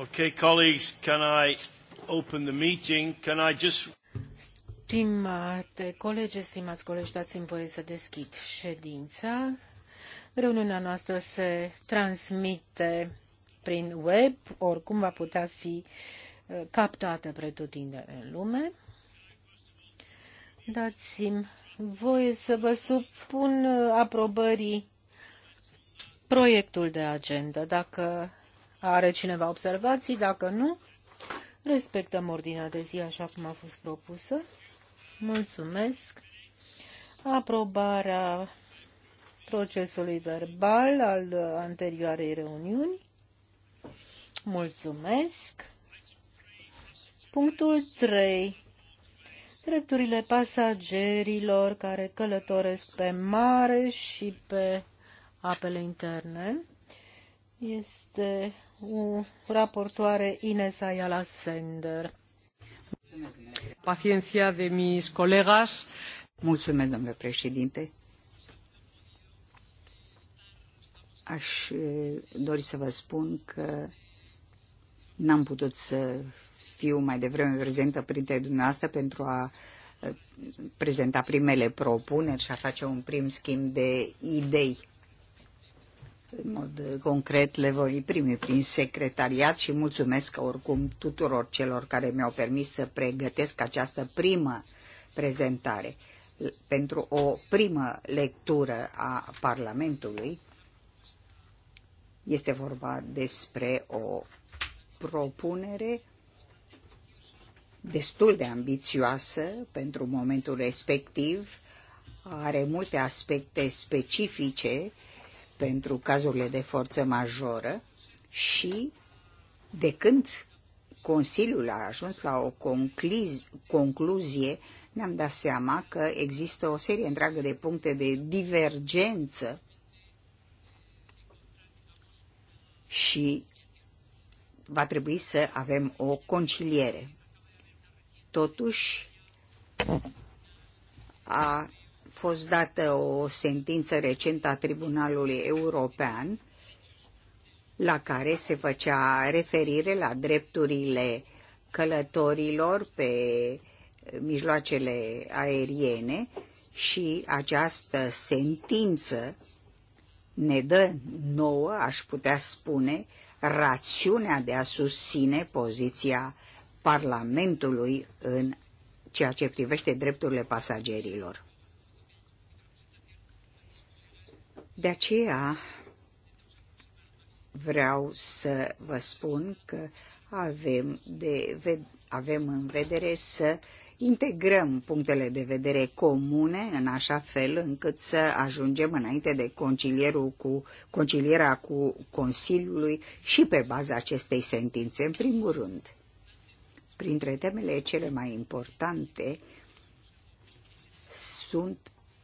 Okay, colleagues, can I open the meeting? Can I just... Stimate colegi, stimați colegi, dați-mi voie să deschid ședința. Reuniunea noastră se transmite prin web, oricum va putea fi uh, captată pretutinde în lume. Dați-mi voie să vă supun uh, aprobării proiectul de agendă. Dacă are cineva observații? Dacă nu, respectăm ordinea de zi așa cum a fost propusă. Mulțumesc. Aprobarea procesului verbal al anterioarei reuniuni. Mulțumesc. Punctul 3. Drepturile pasagerilor care călătoresc pe mare și pe apele interne este raportoare Ines Ayala Sender. Paciencia de mis colegas. Mulțumesc, domnule președinte. Aș eh, dori să vă spun că n-am putut să fiu mai devreme prezentă printre dumneavoastră pentru a eh, prezenta primele propuneri și a face un prim schimb de idei în mod eh, concret le voi primi prin secretariat și mulțumesc oricum tuturor celor care mi-au permis să pregătesc această primă prezentare pentru o primă lectură a Parlamentului. Este vorba despre o propunere destul de ambițioasă pentru momentul respectiv, are multe aspecte specifice pentru cazurile de forță majoră și de când Consiliul a ajuns la o concliz, concluzie, ne-am dat seama că există o serie întreagă de puncte de divergență și va trebui să avem o conciliere. Totuși, a fost dată o sentință recentă a Tribunalului European la care se făcea referire la drepturile călătorilor pe eh, mijloacele aeriene și această sentință ne dă nouă, aș putea spune, rațiunea de a susține poziția Parlamentului în ceea ce privește drepturile pasagerilor. De aceea vreau să vă spun că avem, de, avem în vedere să integrăm punctele de vedere comune în așa fel încât să ajungem înainte de concilierul cu, concilierea cu Consiliului și pe baza acestei sentințe. În primul rând, printre temele cele mai importante sunt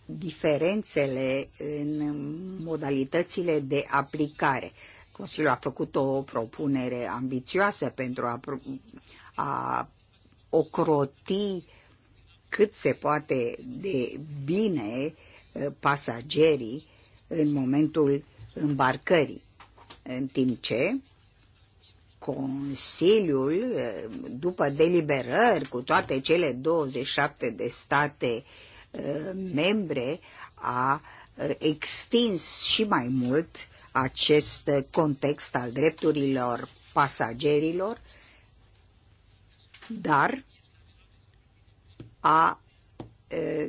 diferențele în modalitățile de aplicare. Consiliul a făcut o propunere ambițioasă pentru a, a ocroti cât se poate de bine uh, pasagerii în momentul îmbarcării, în timp ce Consiliul, uh, după deliberări cu toate cele 27 de state membre a eh, extins și mai mult acest context al drepturilor pasagerilor, dar a eh,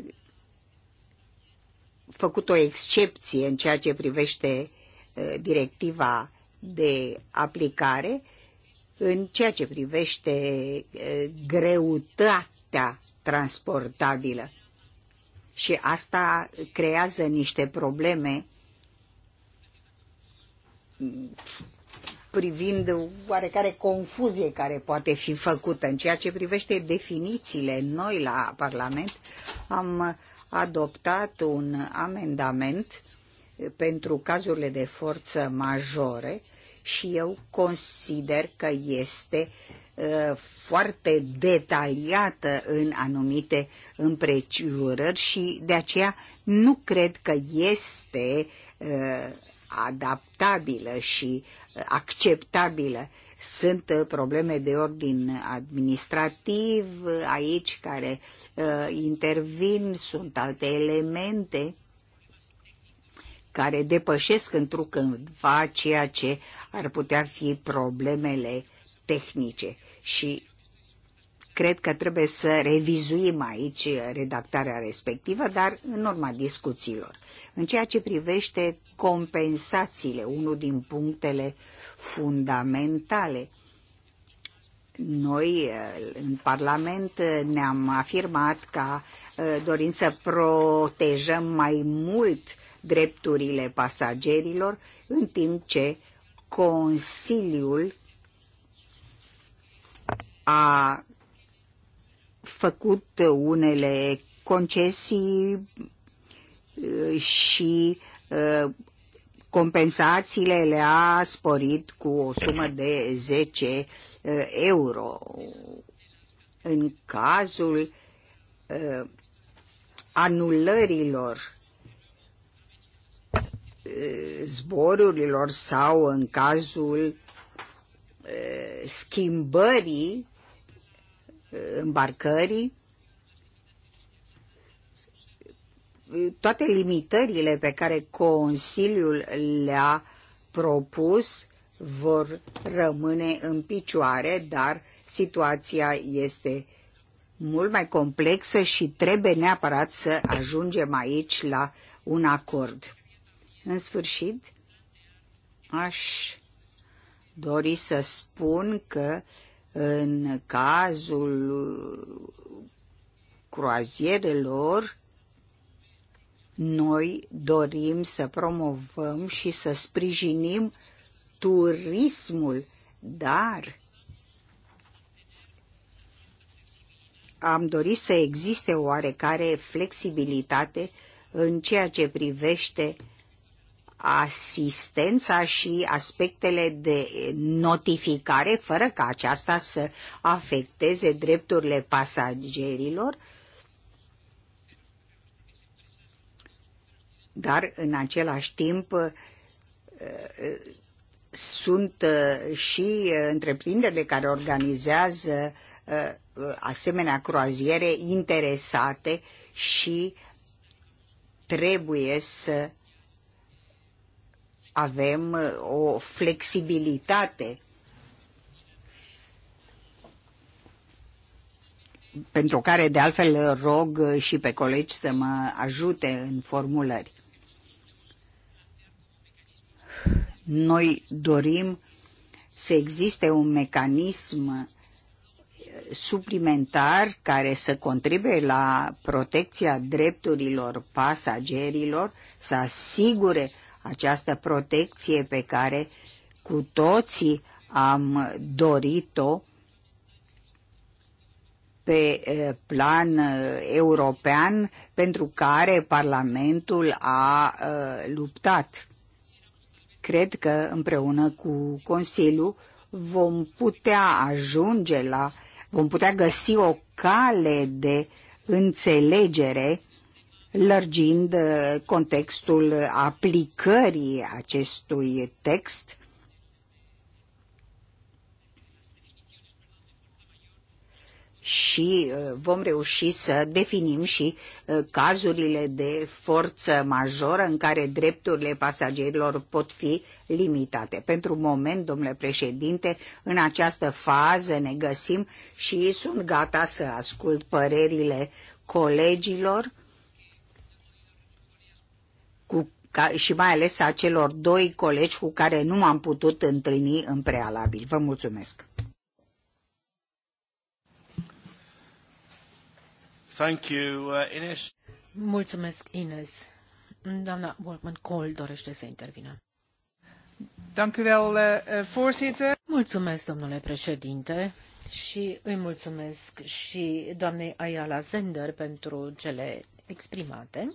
făcut o excepție în ceea ce privește eh, directiva de aplicare în ceea ce privește greutatea transportabilă și asta creează niște probleme privind oarecare confuzie care poate fi făcută în ceea ce privește definițiile. Noi la Parlament am adoptat un amendament pentru cazurile de forță majore și eu consider că este uh, Uh, foarte detaliată în anumite împrejurări și de aceea nu cred că este uh, adaptabilă și uh, acceptabilă. Sunt probleme de ordin administrativ aici care intervin, sunt alte elemente care depășesc întrucândva ceea ce ar putea fi problemele tehnice și cred că trebuie să revizuim aici redactarea respectivă, dar în urma discuțiilor. În ceea ce privește compensațiile, unul din punctele fundamentale, noi eh, în Parlament eh, ne-am afirmat ca eh, dorim să protejăm mai mult drepturile pasagerilor, în timp ce Consiliul a făcut unele concesii uh, și uh, compensațiile le-a sporit cu o sumă de 10 uh, euro. În cazul anulărilor zborurilor sau în cazul schimbării îmbarcării, toate limitările pe care Consiliul le-a propus vor rămâne în picioare, dar situația este mult mai complexă și trebuie neapărat să ajungem aici la un acord. În sfârșit, aș dori să spun că în cazul croazierelor, noi dorim să promovăm și să sprijinim turismul, dar am dorit să existe oarecare flexibilitate în ceea ce privește uh, asistența și aspectele de notificare fără ca aceasta să afecteze drepturile pasagerilor, dar în același timp uh, sunt uh, și uh, întreprinderile care organizează asemenea croaziere interesate și trebuie să avem uh, o flexibilitate pentru care de altfel rog uh, și pe colegi să mă ajute în formulări. Noi dorim să existe un mecanism uh, suplimentar care să contribuie la protecția drepturilor pasagerilor, să asigure această protecție pe care cu toții am dorit-o pe plan european pentru care Parlamentul a luptat. Cred că împreună cu Consiliul vom putea ajunge la, vom putea găsi o cale de înțelegere lărgind uh, contextul aplicării acestui text și uh, vom reuși să definim și uh, cazurile de forță majoră în care drepturile pasagerilor pot fi limitate. Pentru moment, domnule președinte, în această fază ne găsim și sunt gata să ascult părerile colegilor cu ca, și mai ales a celor doi colegi cu care nu m-am putut întâlni în prealabil. Vă mulțumesc! Thank you, uh, Ines. Mulțumesc, Ines. Doamna Wolfman Cole dorește să intervină. Eh, eh, mulțumesc, domnule președinte, și îi mulțumesc și doamnei Ayala Zender pentru cele exprimate.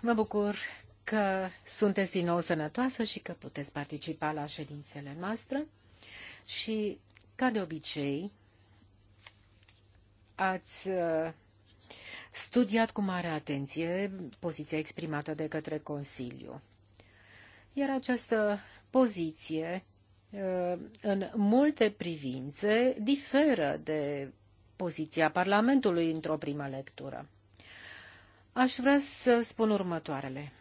Mă bucur că sunteți din nou sănătoasă și că puteți participa la ședințele noastre și, ca de obicei, ați uh, studiat cu mare atenție poziția exprimată de către Consiliu. Iar această poziție, uh, în multe privințe, diferă de poziția Parlamentului într-o primă lectură. Aș vrea să spun următoarele.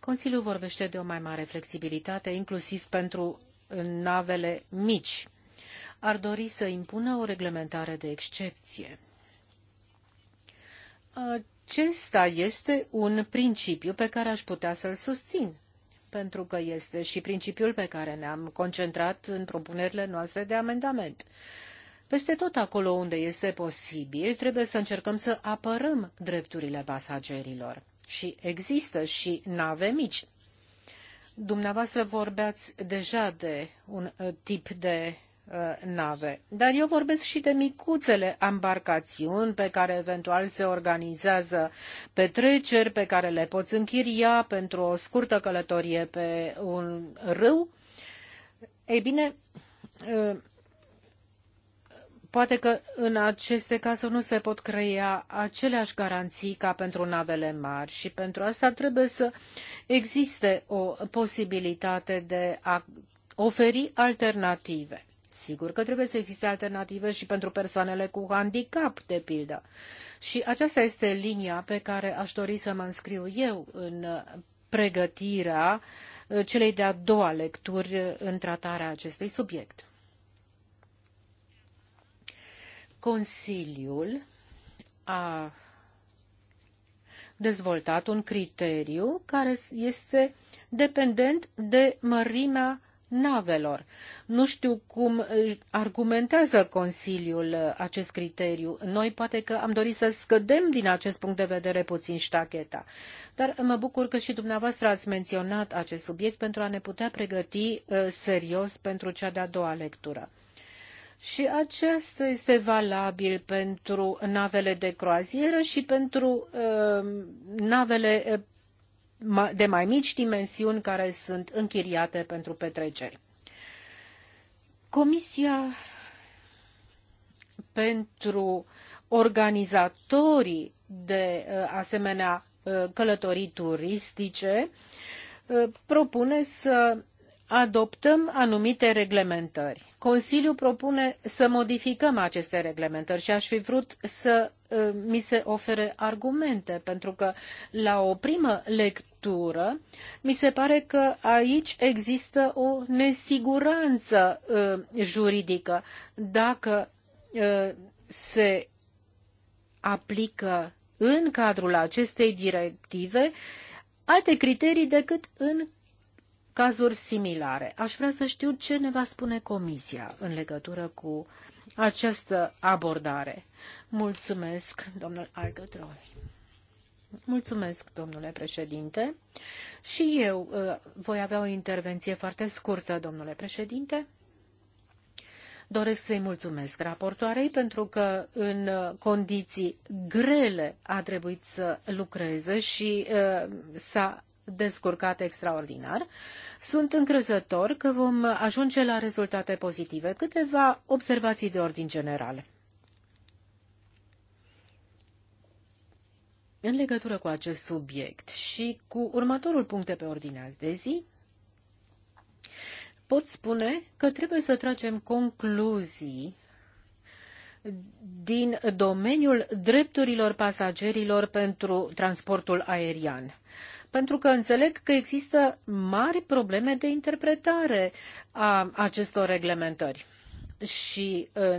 Consiliul vorbește de o mai mare flexibilitate, inclusiv pentru navele mici. Ar dori să impună o reglementare de excepție. Acesta este un principiu pe care aș putea să-l susțin, pentru că este și principiul pe care ne-am concentrat în propunerile noastre de amendament. Uh, peste tot acolo unde este posibil, trebuie să încercăm să apărăm drepturile pasagerilor. Și există și nave mici. Dumneavoastră vorbeați deja de un uh, tip de uh, nave. Dar eu vorbesc și de micuțele embarcațiuni pe care eventual se organizează petreceri pe care le poți închiria pentru o scurtă călătorie pe un râu. Ei bine, uh, poate că în aceste cazuri nu se pot crea aceleași garanții ca pentru navele mari și pentru asta trebuie să existe o posibilitate de a oferi alternative. Sigur că trebuie să existe alternative și pentru persoanele cu handicap, de pildă. Și aceasta este linia pe care aș dori să mă înscriu eu în pregătirea uh, celei de-a doua lecturi uh, în tratarea acestui subiect. Consiliul a dezvoltat un criteriu care este dependent de mărimea navelor. Nu știu cum argumentează Consiliul acest criteriu. Noi poate că am dorit să scădem din acest punct de vedere puțin ștacheta. Dar mă bucur că și dumneavoastră ați menționat acest subiect pentru a ne putea pregăti uh, serios pentru cea de-a doua lectură și acesta este valabil pentru navele de croazieră și pentru uh, navele uh, de mai mici dimensiuni care sunt închiriate pentru petreceri. Comisia pentru organizatorii de uh, asemenea uh, călătorii turistice uh, propune să adoptăm anumite reglementări. Consiliul propune să modificăm aceste reglementări și aș fi vrut să uh, mi se ofere argumente, pentru că la o primă lectură mi se pare că aici există o nesiguranță uh, juridică. Dacă uh, se aplică în cadrul acestei directive alte criterii decât în cazuri similare. Aș vrea să știu ce ne va spune Comisia în legătură cu această abordare. Mulțumesc, domnul Argătroi. Mulțumesc, domnule președinte. Și eu uh, voi avea o intervenție foarte scurtă, domnule președinte. Doresc să-i mulțumesc raportoarei pentru că în condiții grele a trebuit să lucreze și uh, s-a descurcat extraordinar. Sunt încrezător că vom ajunge la rezultate pozitive. Câteva observații de ordin general. În legătură cu acest subiect și cu următorul punct pe ordinea de zi, pot spune că trebuie să tragem concluzii din domeniul drepturilor pasagerilor pentru transportul aerian pentru că înțeleg că există mari probleme de interpretare a acestor reglementări și ă,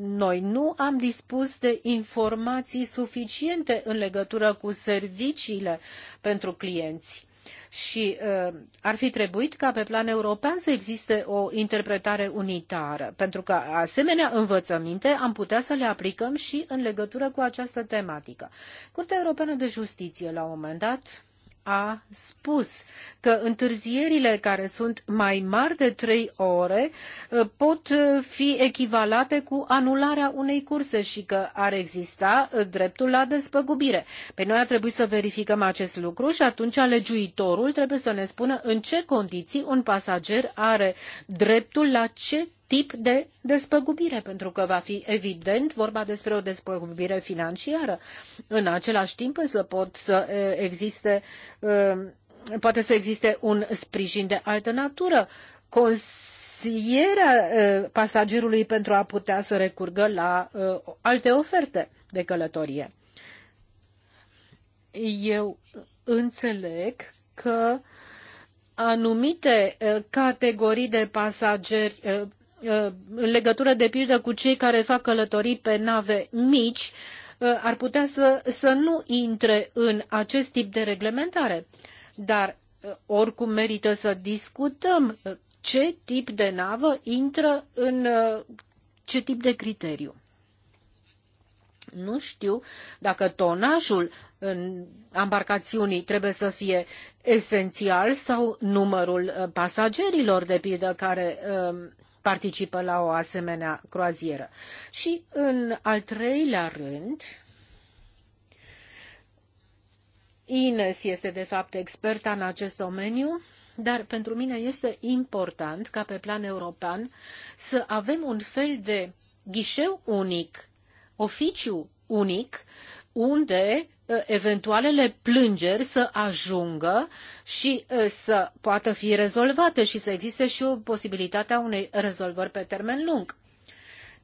noi nu am dispus de informații suficiente în legătură cu serviciile pentru clienți. Și ă, ar fi trebuit ca pe plan european să existe o interpretare unitară, pentru că asemenea învățăminte am putea să le aplicăm și în legătură cu această tematică. Curtea Europeană de Justiție, la un moment dat, a spus că întârzierile care sunt mai mari de trei ore uh, pot uh, fi echivalate cu anularea unei curse și că ar exista uh, dreptul la despăgubire. Pe noi ar trebui să verificăm acest lucru și atunci legiuitorul trebuie să ne spună în ce condiții un pasager are dreptul la ce tip de despăgubire, pentru că va fi evident vorba despre o despăgubire financiară. În același timp însă pot să existe, poate să existe un sprijin de altă natură. Consilierea pasagerului pentru a putea să recurgă la alte oferte de călătorie. Eu înțeleg că anumite categorii de pasageri Uh, în legătură de pildă cu cei care fac călătorii pe nave mici, uh, ar putea să, să nu intre în acest tip de reglementare. Dar uh, oricum merită să discutăm ce tip de navă intră în ce tip de criteriu. Nu știu dacă tonajul în embarcațiunii trebuie să fie esențial sau numărul pasagerilor, de pildă, care participă la o asemenea croazieră. Și în al treilea rând, Ines este de fapt experta în acest domeniu, dar pentru mine este important ca pe plan european să avem un fel de ghișeu unic, oficiu unic, unde uh, eventualele plângeri să ajungă și uh, să poată fi rezolvate și să existe și o posibilitatea unei rezolvări pe termen lung.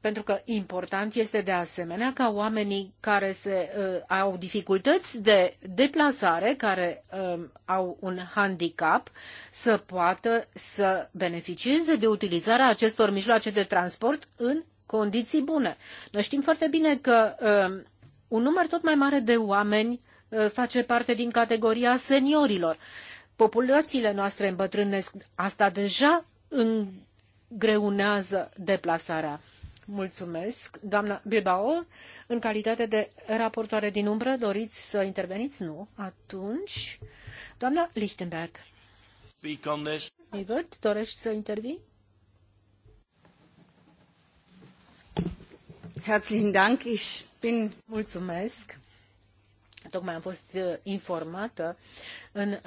Pentru că important este de asemenea ca oamenii care se, uh, au dificultăți de deplasare, care uh, au un handicap, să poată să beneficieze de utilizarea acestor mijloace de transport în condiții bune. Noi știm foarte bine că uh, un număr tot mai mare de oameni uh, face parte din categoria seniorilor. Populațiile noastre îmbătrânesc. Asta deja îngreunează deplasarea. Mulțumesc. Doamna Bilbao, în calitate de raportoare din umbră, doriți să interveniți? Nu. Atunci, doamna Lichtenberg. Speak dorești să intervii? Herzlichen Dank. Ich bin... Mulțumesc. Tocmai am fost uh, informată în uh,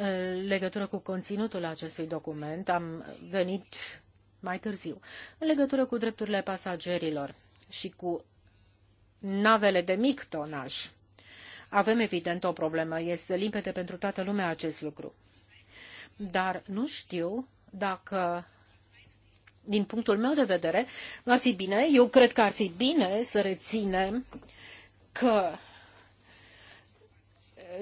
legătură cu conținutul acestui document. Am venit mai târziu. În legătură cu drepturile pasagerilor și cu navele de mic tonaj, avem evident o problemă. Este limpede pentru toată lumea acest lucru. Dar nu știu dacă din punctul meu de vedere, ar fi bine, eu cred că ar fi bine să reținem că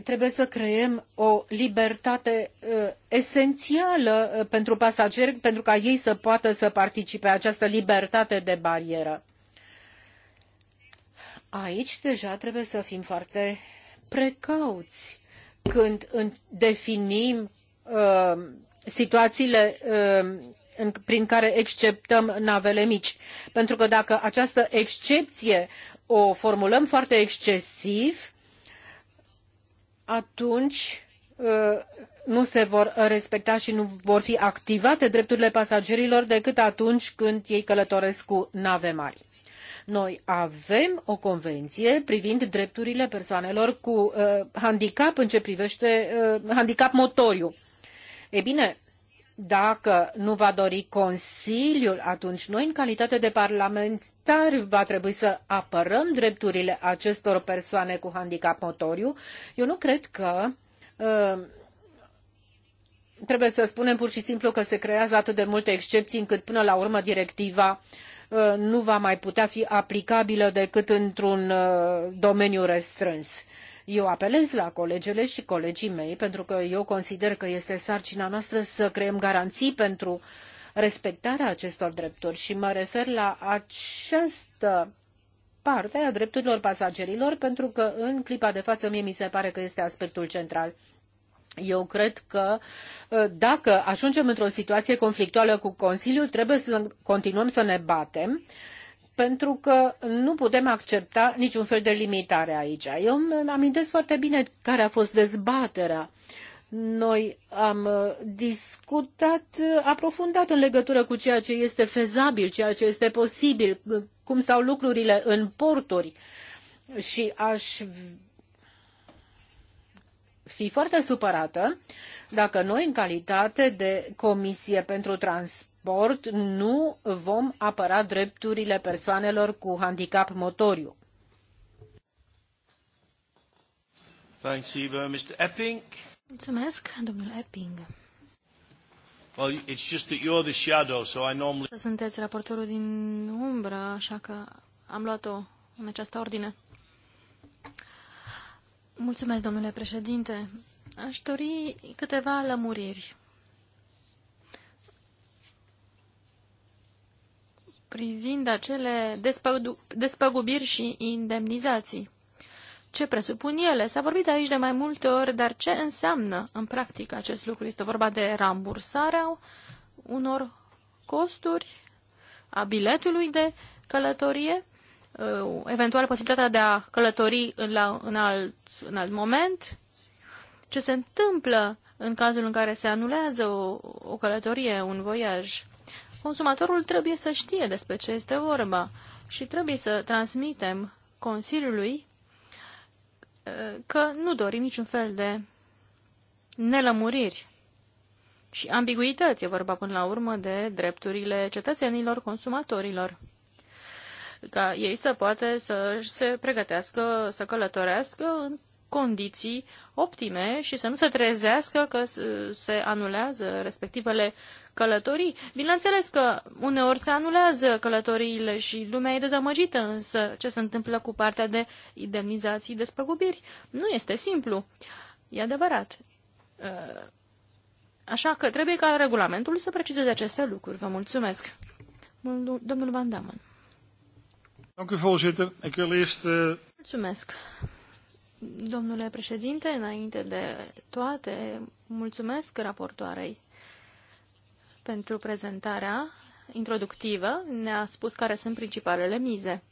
trebuie să creăm o libertate uh, esențială uh, pentru pasageri, pentru ca ei să poată să participe această libertate de barieră. Aici deja trebuie să fim foarte precauți când definim uh, situațiile uh, în, prin care exceptăm navele mici. Pentru că dacă această excepție o formulăm foarte excesiv, atunci uh, nu se vor respecta și nu vor fi activate drepturile pasagerilor decât atunci când ei călătoresc cu nave mari. Noi avem o convenție privind drepturile persoanelor cu uh, handicap în ce privește uh, handicap motoriu. E bine, dacă nu va dori Consiliul, atunci noi, în calitate de parlamentari, va trebui să apărăm drepturile acestor persoane cu handicap motoriu. Eu nu cred că uh, trebuie să spunem pur și simplu că se creează atât de multe excepții încât până la urmă directiva uh, nu va mai putea fi aplicabilă decât într-un uh, domeniu restrâns. Eu apelez la colegele și colegii mei, pentru că eu consider că este sarcina noastră să creăm garanții pentru respectarea acestor drepturi și mă refer la această parte a drepturilor pasagerilor, pentru că în clipa de față mie mi se pare că este aspectul central. Eu cred că ă, dacă ajungem într-o situație conflictuală cu Consiliul, trebuie să continuăm să ne batem pentru că nu putem accepta niciun fel de limitare aici. Eu îmi amintesc foarte bine care a fost dezbaterea. Noi am uh, discutat uh, aprofundat în legătură cu ceea ce este fezabil, ceea ce este posibil, uh, cum stau lucrurile în porturi și aș fi foarte supărată dacă noi, în calitate de Comisie pentru Transport, nu vom apăra drepturile persoanelor cu handicap motoriu. Thanks, Eva. Mr. Epping. Mulțumesc, domnul Epping. Well, it's just that you're the shadow, so I normally... Sunteți raportorul din umbră, așa că am luat-o în această ordine. Mulțumesc, domnule președinte. Aș dori câteva lămuriri. privind acele despăgubiri și indemnizații. Ce presupun ele? S-a vorbit aici de mai multe ori, dar ce înseamnă în practică acest lucru? Este vorba de rambursarea unor costuri a biletului de călătorie? Uh, eventual posibilitatea de a călători în, la, în, alt, în alt moment, ce se întâmplă în cazul în care se anulează o, o călătorie, un voiaj. Consumatorul trebuie să știe despre ce este vorba și trebuie să transmitem Consiliului uh, că nu dorim niciun fel de nelămuriri și ambiguități. E vorba până la urmă de drepturile cetățenilor, consumatorilor ca ei să poată să se pregătească, să călătorească în condiții optime și să nu se trezească că se anulează respectivele călătorii. Bineînțeles că uneori se anulează călătoriile și lumea e dezamăgită, însă ce se întâmplă cu partea de indemnizații, de spăgubiri? Nu este simplu. E adevărat. Uh, așa că trebuie ca regulamentul să precizeze aceste lucruri. Vă mulțumesc. Domnul Van Damen. Dank u, voorzitter. Ik wil eerst... Eh, mulțumesc. Domnule președinte, înainte de toate, mulțumesc raportoarei pentru prezentarea introductivă. Ne-a spus care sunt principalele mize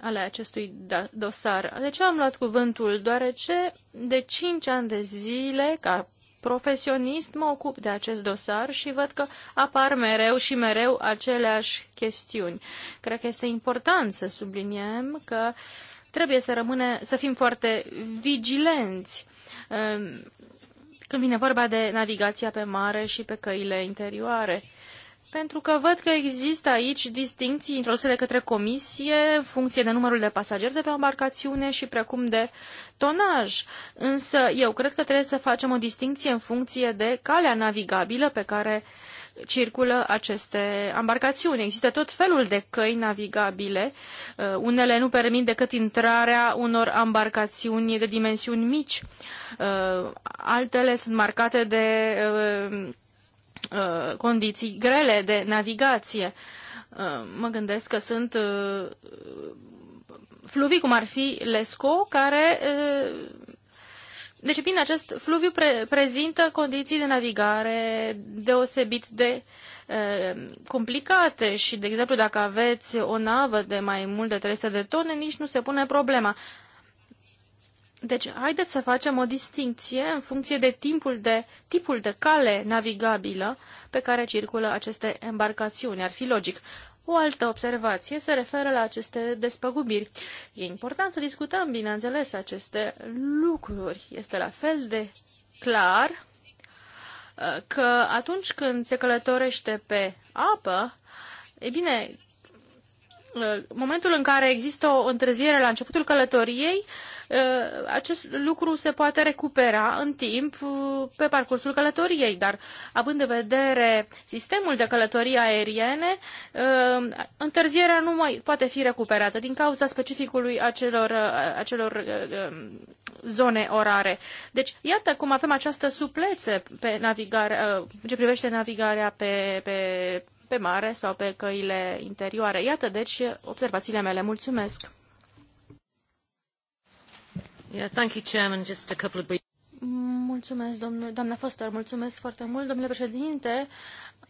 ale acestui da, dosar. De ce am luat cuvântul? Deoarece de 5 ani de zile, ca profesionist mă ocup de acest dosar și văd că apar mereu și mereu aceleași chestiuni. Cred că este important să subliniem că trebuie să rămâne, să fim foarte vigilenți um, când vine vorba de navigația pe mare și pe căile interioare. Pentru că văd că există aici distinții introduse de către comisie în funcție de numărul de pasageri de pe embarcațiune și precum de tonaj. Însă eu cred că trebuie să facem o distinție în funcție de calea navigabilă pe care circulă aceste embarcațiuni. Există tot felul de căi navigabile. Uh, unele nu permit decât intrarea unor embarcațiuni de dimensiuni mici. Uh, altele sunt marcate de uh, Uh, condiții grele de navigație. Uh, mă gândesc că sunt uh, fluvii, cum ar fi Lesco, care... deci, bine acest fluviu pre- prezintă condiții de navigare deosebit de complicate și, de exemplu, dacă aveți o navă de mai mult de 300 de tone, nici nu se pune problema. Deci, haideți să facem o distinție în funcție de, timpul de tipul de cale navigabilă pe care circulă aceste embarcațiuni. Ar fi logic. O altă observație se referă la aceste despăgubiri. E important să discutăm, bineînțeles, aceste lucruri. Este la fel de clar uh, că atunci când se călătorește pe apă, e bine, uh, momentul în care există o întârziere la începutul călătoriei, Uh, acest lucru se poate recupera în timp uh, pe parcursul călătoriei, dar având în vedere sistemul de călătorii aeriene, uh, întârzierea nu mai poate fi recuperată din cauza specificului acelor, acelor zone orare. Deci, iată cum avem această suplețe pe navigare, ce privește navigarea pe, pe pe mare sau pe căile interioare. Iată, deci, observațiile mele. Mulțumesc! Mulțumesc, Foster, mulțumesc foarte mult. Domnule președinte,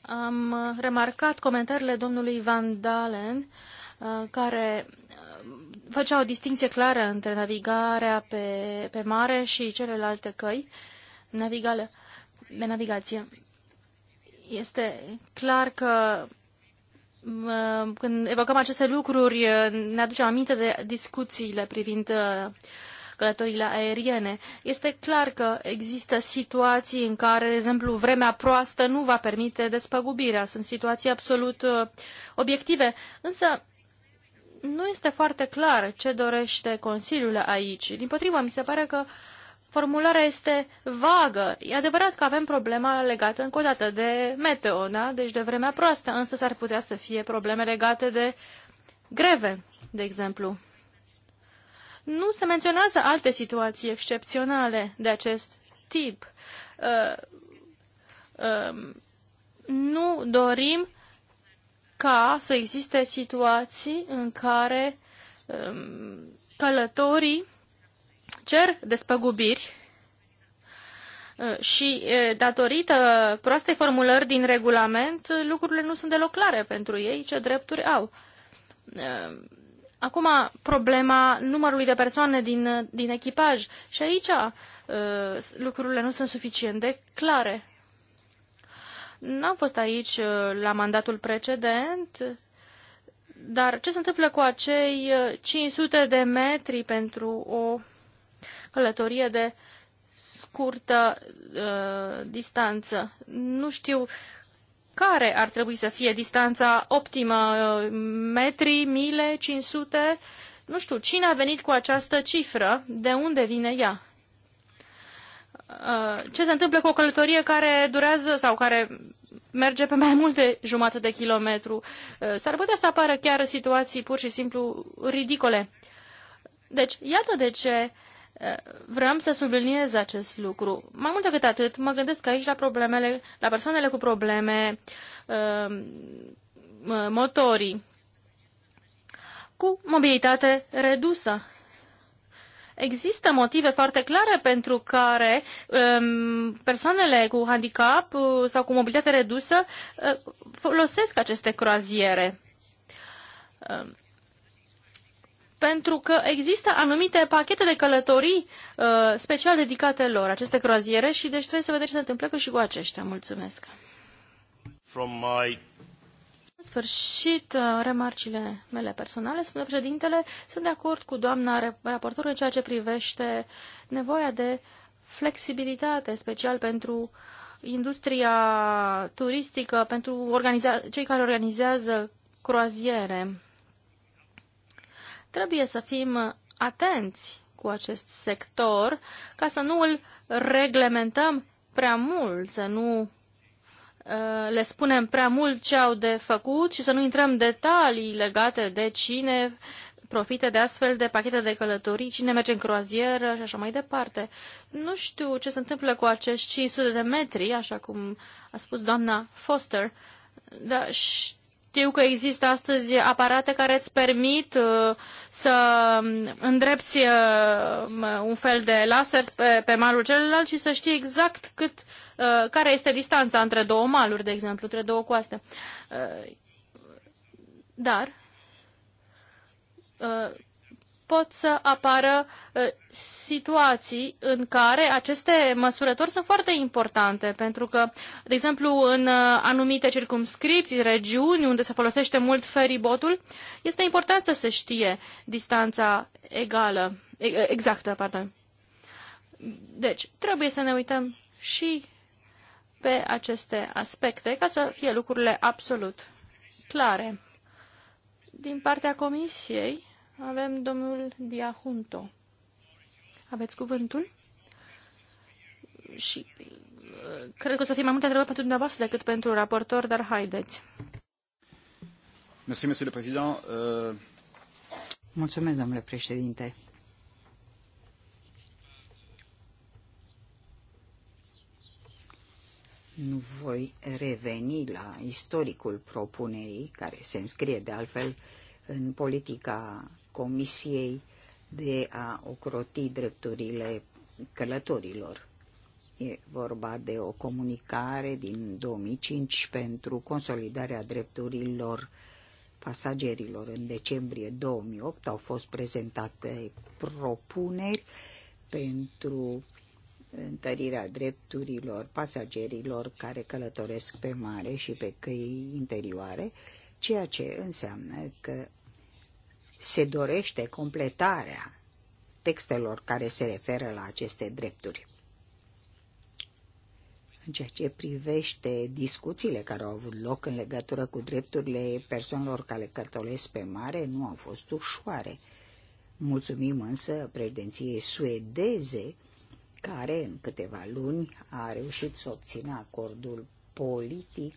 am remarcat comentariile domnului Van Dalen, uh, care uh, făcea o distinție clară între navigarea pe, pe mare și celelalte căi navigale, de navigație. Este clar că uh, când evocăm aceste lucruri, ne aducem aminte de discuțiile privind călătorile aeriene. Este clar că există situații în care, de exemplu, vremea proastă nu va permite despăgubirea. Sunt situații absolut uh, obiective. Însă, nu este foarte clar ce dorește Consiliul aici. Din potrivă, mi se pare că formularea este vagă. E adevărat că avem problema legată încă o dată de meteo, da? deci de vremea proastă, însă s-ar putea să fie probleme legate de greve, de exemplu nu se menționează alte situații excepționale de acest tip. Uh, uh, nu dorim ca să existe situații în care um, călătorii cer despăgubiri uh, și uh, datorită proastei formulări din regulament, lucrurile nu sunt deloc clare pentru ei ce drepturi au. Uh, Acum, problema numărului de persoane din, din echipaj. Și aici uh, lucrurile nu sunt suficient de clare. N-am fost aici uh, la mandatul precedent, dar ce se întâmplă cu acei 500 uh, de metri pentru o călătorie de scurtă uh, distanță? Nu știu care ar trebui să fie distanța optimă, metri, mile, 500, nu știu, cine a venit cu această cifră, de unde vine ea? Uh, ce se întâmplă cu o călătorie care durează sau care merge pe mai multe jumate de kilometru? Uh, s-ar putea să apară chiar situații pur și simplu ridicole. Deci, iată de ce Vreau să subliniez acest lucru. Mai mult decât atât, mă gândesc aici la problemele, la persoanele cu probleme um, uh, motorii, cu mobilitate redusă. Există motive foarte clare pentru care um, persoanele cu handicap uh, sau cu mobilitate redusă uh, folosesc aceste croaziere. Uh, pentru că există anumite pachete de călătorii uh, special dedicate lor, aceste croaziere, și deci trebuie să vedem ce se întâmplă cu și cu aceștia. Mulțumesc! From my... În sfârșit, uh, remarcile mele personale, spune președintele, sunt de acord cu doamna raportor în ceea ce privește nevoia de flexibilitate, special pentru industria turistică, pentru cei care organizează croaziere Trebuie să fim atenți cu acest sector ca să nu îl reglementăm prea mult, să nu uh, le spunem prea mult ce au de făcut și să nu intrăm detalii legate de cine profite de astfel de pachete de călătorii, cine merge în croazieră și așa mai departe. Nu știu ce se întâmplă cu acești 500 de metri, așa cum a spus doamna Foster, dar știu știu că există astăzi aparate care îți permit uh, să îndrepți uh, un fel de laser pe, pe malul celălalt și să știi exact cât, uh, care este distanța între două maluri, de exemplu, între două coaste. Dar pot să apară ă, situații în care aceste măsurători sunt foarte importante, pentru că, de exemplu, în ă, anumite circumscripții, regiuni unde se folosește mult feribotul, este important să se știe distanța egală, exactă, pardon. Deci, trebuie să ne uităm și pe aceste aspecte ca să fie lucrurile absolut clare. Din partea comisiei, avem domnul Diahunto. Aveți cuvântul? Și uh, cred că o să fie mai multe întrebări pentru dumneavoastră decât pentru raportor, dar haideți. Mersi, monsieur le président. Uh, Mulțumesc, domnule președinte. Nu voi reveni la istoricul propunerii, care se înscrie de altfel în politica Comisiei de a ocroti drepturile călătorilor. E vorba de o comunicare din 2005 pentru consolidarea drepturilor pasagerilor. În decembrie 2008 au fost prezentate propuneri pentru întărirea drepturilor pasagerilor care călătoresc pe mare și pe căi interioare, ceea ce înseamnă că se dorește completarea textelor care se referă la aceste drepturi. În ceea ce privește discuțiile care au avut loc în legătură cu drepturile persoanelor care cătolesc pe mare, nu au fost ușoare. Mulțumim însă președinției suedeze, care în câteva luni a reușit să obțină acordul politic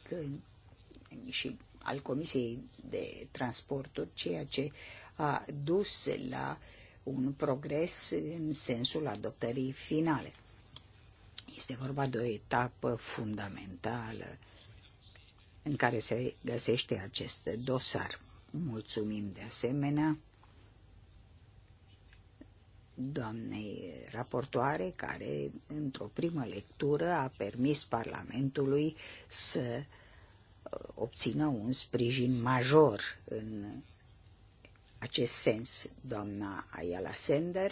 și al Comisiei de Transporturi, ceea ce a dus la un progres în sensul adoptării finale. Este vorba de o etapă fundamentală în care se găsește acest dosar. Mulțumim de asemenea doamnei raportoare, care într-o primă lectură a permis Parlamentului să uh, obțină un sprijin major în acest sens, doamna Ayala Sender,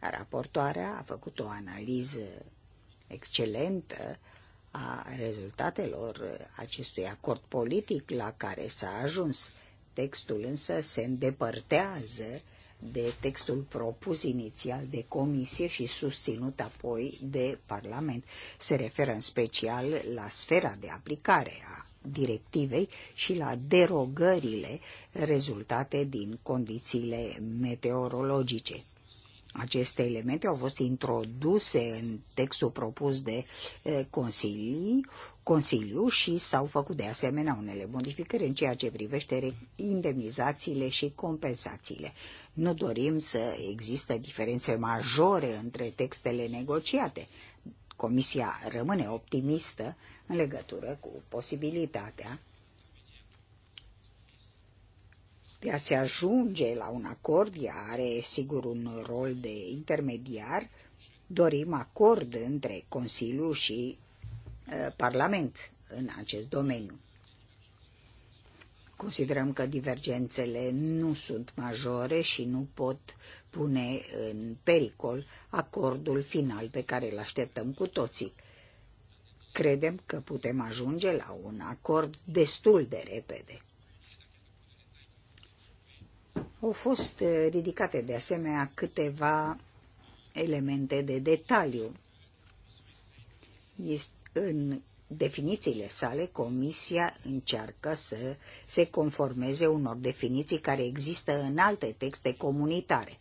raportoarea, a făcut o analiză excelentă a rezultatelor acestui acord politic la care s-a ajuns. Textul însă se îndepărtează de textul propus inițial de comisie și susținut apoi de Parlament. Se referă în special la sfera de aplicare directivei și la derogările rezultate din condițiile meteorologice. Aceste elemente au fost introduse în textul propus de Consiliu, Consiliu și s-au făcut de asemenea unele modificări în ceea ce privește indemnizațiile și compensațiile. Nu dorim să există diferențe majore între textele negociate. Comisia rămâne optimistă în legătură cu posibilitatea de a se ajunge la un acord, ea are sigur un rol de intermediar, dorim acord între Consiliu și uh, Parlament în acest domeniu. Considerăm că divergențele nu sunt majore și nu pot pune în pericol acordul final pe care îl așteptăm cu toții. Credem că putem ajunge la un acord destul de repede. Au fost eh, ridicate de asemenea câteva elemente de detaliu. Este în definițiile sale, Comisia încearcă să se conformeze unor definiții care există în alte texte comunitare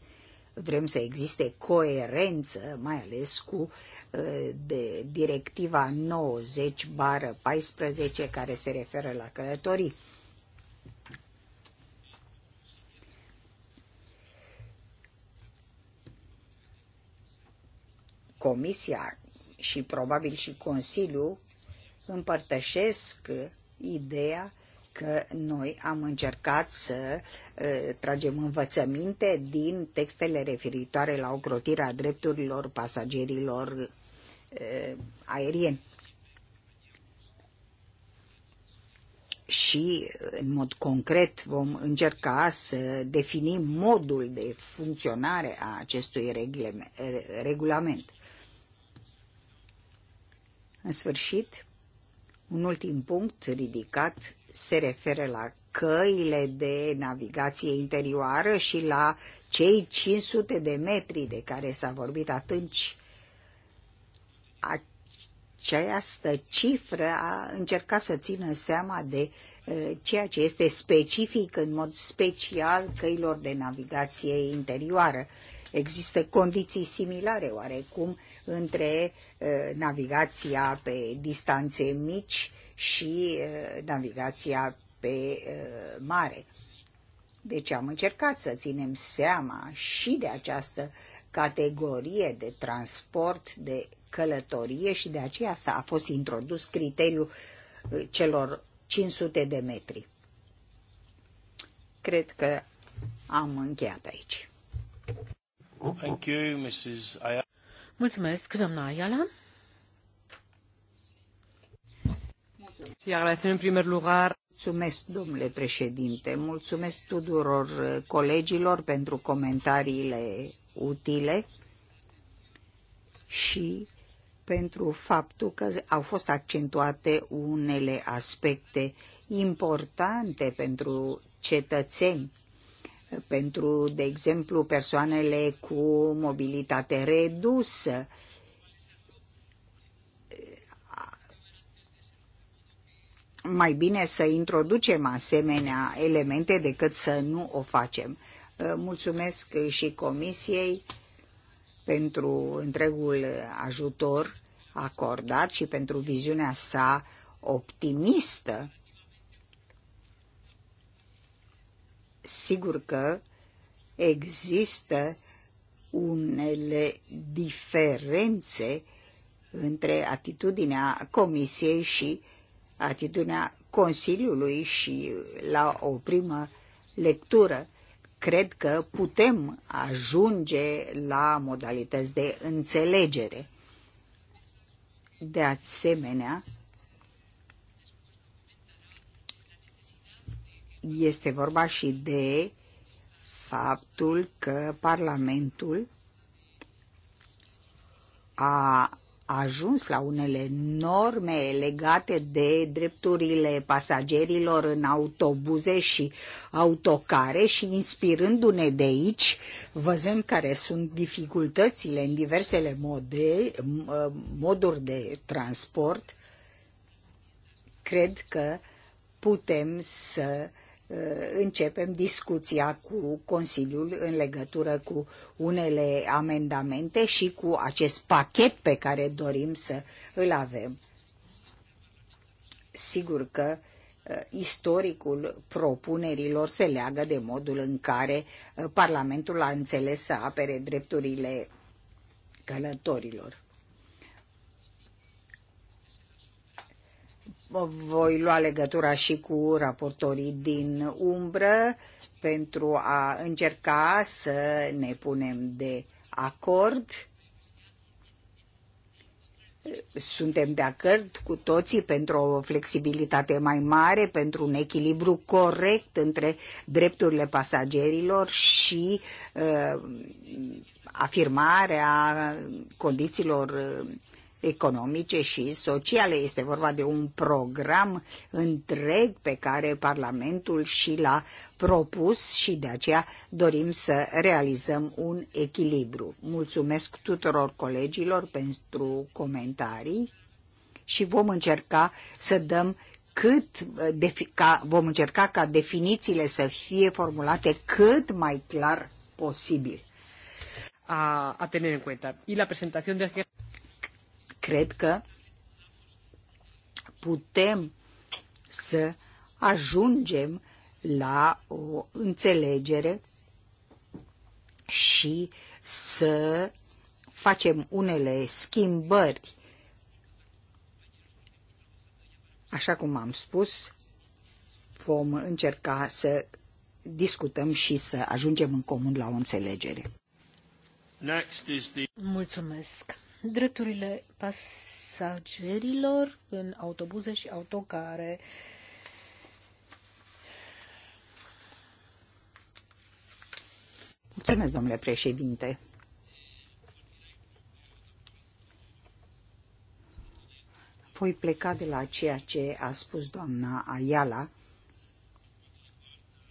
vrem să existe coerență, mai ales cu uh, de directiva 90 bară 14 care se referă la călătorii. Comisia și probabil și Consiliul împărtășesc ideea că noi am încercat să uh, tragem învățăminte din textele referitoare la ocrotirea drepturilor pasagerilor uh, aerieni. Și, în mod concret, vom încerca să definim modul de funcționare a acestui regulament. În sfârșit, un ultim punct ridicat se referă la căile de navigație interioară și la cei 500 de metri de care s-a vorbit atunci. Această cifră a încercat să țină seama de ceea ce este specific în mod special căilor de navigație interioară. Există condiții similare oarecum între uh, navigația pe distanțe mici și uh, navigația pe uh, mare. Deci am încercat să ținem seama și de această categorie de transport, de călătorie și de aceea s-a fost introdus criteriul celor 500 de metri. Cred că am încheiat aici. Thank you, Mrs. Mulțumesc, doamna Ayala. Mulțumesc, domnule președinte. Mulțumesc tuturor colegilor pentru comentariile utile și pentru faptul că au fost accentuate unele aspecte importante pentru cetățeni pentru, de exemplu, persoanele cu mobilitate redusă. Mai bine să introducem asemenea elemente decât să nu o facem. Mulțumesc și Comisiei pentru întregul ajutor acordat și pentru viziunea sa optimistă Sigur că există unele diferențe între atitudinea Comisiei și atitudinea Consiliului și la o primă lectură. Cred că putem ajunge la modalități de înțelegere. De asemenea, este vorba și de faptul că Parlamentul a ajuns la unele norme legate de drepturile pasagerilor în autobuze și autocare și inspirându-ne de aici, văzând care sunt dificultățile în diversele mode, ă, moduri de transport, cred că putem să Uh, începem discuția cu Consiliul în legătură cu unele amendamente și cu acest pachet pe care dorim să îl avem. Sigur că uh, istoricul propunerilor se leagă de modul în care uh, Parlamentul a înțeles să apere drepturile călătorilor. voi lua legătura și cu raportorii din umbră pentru a încerca să ne punem de acord. Suntem de acord cu toții pentru o flexibilitate mai mare, pentru un echilibru corect între drepturile pasagerilor și uh, afirmarea condițiilor uh, economice și sociale. Este vorba de un program întreg pe care Parlamentul și l-a propus și de aceea dorim să realizăm un echilibru. Mulțumesc tuturor colegilor pentru comentarii și vom încerca să dăm cât ca, vom încerca ca definițiile să fie formulate cât mai clar posibil. A, a tener en cuenta. Y la presentación de cred că putem să ajungem la o înțelegere și să facem unele schimbări. Așa cum am spus, vom încerca să discutăm și să ajungem în comun la o înțelegere. Mulțumesc drepturile pasagerilor în autobuze și autocare. Mulțumesc, domnule președinte. Voi pleca de la ceea ce a spus doamna Ayala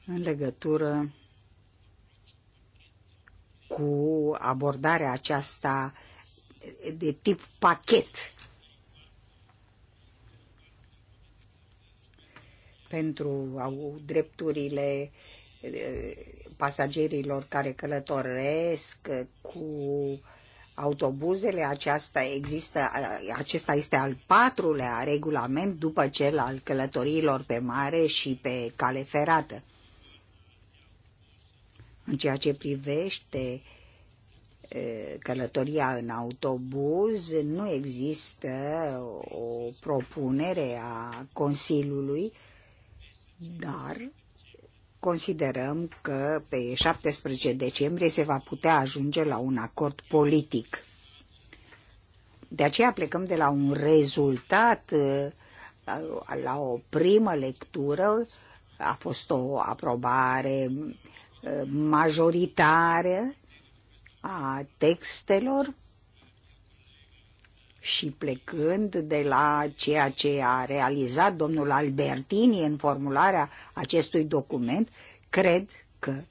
în legătură cu abordarea aceasta uh, de tip pachet. Pentru au, drepturile eh, pasagerilor care călătoresc cu autobuzele, aceasta există, eh, acesta este al patrulea regulament după cel al călătoriilor pe mare și pe cale ferată. În ceea ce privește uh, călătoria în autobuz, nu există o propunere a Consiliului, dar considerăm că pe 17 decembrie se va putea ajunge la un acord politic. De aceea plecăm de la un rezultat, la o primă lectură, a fost o aprobare majoritară a textelor și plecând de la ceea ce a realizat domnul Albertini în formularea acestui document, cred că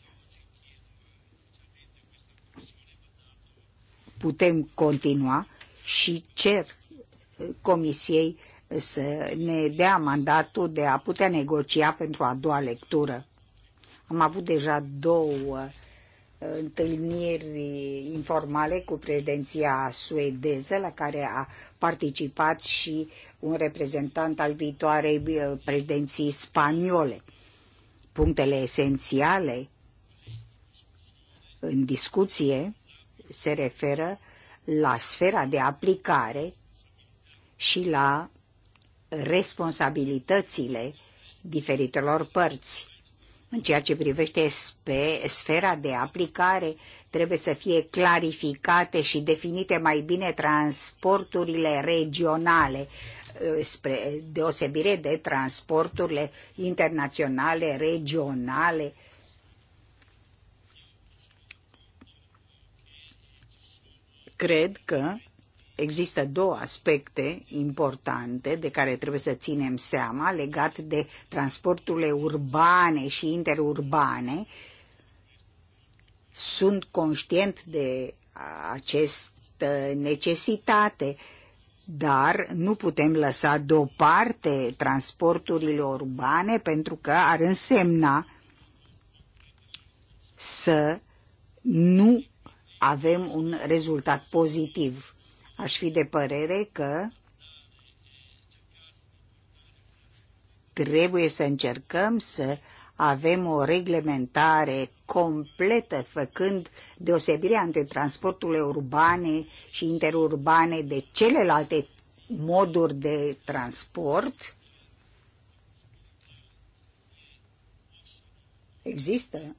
putem continua și cer Comisiei să ne dea mandatul de a putea negocia pentru a doua lectură. Am avut deja două întâlniri informale cu președinția suedeză, la care a participat și un reprezentant al viitoarei uh, președinții spaniole. Punctele esențiale în discuție se referă la sfera de aplicare și la responsabilitățile diferitelor părți. În ceea ce privește sfera de aplicare, trebuie să fie clarificate și definite mai bine transporturile regionale, uh, spre deosebire de transporturile internaționale, regionale. Cred că Există două aspecte importante de care trebuie să ținem seama legat de transporturile urbane și interurbane. Sunt conștient de această necesitate, dar nu putem lăsa deoparte transporturile urbane pentru că ar însemna să nu avem un rezultat pozitiv. Aș fi de părere că trebuie să încercăm să avem o reglementare completă, făcând deosebirea între transporturile urbane și interurbane de celelalte moduri de transport. Există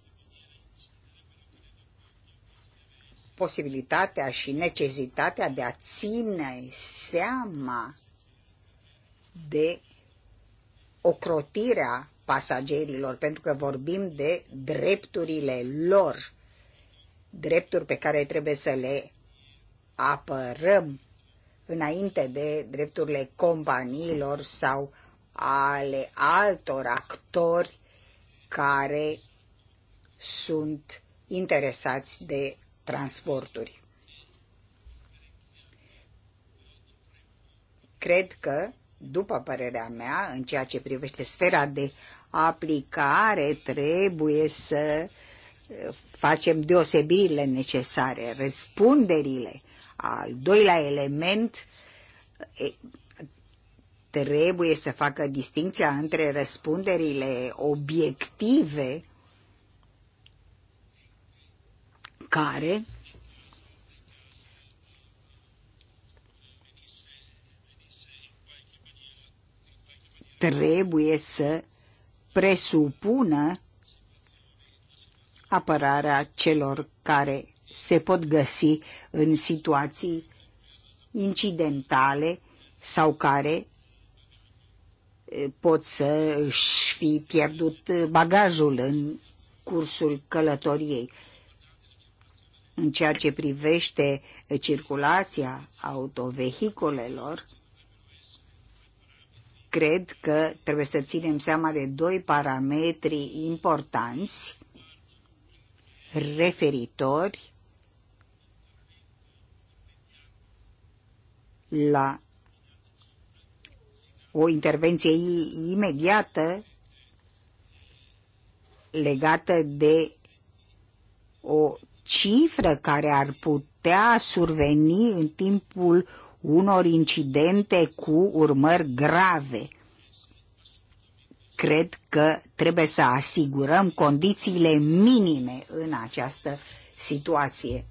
posibilitatea și necesitatea de a ține seama de ocrotirea pasagerilor, pentru că vorbim de drepturile lor, drepturi pe care trebuie să le apărăm înainte de drepturile companiilor sau ale altor actori care sunt interesați de transporturi. Cred că, după părerea mea, în ceea ce privește sfera de aplicare, trebuie să eh, facem deosebirile necesare, răspunderile. Al doilea element trebuie să facă distinția între răspunderile obiective care trebuie să presupună apărarea celor care se pot găsi în situații incidentale sau care pot să își fi pierdut bagajul în cursul călătoriei în ceea ce privește circulația autovehiculelor, cred că trebuie să ținem seama de doi parametri importanți referitori la o intervenție imediată legată de o cifră care ar putea surveni în timpul unor incidente cu urmări grave. Cred că trebuie să asigurăm condițiile minime în această situație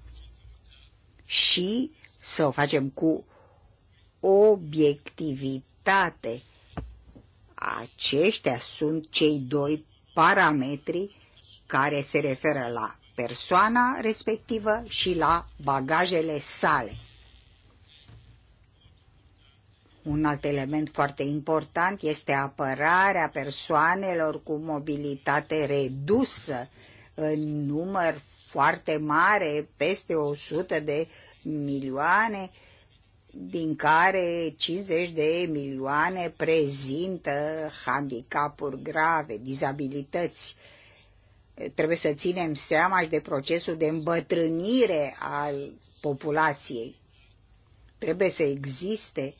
și să o facem cu obiectivitate. Aceștia sunt cei doi parametri care se referă la persoana respectivă și la bagajele sale. Un alt element foarte important este apărarea persoanelor cu mobilitate redusă în număr foarte mare, peste 100 de milioane, din care 50 de milioane prezintă handicapuri grave, dizabilități. Uh, trebuie să ținem seama și de procesul de îmbătrânire al populației. Trebuie să existe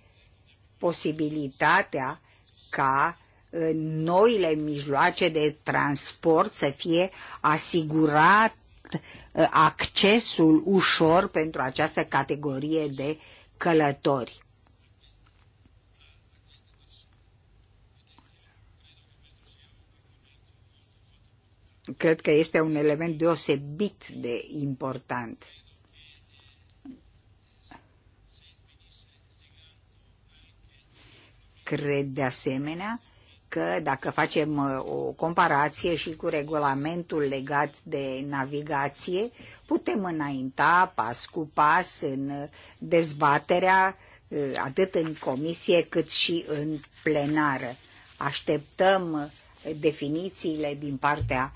posibilitatea ca noile mijloace de transport să fie asigurat uh, accesul ușor pentru această categorie de călători. cred că este un element deosebit de important. Cred de asemenea că dacă facem uh, o comparație și cu regulamentul legat de navigație, putem înainta pas cu pas în dezbaterea uh, atât în comisie cât și în plenară. Așteptăm definițiile din partea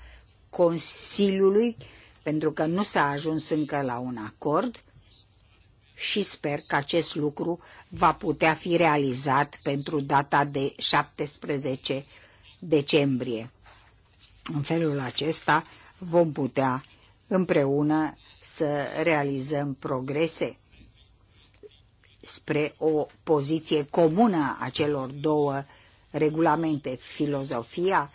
Consiliului, pentru că nu s-a ajuns încă la un acord și sper că acest lucru va putea fi realizat pentru data de 17 decembrie. În felul acesta vom putea împreună să realizăm progrese spre o poziție comună a celor două regulamente. Filozofia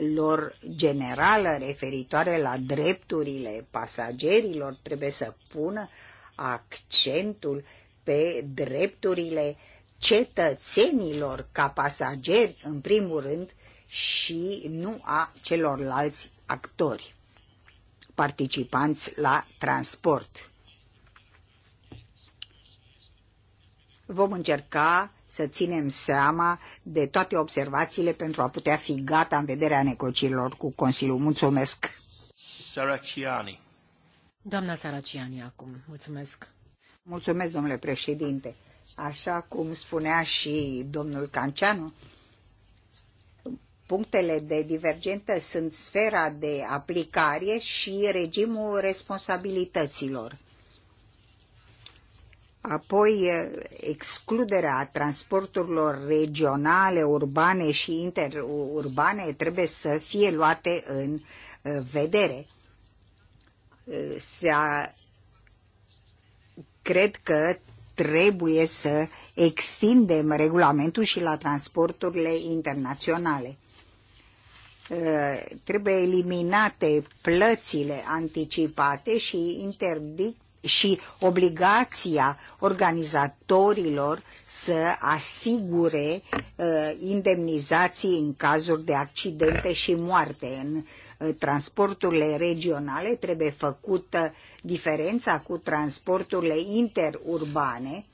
lor generală referitoare la drepturile pasagerilor trebuie să pună accentul pe drepturile cetățenilor ca pasageri, în primul rând, și nu a celorlalți actori participanți la transport. Vom încerca să ținem seama de toate observațiile pentru a putea fi gata în vederea negocierilor cu Consiliul. Mulțumesc! Saraciani. Doamna Saraciani acum, mulțumesc! Mulțumesc, domnule președinte! Așa cum spunea și domnul Canceanu, punctele de divergentă sunt sfera de aplicare și regimul responsabilităților. Apoi, excluderea transporturilor regionale, urbane și interurbane trebuie să fie luate în vedere. Se a... Cred că trebuie să extindem regulamentul și la transporturile internaționale. Trebuie eliminate plățile anticipate și interdict și obligația organizatorilor să asigure uh, indemnizații în cazuri de accidente și moarte. În uh, transporturile regionale trebuie făcută diferența cu transporturile interurbane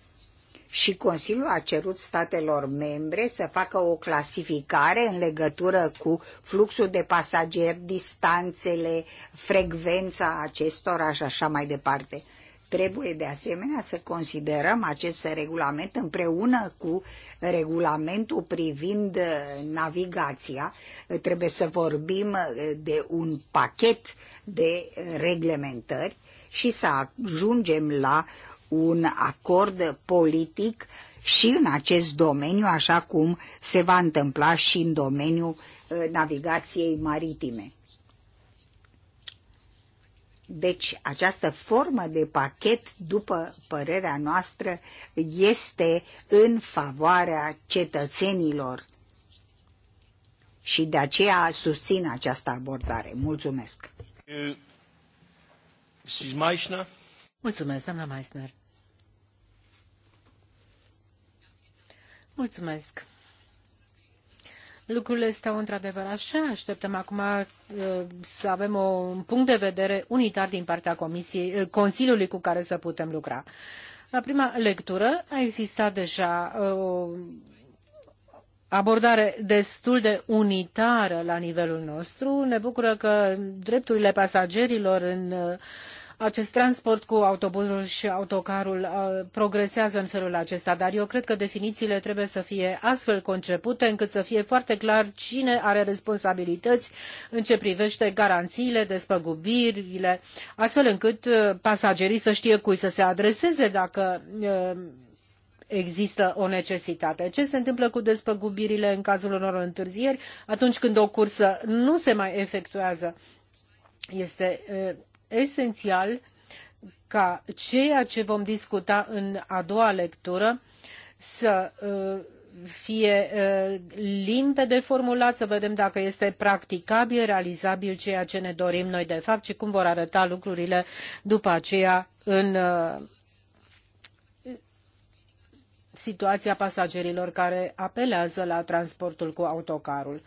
și Consiliul a cerut statelor membre să facă o clasificare în legătură cu fluxul de pasageri, distanțele, frecvența acestora și așa mai departe. Trebuie de asemenea să considerăm acest regulament împreună cu regulamentul privind uh, navigația. Trebuie să vorbim uh, de un pachet de reglementări și să ajungem la un acord politic și în acest domeniu, așa cum se va întâmpla și în domeniul uh, navigației maritime. Deci această formă de pachet, după părerea noastră, este în favoarea cetățenilor. Și de aceea susțin această abordare. Mulțumesc. Mulțumesc, doamna Meissner. Mulțumesc lucrurile stau într-adevăr așa. Așteptăm acum uh, să avem un punct de vedere unitar din partea comisiei, uh, Consiliului cu care să putem lucra. La prima lectură a existat deja uh, o abordare destul de unitară la nivelul nostru. Ne bucură că drepturile pasagerilor în acest transport cu autobuzul și autocarul uh, progresează în felul acesta, dar eu cred că definițiile trebuie să fie astfel concepute încât să fie foarte clar cine are responsabilități în ce privește garanțiile, despăgubirile, astfel încât uh, pasagerii să știe cui să se adreseze dacă uh, există o necesitate. Ce se întâmplă cu despăgubirile în cazul unor întârzieri atunci când o cursă nu se mai efectuează? Este esențial ca ceea ce vom discuta în a doua lectură să uh, fie uh, limpede formulat, să vedem dacă este practicabil, realizabil ceea ce ne dorim noi de fapt și cum vor arăta lucrurile după aceea în uh, situația pasagerilor care apelează la transportul cu autocarul.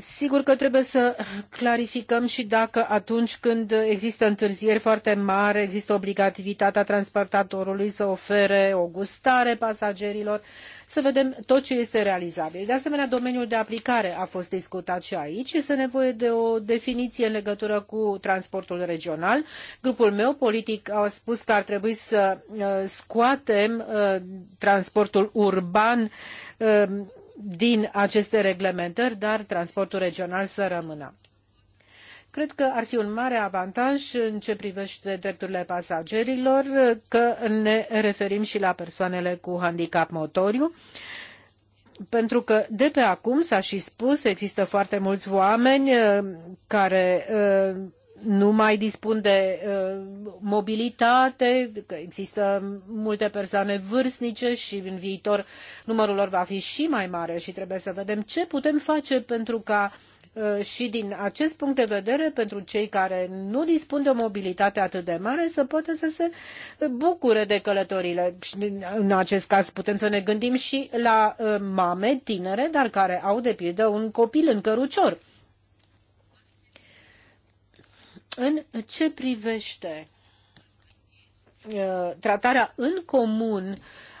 Sigur că trebuie să clarificăm și dacă atunci când există întârzieri foarte mari, există obligativitatea transportatorului să ofere o gustare pasagerilor, să vedem tot ce este realizabil. De asemenea, domeniul de aplicare a fost discutat și aici. Este nevoie de o definiție în legătură cu transportul regional. Grupul meu politic a spus că ar trebui să uh, scoatem uh, transportul urban uh, din aceste reglementări, dar transportul regional să rămână. Cred că ar fi un mare avantaj în ce privește drepturile pasagerilor că ne referim și la persoanele cu handicap motoriu, pentru că de pe acum s-a și spus, există foarte mulți oameni uh, care uh, nu mai dispun de uh, mobilitate, că există multe persoane vârstnice și în viitor numărul lor va fi și mai mare și trebuie să vedem ce putem face pentru ca uh, și din acest punct de vedere, pentru cei care nu dispun de o mobilitate atât de mare, să poată să se bucure de călătorile. În acest caz putem să ne gândim și la uh, mame tinere, dar care au de pildă un copil în cărucior În ce privește uh, tratarea în comun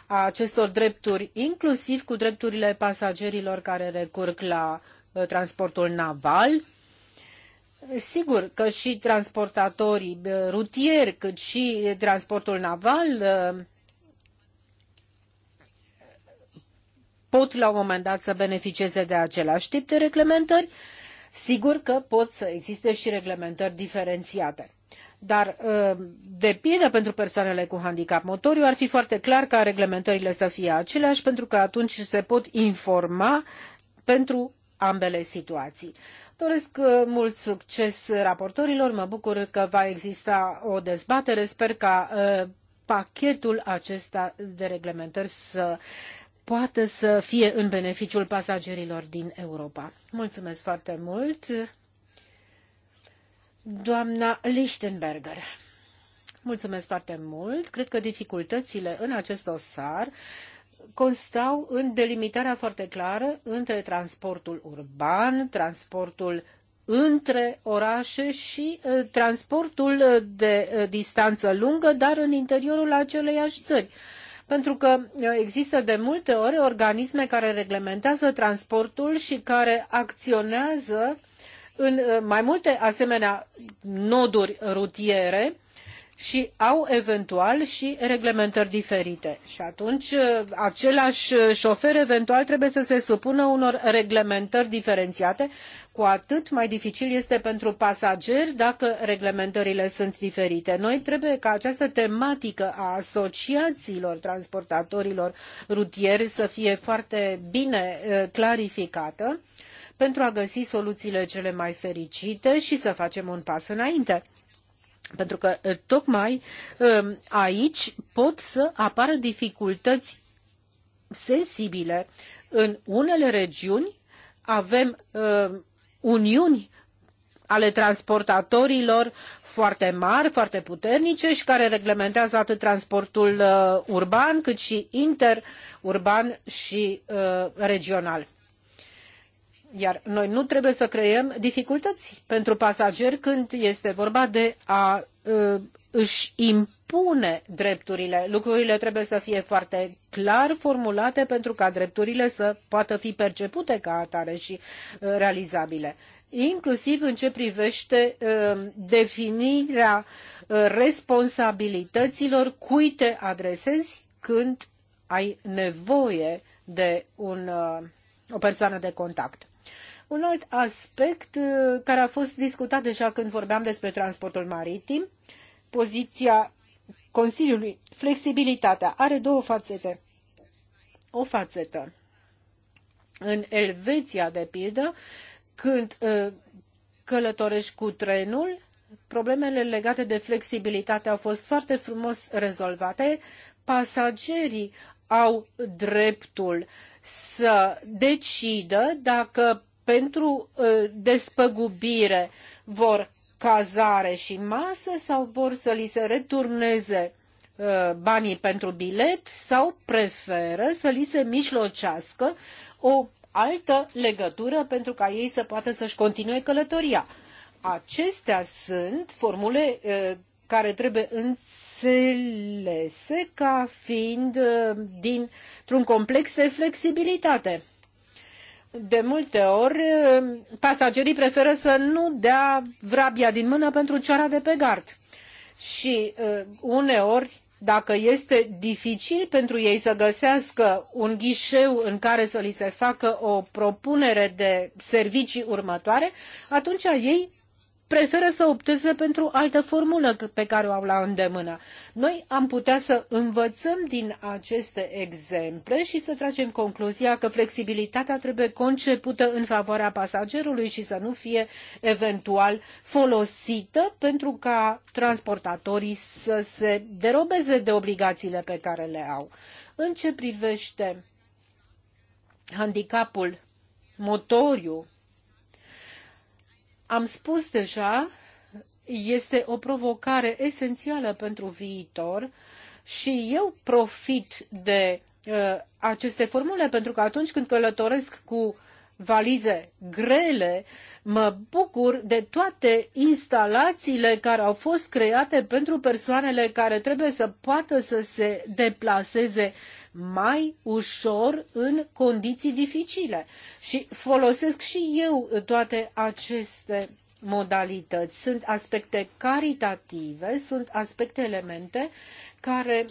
a acestor drepturi, inclusiv cu drepturile pasagerilor care recurg la uh, transportul naval, Sigur că și transportatorii uh, rutieri, cât și transportul naval pot la un moment dat să beneficieze de același tip de reglementări Sigur că pot să existe și reglementări diferențiate. Dar, ă, de pildă, pentru persoanele cu handicap motoriu, ar fi foarte clar ca reglementările să fie aceleași, pentru că atunci se pot informa pentru ambele situații. Doresc ă, mult succes raportorilor, mă bucur că va exista o dezbatere, sper ca ă, pachetul acesta de reglementări să poată să fie în beneficiul pasagerilor din Europa. Mulțumesc foarte mult. Doamna Lichtenberger. Mulțumesc foarte mult. Cred că dificultățile în acest dosar constau în delimitarea foarte clară între transportul urban, transportul între orașe și uh, transportul de uh, distanță lungă, dar în interiorul aceleiași țări pentru că uh, există de multe ori organisme care reglementează transportul și care acționează în uh, mai multe asemenea noduri rutiere uh, și au eventual și reglementări diferite. Și atunci uh, același uh, șofer eventual trebuie să se supună unor reglementări diferențiate, cu atât mai dificil este pentru pasageri dacă reglementările sunt diferite. Noi trebuie ca această tematică a asociațiilor transportatorilor rutieri să fie foarte bine uh, clarificată pentru a găsi soluțiile cele mai fericite și să facem un pas înainte. Pentru că eh, tocmai eh, aici pot să apară dificultăți sensibile. În unele regiuni avem eh, uniuni ale transportatorilor foarte mari, foarte puternice și care reglementează atât transportul urban cât și interurban și regional. Iar noi nu trebuie să creăm dificultăți pentru pasageri când este vorba de a își impune drepturile. Lucrurile trebuie să fie foarte clar formulate pentru ca drepturile să poată fi percepute ca atare și realizabile. Inclusiv în ce privește definirea responsabilităților cui te adresezi când ai nevoie de un, o persoană de contact. Un alt aspect uh, care a fost discutat deja când vorbeam despre transportul maritim, poziția Consiliului, flexibilitatea, are două fațete. O fațetă. În Elveția, de pildă, când uh, călătorești cu trenul, problemele legate de flexibilitate au fost foarte frumos rezolvate. Pasagerii au dreptul să decidă dacă pentru ă, despăgubire vor cazare și masă sau vor să li se returneze ă, banii pentru bilet sau preferă să li se mijlocească o altă legătură pentru ca ei să poată să-și continue călătoria. Acestea sunt formule ă, care trebuie înțelese înțelese ca fiind uh, dintr-un complex de flexibilitate. De multe ori, uh, pasagerii preferă să nu dea vrabia din mână pentru ceara de pe gard. Și uh, uneori, dacă este dificil pentru ei să găsească un ghișeu în care să li se facă o propunere de servicii următoare, atunci ei preferă să opteze pentru altă formulă pe care o au la îndemână. Noi am putea să învățăm din aceste exemple și să tragem concluzia că flexibilitatea trebuie concepută în favoarea pasagerului și să nu fie eventual folosită pentru ca transportatorii să se derobeze de obligațiile pe care le au. În ce privește handicapul motoriu am spus deja, este o provocare esențială pentru viitor și eu profit de uh, aceste formule pentru că atunci când călătoresc cu valize grele, mă bucur de toate instalațiile care au fost create pentru persoanele care trebuie să poată să se deplaseze mai ușor în condiții dificile. Și folosesc și eu toate aceste modalități. Sunt aspecte caritative, sunt aspecte elemente care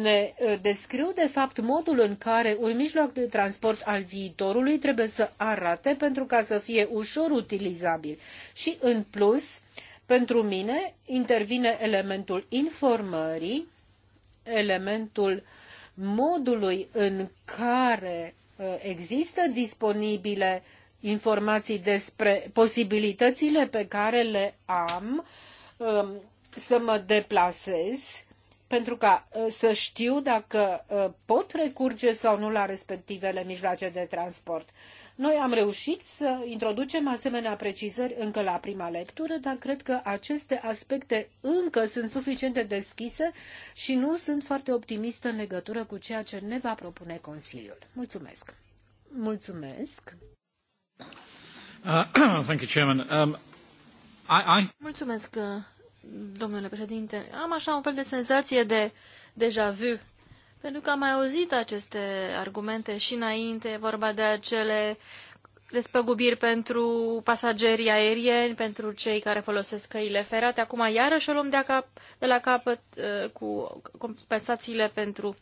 ne uh, descriu, de fapt, modul în care un mijloc de transport al viitorului trebuie să arate pentru ca să fie ușor utilizabil. Și, în plus, pentru mine intervine elementul informării, elementul modului în care uh, există disponibile informații despre posibilitățile pe care le am um, să mă deplasez pentru ca ă, să știu dacă ă, pot recurge sau nu la respectivele mijloace de transport. Noi am reușit să introducem asemenea precizări încă la prima lectură, dar cred că aceste aspecte încă sunt suficient de deschise și nu sunt foarte optimistă în legătură cu ceea ce ne va propune Consiliul. Mulțumesc! Mulțumesc! Uh, thank you, Chairman. Um, I, I... Mulțumesc, uh, domnule președinte. Am așa un fel de senzație de deja vu, pentru că am mai auzit aceste argumente și înainte, vorba de acele despăgubiri pentru pasagerii aerieni, pentru cei care folosesc căile ferate. Acum iarăși o luăm de, cap, de la capăt uh, cu compensațiile pentru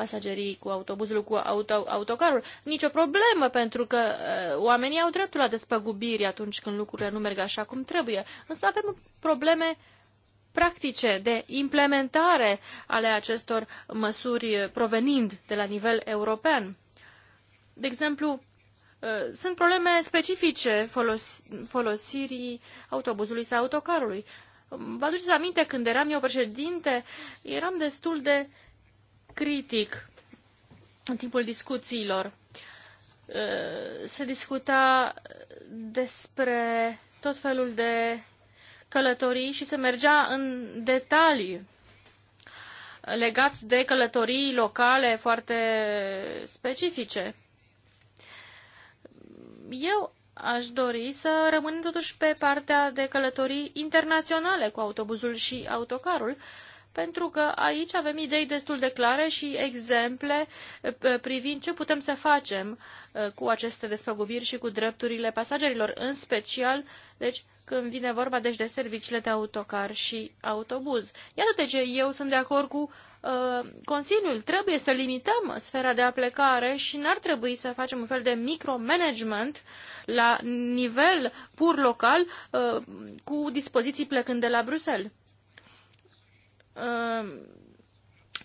pasagerii cu autobuzul, cu auto, autocarul. Nici o problemă, pentru că uh, oamenii au dreptul la despăgubiri atunci când lucrurile nu merg așa cum trebuie. Însă avem probleme practice de implementare ale acestor măsuri provenind de la nivel european. De exemplu, uh, sunt probleme specifice folos folosirii autobuzului sau autocarului. Vă aduceți aminte când eram eu președinte, eram destul de critic în timpul discuțiilor. Uh, se discuta despre tot felul de călătorii și se mergea în detalii legați de călătorii locale foarte specifice. Eu aș dori să rămân totuși pe partea de călătorii internaționale cu autobuzul și autocarul, pentru că aici avem idei destul de clare și exemple eh, privind ce putem să facem eh, cu aceste despăgubiri și cu drepturile pasagerilor, în special, deci, când vine vorba deci, de serviciile de autocar și autobuz. Iată de ce eu sunt de acord cu uh, Consiliul. Trebuie să limităm sfera de aplecare și n-ar trebui să facem un fel de micromanagement la nivel pur local uh, cu dispoziții plecând de la Bruxelles. Um,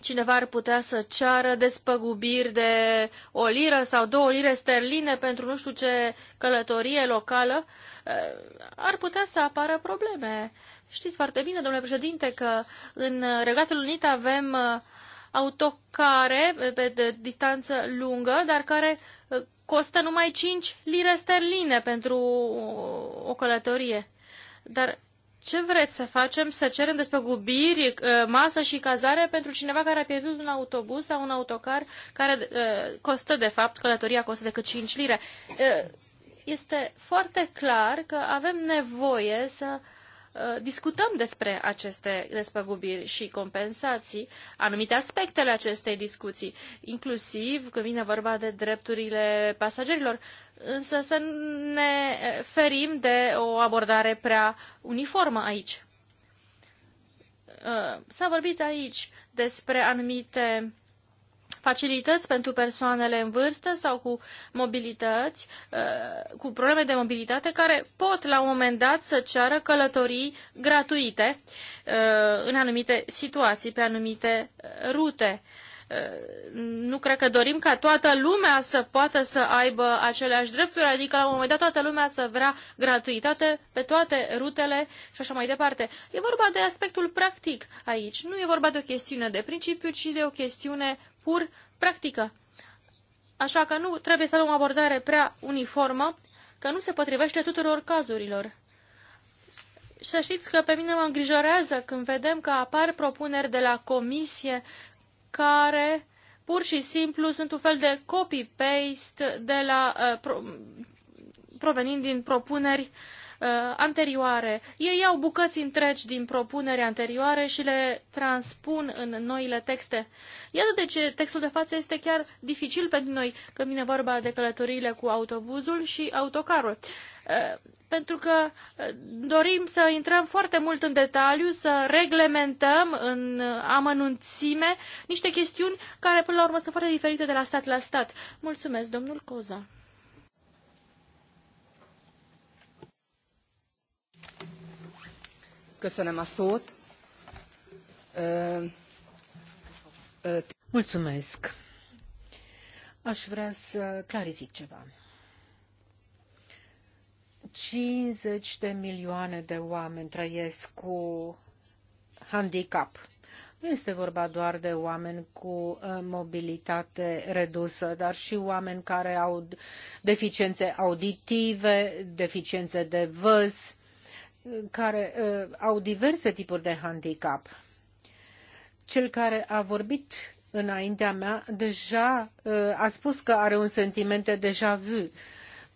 cineva ar putea să ceară despăgubiri de o liră sau două lire sterline pentru nu știu ce călătorie locală, uh, ar putea să apară probleme. Știți foarte bine, domnule președinte, că în Regatul Unit avem uh, autocare pe de distanță lungă, dar care uh, costă numai 5 lire sterline pentru o călătorie. Dar ce vreți să facem? Să cerem gubiri, uh, masă și cazare pentru cineva care a pierdut un autobuz sau un autocar care uh, costă, de fapt, călătoria costă decât 5 lire. Uh, este foarte clar că avem nevoie să Uh, discutăm despre aceste despăgubiri și compensații, anumite aspectele acestei discuții, inclusiv când vine vorba de drepturile pasagerilor, însă să ne ferim de o abordare prea uniformă aici. Uh, s-a vorbit aici despre anumite facilități pentru persoanele în vârstă sau cu mobilități, uh, cu probleme de mobilitate, care pot la un moment dat să ceară călătorii gratuite uh, în anumite situații, pe anumite uh, rute nu cred că dorim ca toată lumea să poată să aibă aceleași drepturi, adică la un moment dat toată lumea să vrea gratuitate pe toate rutele și așa mai departe. E vorba de aspectul practic aici. Nu e vorba de o chestiune de principiu, ci de o chestiune pur practică. Așa că nu trebuie să avem o abordare prea uniformă, că nu se potrivește tuturor cazurilor. Să știți că pe mine mă îngrijorează când vedem că apar propuneri de la comisie care pur și simplu sunt un fel de copy-paste de la, uh, pro, provenind din propuneri uh, Uh, anterioare. Ei iau bucăți întregi din propuneri anterioare și le transpun în noile texte. Iată de ce textul de față este chiar dificil pentru noi când vine vorba de călătoriile cu autobuzul și autocarul uh, pentru că uh, dorim să intrăm foarte mult în detaliu, să reglementăm în amănunțime niște chestiuni care, până la urmă, sunt foarte diferite de la stat la stat. Mulțumesc, domnul Coza. Köszönöm a szót. Mulțumesc. Aș vrea să clarific ceva. 50 de milioane de oameni trăiesc cu handicap. Nu este vorba doar de oameni cu uh, mobilitate redusă, dar și oameni care au deficiențe auditive, deficiențe de văz, care uh, au diverse tipuri de handicap. Cel care a vorbit înaintea mea deja uh, a spus că are un sentiment de deja vu.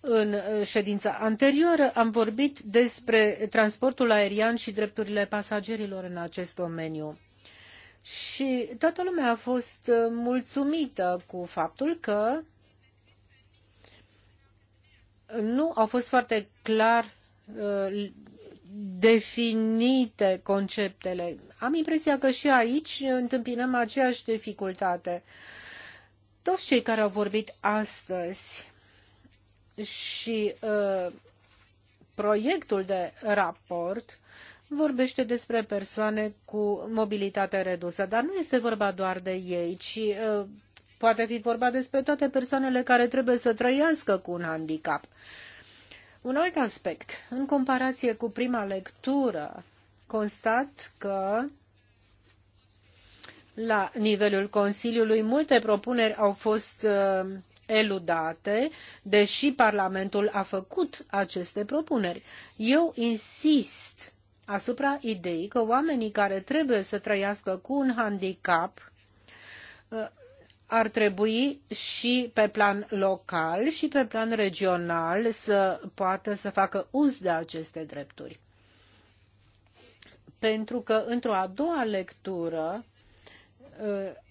În uh, ședința anterioară am vorbit despre transportul aerian și drepturile pasagerilor în acest domeniu. Și toată lumea a fost mulțumită cu faptul că nu au fost foarte clar definite conceptele. Am impresia că și aici întâmpinăm aceeași dificultate. Toți cei care au vorbit astăzi și uh, proiectul de raport vorbește despre persoane cu mobilitate redusă, dar nu este vorba doar de ei, ci uh, poate fi vorba despre toate persoanele care trebuie să trăiască cu un handicap. Uh, un alt aspect, în comparație cu prima lectură, constat că la nivelul Consiliului multe propuneri au fost uh, eludate, deși Parlamentul a făcut aceste propuneri. Eu insist asupra ideii că oamenii care trebuie să trăiască cu un handicap uh, ar trebui și pe plan local și pe plan regional să poată să facă uz de aceste drepturi. Pentru că într-o a doua lectură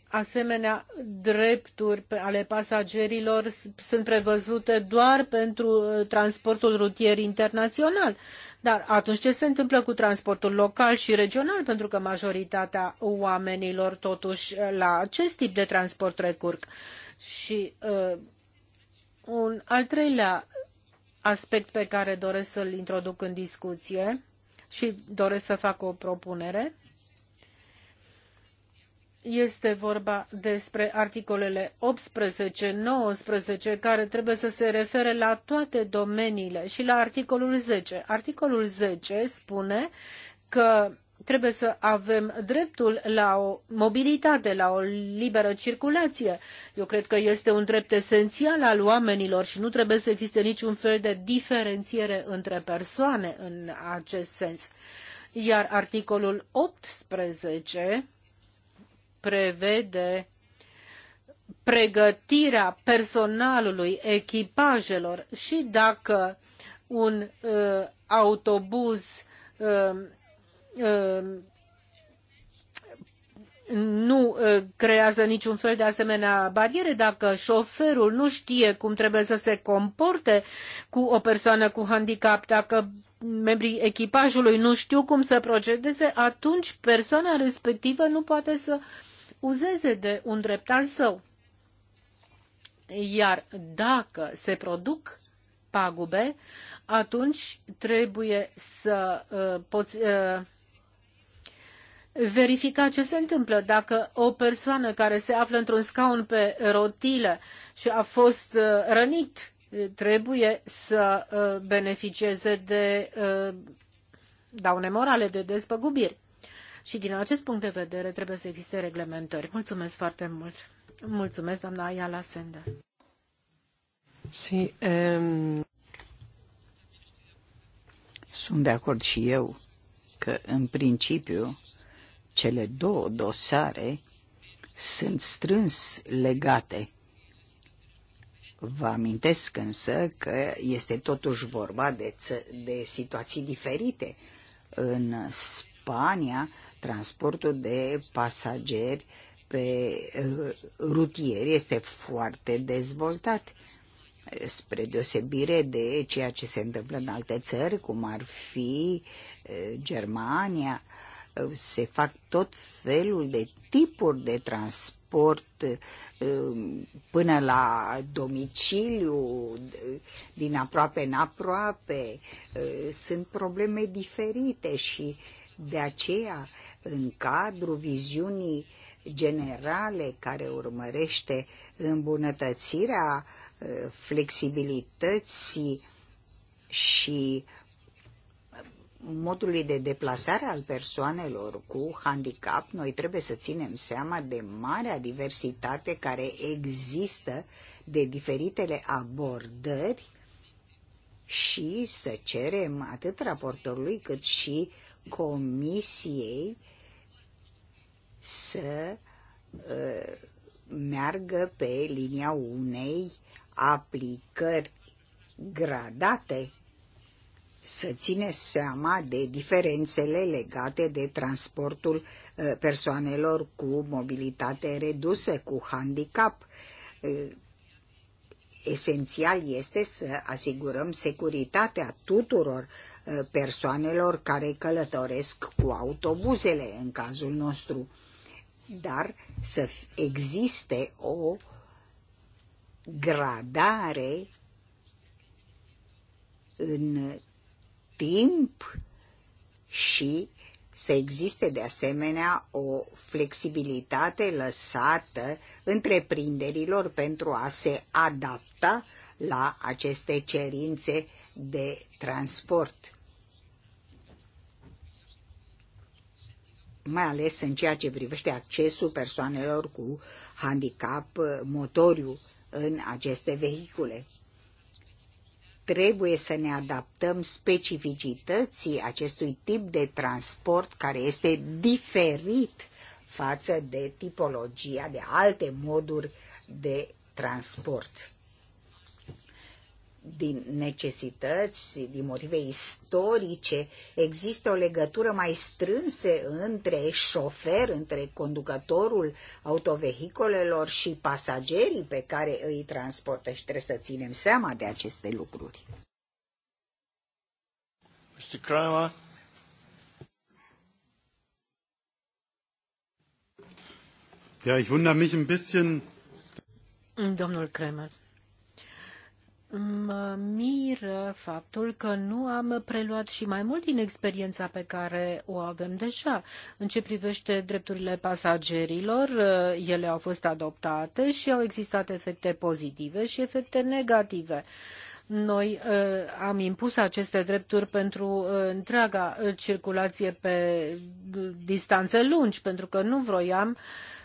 asemenea drepturi ale pasagerilor sunt prevăzute doar pentru uh, transportul rutier internațional. Dar atunci ce se întâmplă cu transportul local și regional? Pentru că majoritatea oamenilor totuși uh, la acest tip de transport recurg. Și uh, un al treilea aspect pe care doresc să-l introduc în discuție și doresc să fac o propunere este vorba despre articolele optsprezece, nouăsprezece, care trebuie să se refere la toate domeniile și la articolul zece. Articolul zece spune că trebuie să avem dreptul la o mobilitate, la o liberă circulație. Eu cred că este un drept esențial al oamenilor și nu trebuie să existe niciun fel de diferențiere între persoane în acest sens. Iar articolul 18 prevede pregătirea personalului, echipajelor și dacă un uh, autobuz um, um, uh, uh, nu creează niciun fel de asemenea bariere dacă șoferul nu știe cum trebuie să se comporte cu o persoană cu handicap, dacă membrii echipajului nu știu cum să procedeze, atunci persoana respectivă nu poate să uzeze de un drept al său. Iar dacă se produc pagube, atunci trebuie să uh, poți uh, verifica ce se întâmplă. Dacă o persoană care se află într-un scaun pe rotile și a fost uh, rănit trebuie să uh, beneficieze de uh, daune morale, de despăgubiri. Și din acest punct de vedere trebuie să existe reglementări. Mulțumesc foarte mult. Mulțumesc, doamna Ayala Sender. Sí, um... Sunt de acord și eu că, în principiu, cele două dosare sunt strâns legate Vă amintesc însă că este totuși vorba de, de situații diferite. În Spania, transportul de pasageri pe uh, rutier este foarte dezvoltat, spre deosebire de ceea ce se întâmplă în alte țări, cum ar fi uh, Germania, se fac tot felul de tipuri de transport um, până la domiciliu, din aproape în aproape. Uh, sunt probleme diferite și de aceea, în cadrul viziunii generale care urmărește îmbunătățirea uh, flexibilității și modului de deplasare al persoanelor cu handicap, noi trebuie să ținem seama de marea diversitate care există de diferitele abordări și să cerem atât raportorului cât și comisiei să uh, meargă pe linia unei aplicări gradate să ține seama de diferențele legate de transportul uh, persoanelor cu mobilitate redusă, cu handicap. Uh, esențial este să asigurăm securitatea tuturor uh, persoanelor care călătoresc cu autobuzele în cazul nostru, dar să existe o gradare în timp și să existe de asemenea o flexibilitate lăsată întreprinderilor pentru a se adapta la aceste cerințe de transport. mai ales în ceea ce privește accesul persoanelor cu handicap motoriu în aceste vehicule trebuie să ne adaptăm specificității acestui tip de transport care este diferit față de tipologia de alte moduri de transport din necesități, din motive istorice, există o legătură mai strânse între șofer, între conducătorul autovehicolelor și pasagerii pe care îi transportă și trebuie să ținem seama de aceste lucruri. Mr. Kramer. Ja, ich wundere mich ein bisschen. Domnul Kramer. Mă miră faptul că nu am preluat și mai mult din experiența pe care o avem deja. În ce privește drepturile pasagerilor, ele au fost adoptate și au existat efecte pozitive și efecte negative. Noi uh, am impus aceste drepturi pentru uh, întreaga circulație pe uh, distanțe lungi, pentru că nu vroiam uh,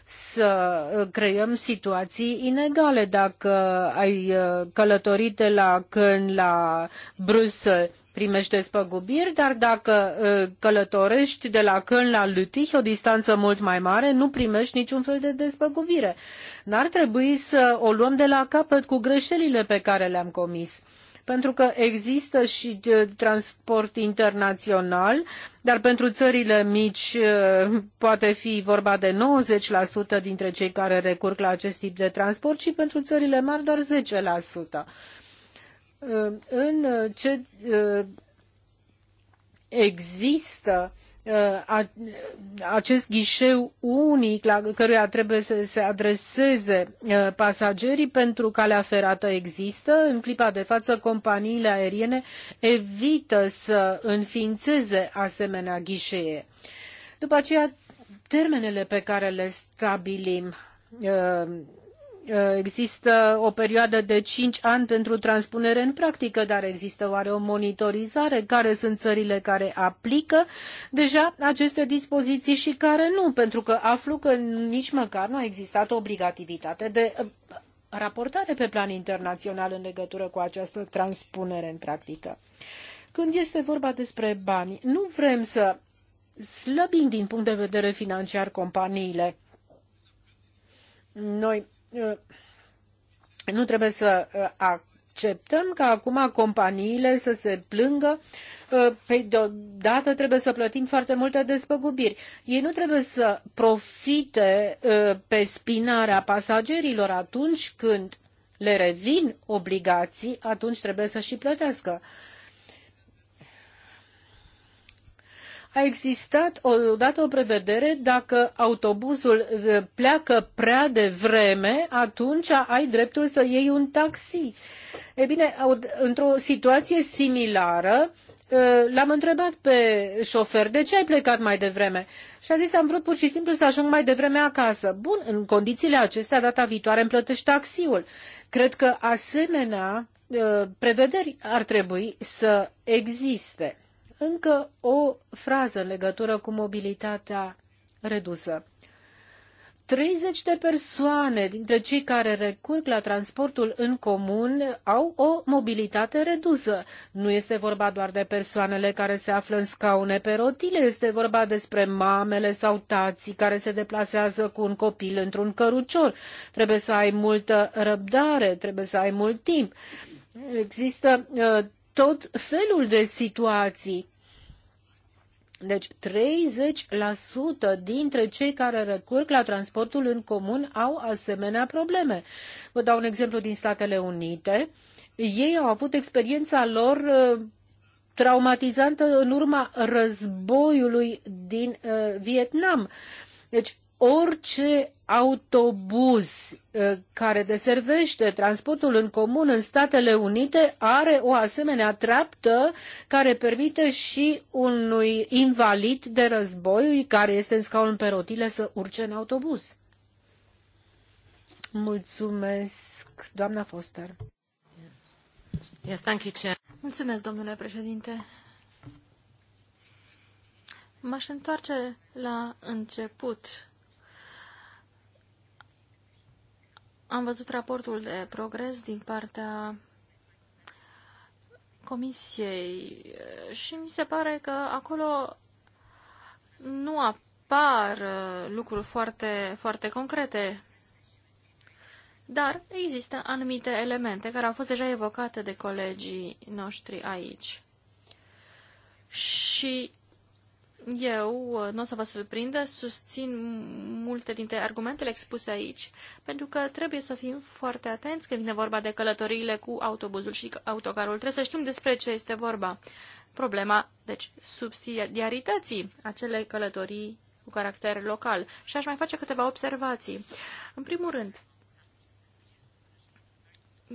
să creăm situații inegale. Dacă ai uh, călătorit de la Köln la Bruxelles, primești despăgubiri, dar dacă uh, călătorești de la Köln la Lüttich, o distanță mult mai mare, nu primești niciun fel de despăgubire. N-ar trebui să o luăm de la capăt cu greșelile pe care le-am comis pentru că există și uh, transport internațional, dar pentru țările mici uh, poate fi vorba de 90% dintre cei care recurg la acest tip de transport și pentru țările mari doar 10%. Uh, în ce există Uh, acest ghișeu unic la căruia trebuie să se adreseze uh, pasagerii pentru calea ferată există. În clipa de față, companiile aeriene evită să înființeze asemenea ghișee. După aceea, termenele pe care le stabilim uh, Uh, există o perioadă de cinci ani pentru transpunere în practică, dar există oare o monitorizare? Care sunt țările care aplică deja aceste dispoziții și care nu? Pentru că aflu că nici măcar nu a existat obligativitate de uh, raportare pe plan internațional în legătură cu această transpunere în practică. Când este vorba despre bani, nu vrem să slăbim din punct de vedere financiar companiile. Noi nu trebuie să uh, acceptăm ca acum companiile să se plângă, uh, pe deodată trebuie să plătim foarte multe despăgubiri. Ei nu trebuie să profite uh, pe spinarea pasagerilor atunci când le revin obligații, atunci trebuie să și plătească. a existat odată o prevedere dacă autobuzul eh, pleacă prea devreme, atunci ai dreptul să iei un taxi. E bine, într-o situație similară, eh, l-am întrebat pe șofer, de ce ai plecat mai devreme? Și a zis, am vrut pur și simplu să ajung mai devreme acasă. Bun, în condițiile acestea, data viitoare îmi plătești taxiul. Cred că asemenea eh, prevederi ar trebui să existe. Încă o frază în legătură cu mobilitatea redusă. 30 de persoane dintre cei care recurg la transportul în comun au o mobilitate redusă. Nu este vorba doar de persoanele care se află în scaune pe rotile, este vorba despre mamele sau tații care se deplasează cu un copil într-un cărucior. Trebuie să ai multă răbdare, trebuie să ai mult timp. Există uh, tot felul de situații deci 30% dintre cei care recurg la transportul în comun au asemenea probleme. Vă dau un exemplu din Statele Unite. Ei au avut experiența lor uh, traumatizantă în urma războiului din uh, Vietnam. Deci orice autobuz uh, care deservește transportul în comun în Statele Unite are o asemenea treaptă care permite și unui invalid de război care este în scaun pe rotile să urce în autobuz. Mulțumesc, doamna Foster. Yeah, thank you, Chair. Mulțumesc, domnule președinte. M-aș întoarce la început Am văzut raportul de progres din partea Comisiei și mi se pare că acolo nu apar uh, lucruri foarte, foarte concrete. Dar există anumite elemente care au fost deja evocate de colegii noștri aici. Și eu uh, nu o să vă surprindă, susțin multe dintre argumentele expuse aici, pentru că trebuie să fim foarte atenți când vine vorba de călătoriile cu autobuzul și autocarul. Trebuie să știm despre ce este vorba. Problema, deci, subsidiarității acele călătorii cu caracter local. Și aș mai face câteva observații. În primul rând,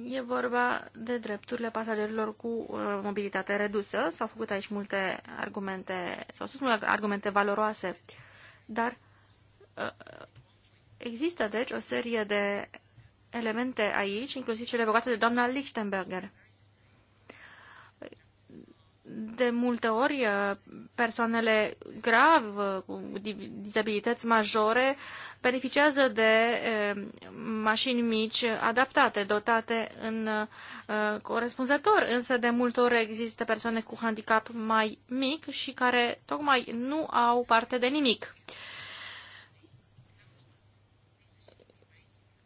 E vorba de drepturile pasagerilor cu uh, mobilitate redusă. S-au făcut aici multe argumente, s-au spus multe argumente valoroase, dar uh, există, deci, o serie de elemente aici, inclusiv cele evocate de doamna Lichtenberger de multe ori uh, persoanele grav uh, cu dizabilități majore beneficiază de uh, mașini mici adaptate, dotate în corespunzător, însă de multe ori există persoane cu handicap mai mic și care tocmai nu au parte de nimic.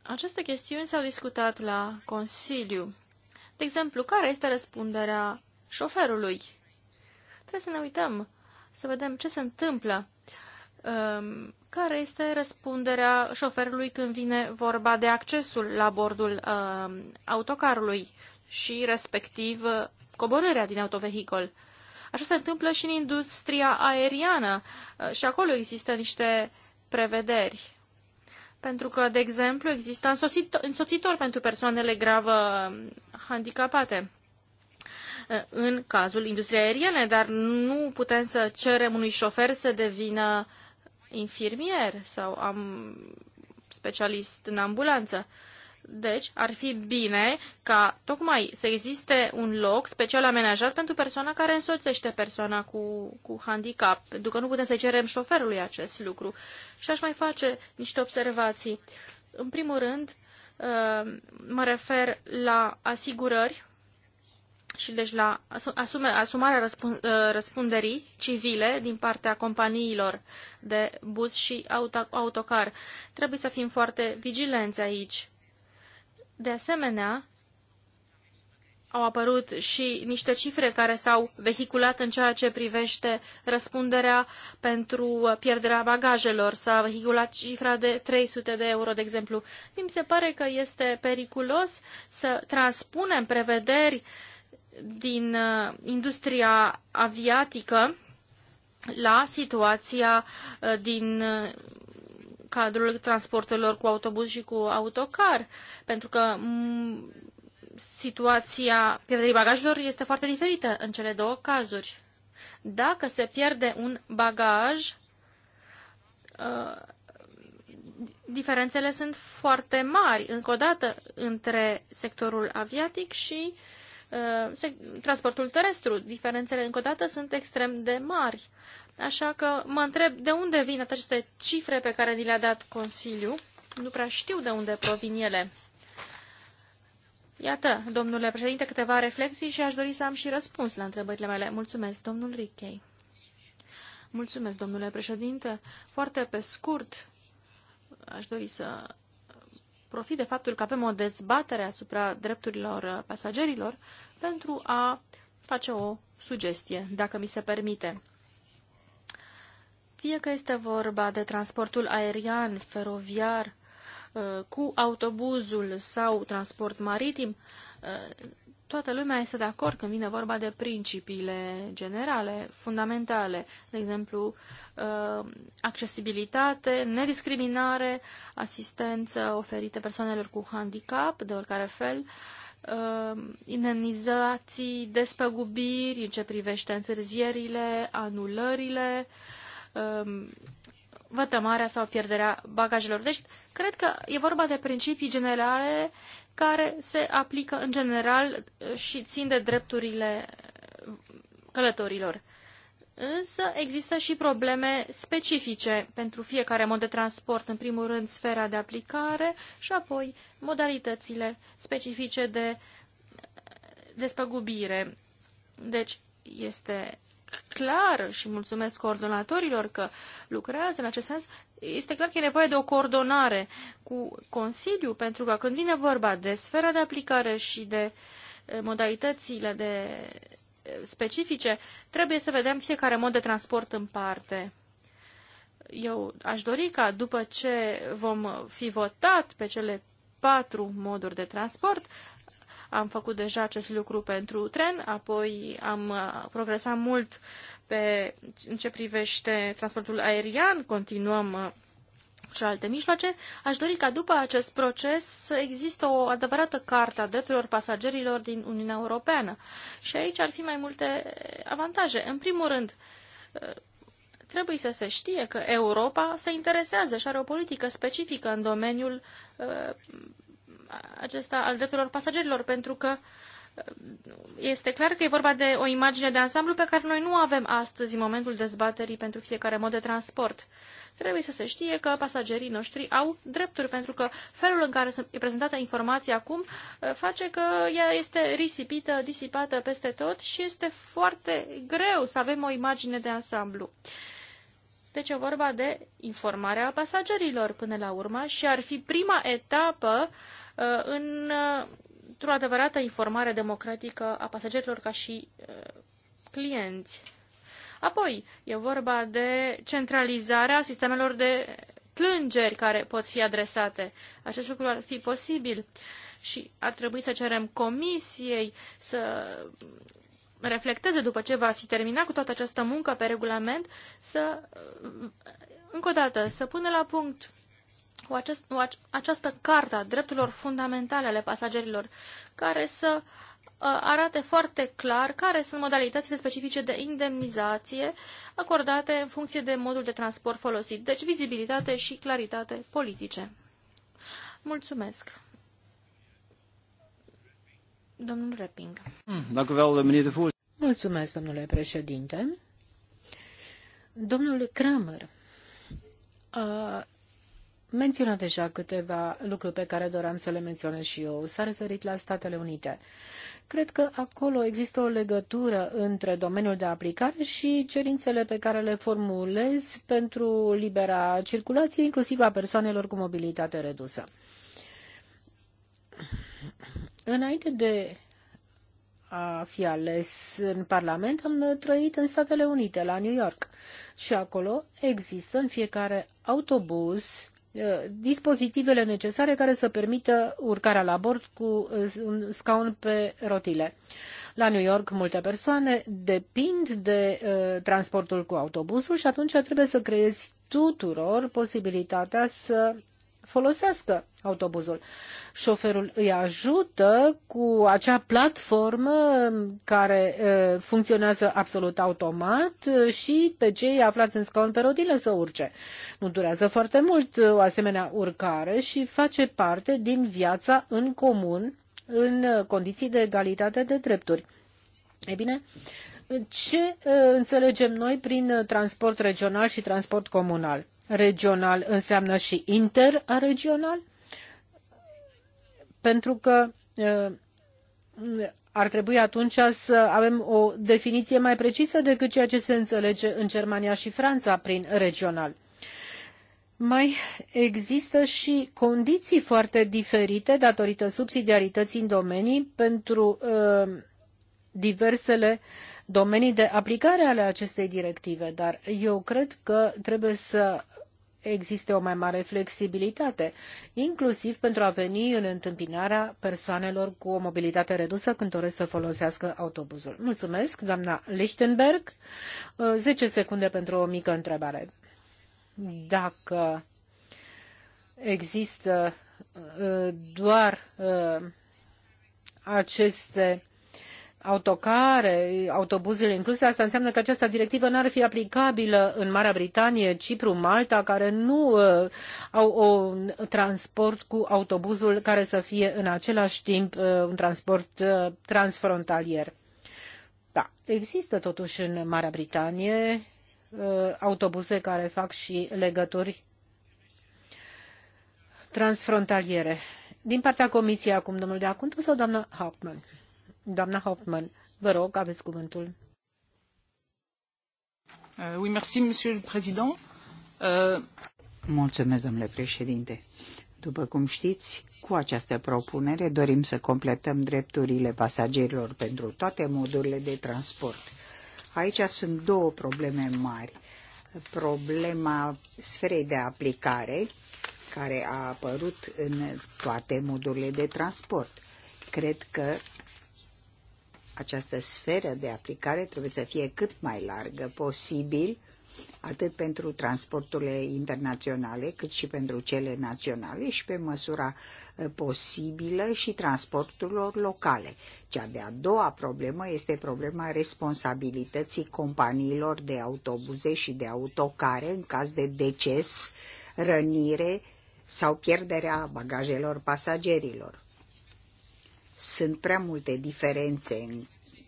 Aceste chestiuni s-au discutat la Consiliu. De exemplu, care este răspunderea șoferului Trebuie să ne uităm, să vedem ce se întâmplă, um, care este răspunderea șoferului când vine vorba de accesul la bordul um, autocarului și respectiv uh, coborârea din autovehicol. Așa se întâmplă și în industria aeriană uh, și acolo există niște prevederi. Pentru că, de exemplu, există însoțitor pentru persoanele gravă um, handicapate. Eh, în cazul industriei aeriene, dar nu putem să cerem unui șofer să devină infirmier sau am specialist în ambulanță. Deci, ar fi bine ca tocmai să existe un loc special amenajat pentru persoana care însoțește persoana cu, cu handicap, pentru că nu putem să cerem șoferului acest lucru. Și aș mai face niște observații. În primul rând, eh, mă refer la asigurări și deci la asume, asumarea răspund, uh, răspunderii civile din partea companiilor de bus și auto, autocar. Trebuie să fim foarte vigilenți aici. De asemenea, au apărut și niște cifre care s-au vehiculat în ceea ce privește răspunderea pentru pierderea bagajelor. S-a vehiculat cifra de 300 de euro, de exemplu. Mi se pare că este periculos să transpunem prevederi uh, din uh, industria aviatică la situația uh, din uh, cadrul transportelor cu autobuz și cu autocar, pentru că mm, situația pierderii bagajelor este foarte diferită în cele două cazuri. Dacă se pierde un bagaj, diferențele sunt foarte mari, încă o dată, între sectorul aviatic și uh, Uh, transportul terestru. Diferențele, încă o dată, sunt extrem de mari. Așa că mă întreb de unde vin aceste cifre pe care ni le-a dat Consiliu. Nu prea știu de unde provin ele. Iată, domnule președinte, câteva reflexii și aș dori să am și răspuns la întrebările mele. Mulțumesc, domnul Richei. Mulțumesc, domnule președinte. Foarte pe scurt, aș dori să profit de faptul că avem o dezbatere asupra drepturilor uh, pasagerilor pentru a face o sugestie, dacă mi se permite. Fie că este vorba de transportul aerian, feroviar, uh, cu autobuzul sau transport maritim, uh, toată lumea este de acord când vine vorba de principiile generale, fundamentale, de exemplu, uh, accesibilitate, nediscriminare, asistență oferită persoanelor cu handicap de oricare fel, uh, indemnizații, despăgubiri în ce privește întârzierile, anulările, uh, vătămarea sau pierderea bagajelor. Deci, cred că e vorba de principii generale care se aplică în general uh, și țin de drepturile călătorilor. Însă există și probleme specifice pentru fiecare mod de transport, în primul rând sfera de aplicare și apoi modalitățile specifice de uh, despăgubire. Deci este clar și mulțumesc coordonatorilor că lucrează în acest sens, este clar că e nevoie de o coordonare cu Consiliul, pentru că când vine vorba de sfera de aplicare și de eh, modalitățile de eh, specifice, trebuie să vedem fiecare mod de transport în parte. Eu aș dori ca după ce vom fi votat pe cele patru moduri de transport, am făcut deja acest lucru pentru tren, apoi am uh, progresat mult pe, în ce privește transportul aerian, continuăm și uh, alte mijloace, aș dori ca după acest proces să există o adevărată carte a drepturilor pasagerilor din Uniunea Europeană. Și aici ar fi mai multe avantaje. În primul rând, uh, trebuie să se știe că Europa se interesează și are o politică specifică în domeniul acesta al drepturilor pasagerilor, pentru că uh, este clar că e vorba de o imagine de ansamblu pe care noi nu avem astăzi în momentul dezbaterii pentru fiecare mod de transport. Trebuie să se știe că pasagerii noștri au drepturi, pentru că felul în care e prezentată informația acum uh, face că ea este risipită, disipată peste tot și este foarte greu să avem o imagine de ansamblu. Deci e vorba de informarea pasagerilor până la urmă și ar fi prima etapă uh, Uh, în uh, într-o adevărată informare democratică a pasagerilor ca și uh, clienți. Apoi, e vorba de centralizarea sistemelor de plângeri care pot fi adresate. Acest lucru ar fi posibil și ar trebui să cerem comisiei să reflecteze după ce va fi terminat cu toată această muncă pe regulament, să, încă o dată, să pună la punct cu, acest, cu această carte a drepturilor fundamentale ale pasagerilor, care să uh, arate foarte clar care sunt modalitățile specifice de indemnizație acordate în funcție de modul de transport folosit, deci vizibilitate și claritate politice. Mulțumesc! Domnul Repping. Hmm, eh, Mulțumesc, domnule președinte. Domnul Kramer menționat deja câteva lucruri pe care doream să le menționez și eu. S-a referit la Statele Unite. Cred că acolo există o legătură între domeniul de aplicare și cerințele pe care le formulez pentru libera circulație, inclusiv a persoanelor cu mobilitate redusă. Înainte de a fi ales în Parlament, am trăit în Statele Unite, la New York. Și acolo există în fiecare autobuz Uh, dispozitivele necesare care să permită urcarea la bord cu uh, un scaun pe rotile. La New York multe persoane depind de uh, transportul cu autobuzul și atunci trebuie să creezi tuturor posibilitatea să folosească autobuzul. Șoferul îi ajută cu acea platformă care funcționează absolut automat și pe cei aflați în scaun pe rodile să urce. Nu durează foarte mult o asemenea urcare și face parte din viața în comun în condiții de egalitate de drepturi. E bine, ce înțelegem noi prin transport regional și transport comunal? regional înseamnă și interregional, pentru că ar trebui atunci să avem o definiție mai precisă decât ceea ce se înțelege în Germania și Franța prin regional. Mai există și condiții foarte diferite datorită subsidiarității în domenii pentru uh, diversele domenii de aplicare ale acestei directive, dar eu cred că trebuie să existe o mai mare flexibilitate, inclusiv pentru a veni în întâmpinarea persoanelor cu o mobilitate redusă când doresc să folosească autobuzul. Mulțumesc, doamna Lichtenberg. 10 uh, secunde pentru o mică întrebare. Dacă există uh, doar uh, aceste autocare, autobuzele incluse, asta înseamnă că această directivă n-ar fi aplicabilă în Marea Britanie, Cipru, Malta, care nu uh, au un transport cu autobuzul care să fie în același timp uh, un transport uh, transfrontalier. Da, există totuși în Marea Britanie uh, autobuze care fac și legături transfrontaliere. Din partea Comisiei acum, domnul Deacuntu sau doamna Hauptmann? Doamna Hoffman, vă rog, aveți cuvântul. Uh, oui, merci, monsieur le président. Uh... Mulțumesc, domnule președinte. După cum știți, cu această propunere dorim să completăm drepturile pasagerilor pentru toate modurile de transport. Aici sunt două probleme mari. Problema sferei de aplicare, care a apărut în toate modurile de transport. Cred că această sferă de aplicare trebuie să fie cât mai largă posibil, atât pentru transporturile internaționale, cât și pentru cele naționale și pe măsura ă, posibilă și transporturilor locale. Cea de-a doua problemă este problema responsabilității companiilor de autobuze și de autocare în caz de deces, rănire sau pierderea bagajelor pasagerilor. Sunt prea multe diferențe în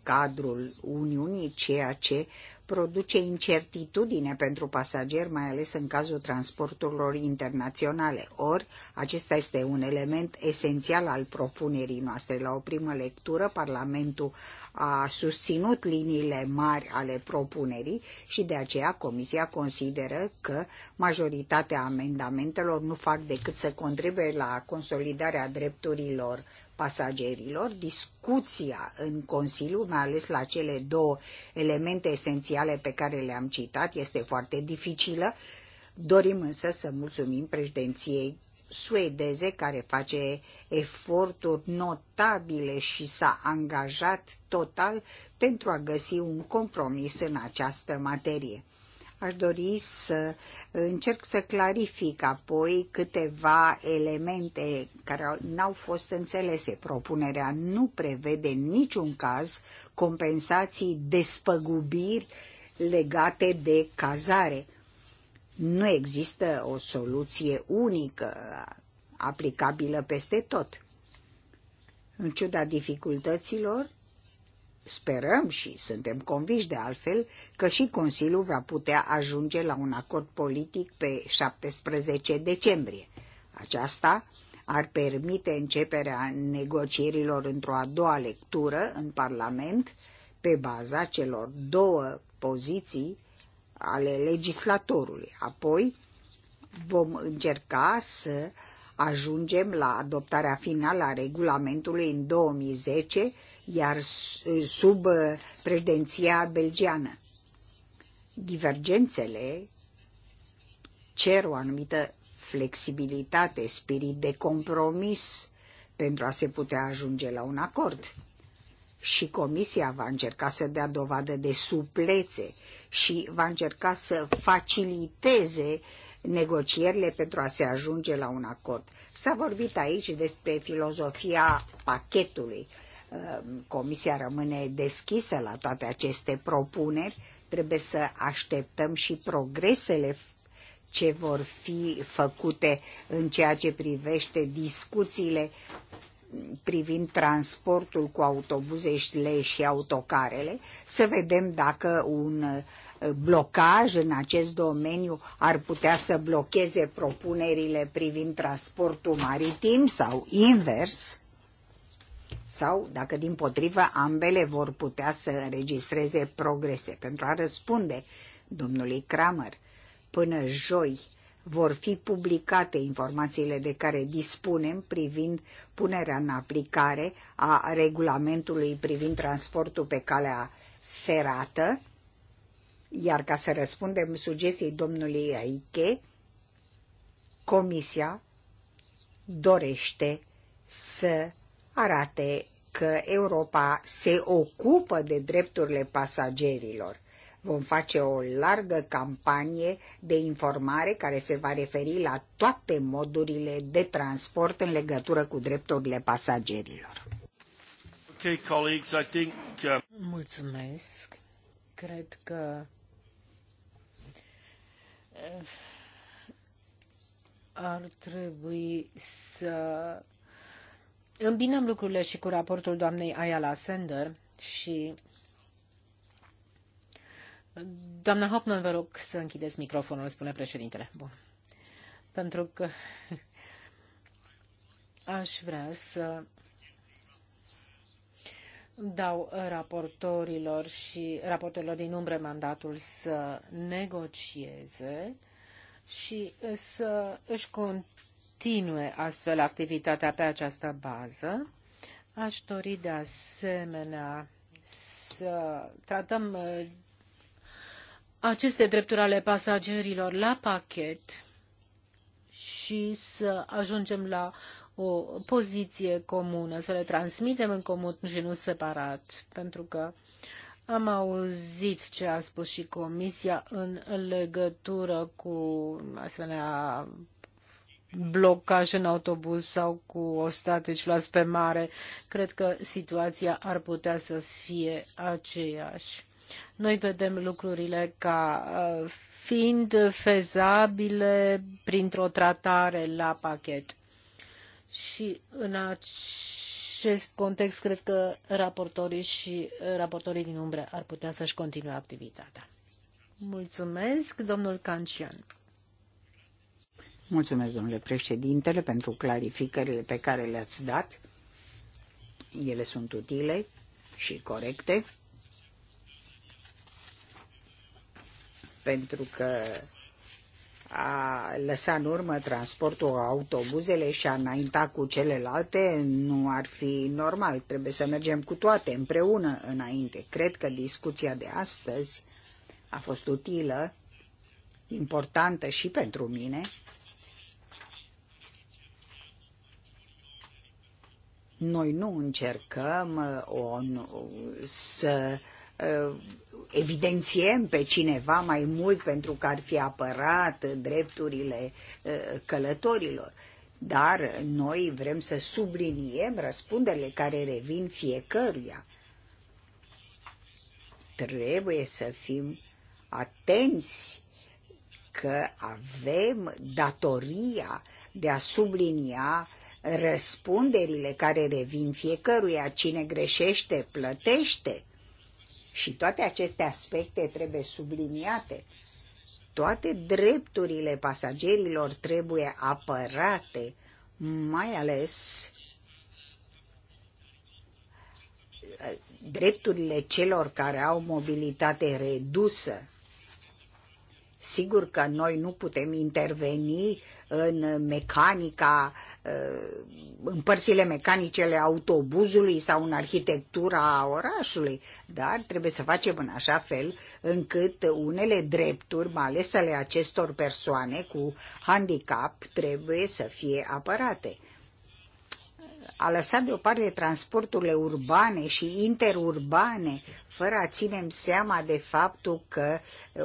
cadrul Uniunii, ceea ce produce incertitudine pentru pasageri, mai ales în cazul transporturilor internaționale. Ori, acesta este un element esențial al propunerii noastre. La o primă lectură, Parlamentul a susținut liniile mari ale propunerii și de aceea Comisia consideră că majoritatea amendamentelor nu fac decât să contribuie la consolidarea drepturilor pasagerilor, discuția în Consiliu, mai ales la cele două elemente esențiale pe care le-am citat, este foarte dificilă. Dorim însă să mulțumim președinției suedeze care face eforturi notabile și s-a angajat total pentru a găsi un compromis în această materie. Aș dori să încerc să clarific apoi câteva elemente care n-au fost înțelese. Propunerea nu prevede în niciun caz compensații despăgubiri legate de cazare. Nu există o soluție unică aplicabilă peste tot. În ciuda dificultăților, Sperăm și suntem conviși de altfel că și Consiliul va putea ajunge la un acord politic pe 17 decembrie. Aceasta ar permite începerea negocierilor într-o a doua lectură în Parlament pe baza celor două poziții ale legislatorului. Apoi vom încerca să ajungem la adoptarea finală a regulamentului în 2010 iar sub președinția belgiană. Divergențele cer o anumită flexibilitate, spirit de compromis pentru a se putea ajunge la un acord. Și comisia va încerca să dea dovadă de suplețe și va încerca să faciliteze negocierile pentru a se ajunge la un acord. S-a vorbit aici despre filozofia pachetului. Ehm, comisia rămâne deschisă la toate aceste propuneri. Trebuie să așteptăm și progresele ce vor fi făcute în ceea ce privește discuțiile privind transportul cu autobuzele și autocarele, să vedem dacă un eh, blocaj în acest domeniu ar putea să blocheze propunerile privind transportul maritim sau invers sau dacă din potrivă ambele vor putea să înregistreze progrese. Pentru a răspunde domnului Kramer, până joi vor fi publicate informațiile de care dispunem privind punerea în aplicare a regulamentului privind transportul pe calea ferată, iar ca să răspundem sugestiei domnului Aiche, Comisia dorește să arate că Europa se ocupă de drepturile pasagerilor. Vom face o largă campanie de informare care se va referi la toate modurile de transport în legătură cu drepturile pasagerilor. Okay, colleagues, I think, uh... Mulțumesc. Cred că uh, ar trebui să îmbinăm lucrurile și cu raportul doamnei Ayala Sender și Doamna hoffman vă rog să închideți microfonul, spune președintele. Bun. Pentru că aș vrea să dau raportorilor și raportorilor din umbre mandatul să negocieze și să își continue continue astfel activitatea pe această bază. Aș dori de asemenea să tratăm uh, aceste drepturi ale pasagerilor la pachet și să ajungem la o poziție comună, să le transmitem în comun și nu separat, pentru că am auzit ce a spus și Comisia în legătură cu asemenea blocaj în autobuz sau cu ostatici luați pe mare. Cred că situația ar putea să fie aceeași. Noi vedem lucrurile ca uh, fiind fezabile printr-o tratare la pachet. Și în acest context, cred că raportorii și uh, raportorii din umbră ar putea să-și continue activitatea. Mulțumesc, domnul Cancian. Mulțumesc, domnule președintele, pentru clarificările pe care le-ați dat. Ele sunt utile și corecte, pentru că a lăsa în urmă transportul autobuzele și a înainta cu celelalte nu ar fi normal. Trebuie să mergem cu toate împreună înainte. Cred că discuția de astăzi a fost utilă, importantă și pentru mine Noi nu încercăm uh, o, să uh, evidențiem pe cineva mai mult pentru că ar fi apărat drepturile uh, călătorilor. Dar noi vrem să subliniem răspunderile care revin fiecăruia. Trebuie să fim atenți că avem datoria de a sublinia uh, răspunderile care revin fiecăruia, cine greșește, plătește. Și toate aceste aspecte trebuie subliniate. Toate drepturile pasagerilor trebuie apărate, mai ales uh, drepturile celor care au mobilitate redusă. Sigur că noi nu putem interveni în mecanica, uh, în părțile mecanice ale autobuzului sau în arhitectura orașului, dar trebuie să facem în așa fel încât unele drepturi, mai ales ale acestor persoane cu handicap, trebuie să fie apărate a lăsat deoparte transporturile urbane și interurbane, fără a ținem seama de faptul că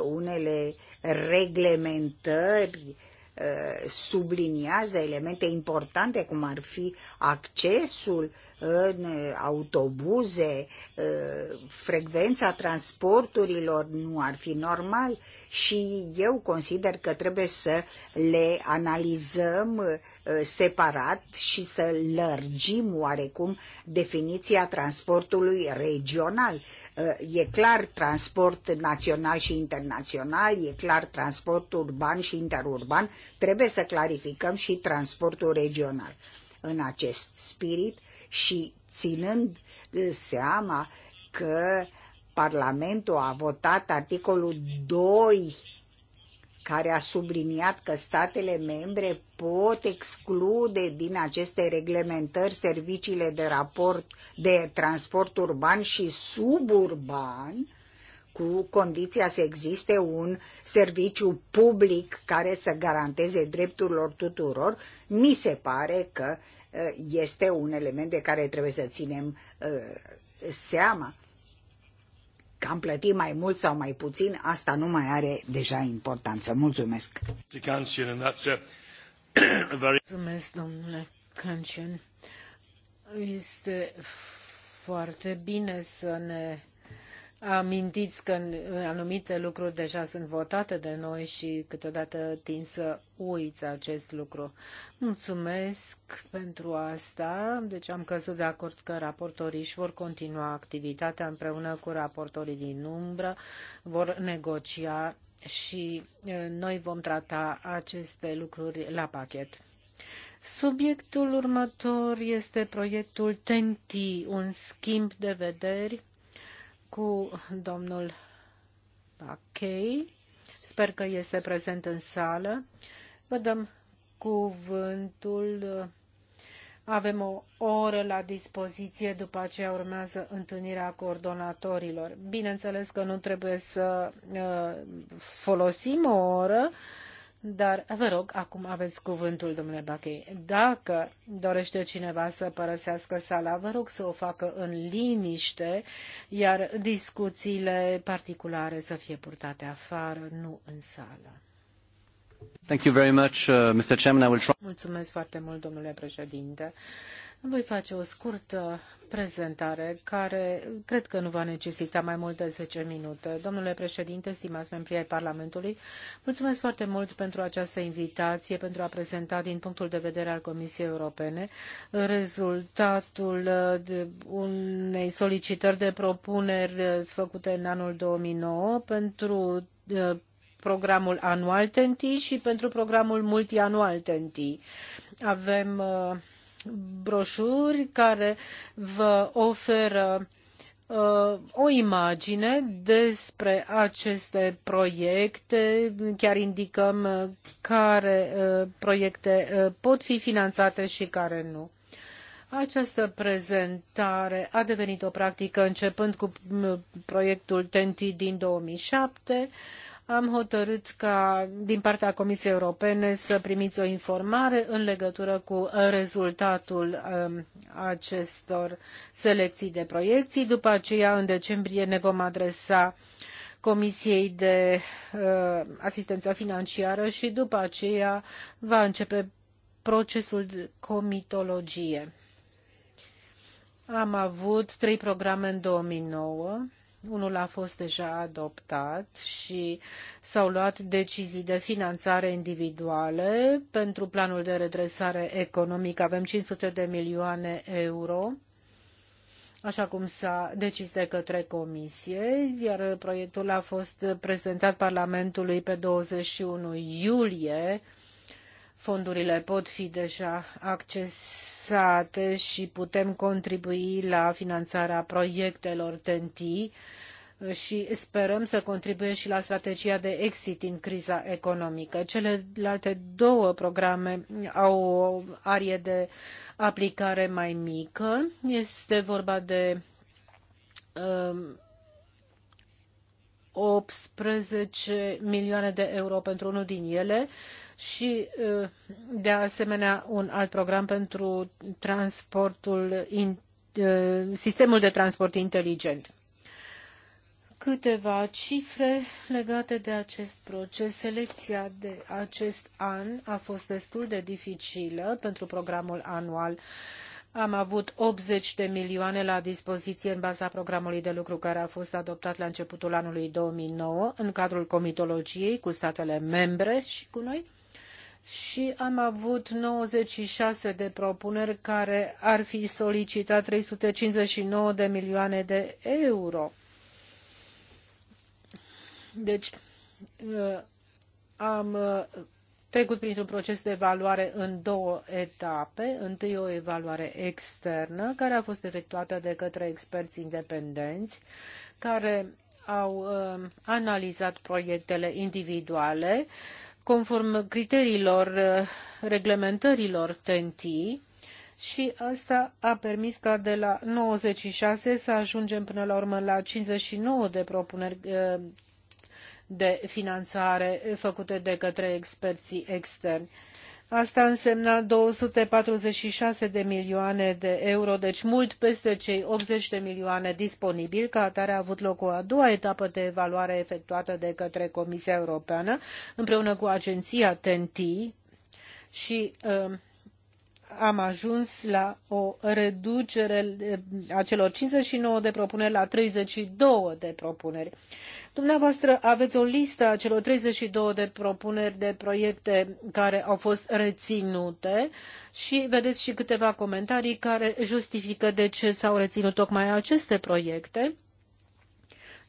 unele reglementări Uh, subliniază elemente importante, cum ar fi accesul în autobuze, uh, frecvența transporturilor, nu ar fi normal și eu consider că trebuie să le analizăm uh, separat și să lărgim oarecum definiția transportului regional. Uh, e clar transport național și internațional, e clar transport urban și interurban, trebuie să clarificăm și transportul regional. În acest spirit și ținând uh, seama că Parlamentul a votat articolul 2 care a subliniat că statele membre pot exclude din aceste reglementări serviciile de raport de transport urban și suburban, cu condiția să existe un serviciu public care să garanteze drepturilor tuturor, mi se pare că uh, este un element de care trebuie să ținem uh, seama. Că am plătit mai mult sau mai puțin, asta nu mai are deja importanță. Mulțumesc! Mulțumesc, domnule Cancian. Uh, este foarte bine să ne amintiți că anumite lucruri deja sunt votate de noi și câteodată tin să uiți acest lucru. Mulțumesc pentru asta. Deci am căzut de acord că raportorii își vor continua activitatea împreună cu raportorii din umbră, vor negocia și noi vom trata aceste lucruri la pachet. Subiectul următor este proiectul TENTI, un schimb de vederi cu domnul Bachei. Sper că este prezent în sală. Vă dăm cuvântul. Avem o oră la dispoziție, după aceea urmează întâlnirea coordonatorilor. Bineînțeles că nu trebuie să uh, folosim o oră, dar vă rog, acum aveți cuvântul, domnule Bachei. Dacă dorește cineva să părăsească sala, vă rog să o facă în liniște, iar discuțiile particulare să fie purtate afară, nu în sală. Mulțumesc foarte mult, domnule președinte. Voi face o scurtă prezentare care cred că nu va necesita mai mult de 10 minute. Domnule președinte, stimați membri ai Parlamentului, mulțumesc foarte mult pentru această invitație, pentru a prezenta din punctul de vedere al Comisiei Europene rezultatul uh, unei solicitări de propuneri uh, făcute în anul 2009 pentru uh, programul anual TNT și pentru programul multianual TNT. Avem uh, broșuri care vă oferă uh, o imagine despre aceste proiecte, chiar indicăm uh, care proiecte pot fi finanțate și care nu. Această prezentare a devenit o practică începând cu proiectul TENTI din 2007 am hotărât ca din partea Comisiei Europene să primiți o informare în legătură cu rezultatul um, acestor selecții de proiecții. După aceea, în decembrie, ne vom adresa Comisiei de uh, Asistență Financiară și după aceea va începe procesul de comitologie. Am avut trei programe în nouă unul a fost deja adoptat și s-au luat decizii de finanțare individuale. Pentru planul de redresare economică avem 500 de milioane euro așa cum s-a decis de către Comisie, iar proiectul a fost prezentat Parlamentului pe 21 iulie fondurile pot fi deja accesate și putem contribui la finanțarea proiectelor TNT și sperăm să contribuie și la strategia de exit din criza economică. Celelalte două programe au o arie de aplicare mai mică. Este vorba de um, 18 milioane de euro pentru unul din ele, și, de asemenea, un alt program pentru transportul, sistemul de transport inteligent. Câteva cifre legate de acest proces. Selecția de acest an a fost destul de dificilă pentru programul anual am avut 80 de milioane la dispoziție în baza programului de lucru care a fost adoptat la începutul anului 2009 în cadrul comitologiei cu statele membre și cu noi și am avut 96 de propuneri care ar fi solicitat 359 de milioane de euro. Deci uh, am uh, trecut printr-un proces de evaluare în două etape. Întâi o evaluare externă care a fost efectuată de către experți independenți care au uh, analizat proiectele individuale uh, conform criteriilor uh, reglementărilor TNT și asta a permis ca de la 96 să ajungem până la urmă la 59 de propuneri uh, de finanțare făcute de către experții externi. Asta însemna 246 de milioane de euro, deci mult peste cei 80 de milioane disponibili. Ca atare a avut loc o a doua etapă de evaluare efectuată de către Comisia Europeană împreună cu agenția TEN-T și um, am ajuns la o reducere a celor 59 de propuneri la 32 de propuneri. Dumneavoastră aveți o listă a celor 32 de propuneri de proiecte care au fost reținute și vedeți și câteva comentarii care justifică de ce s-au reținut tocmai aceste proiecte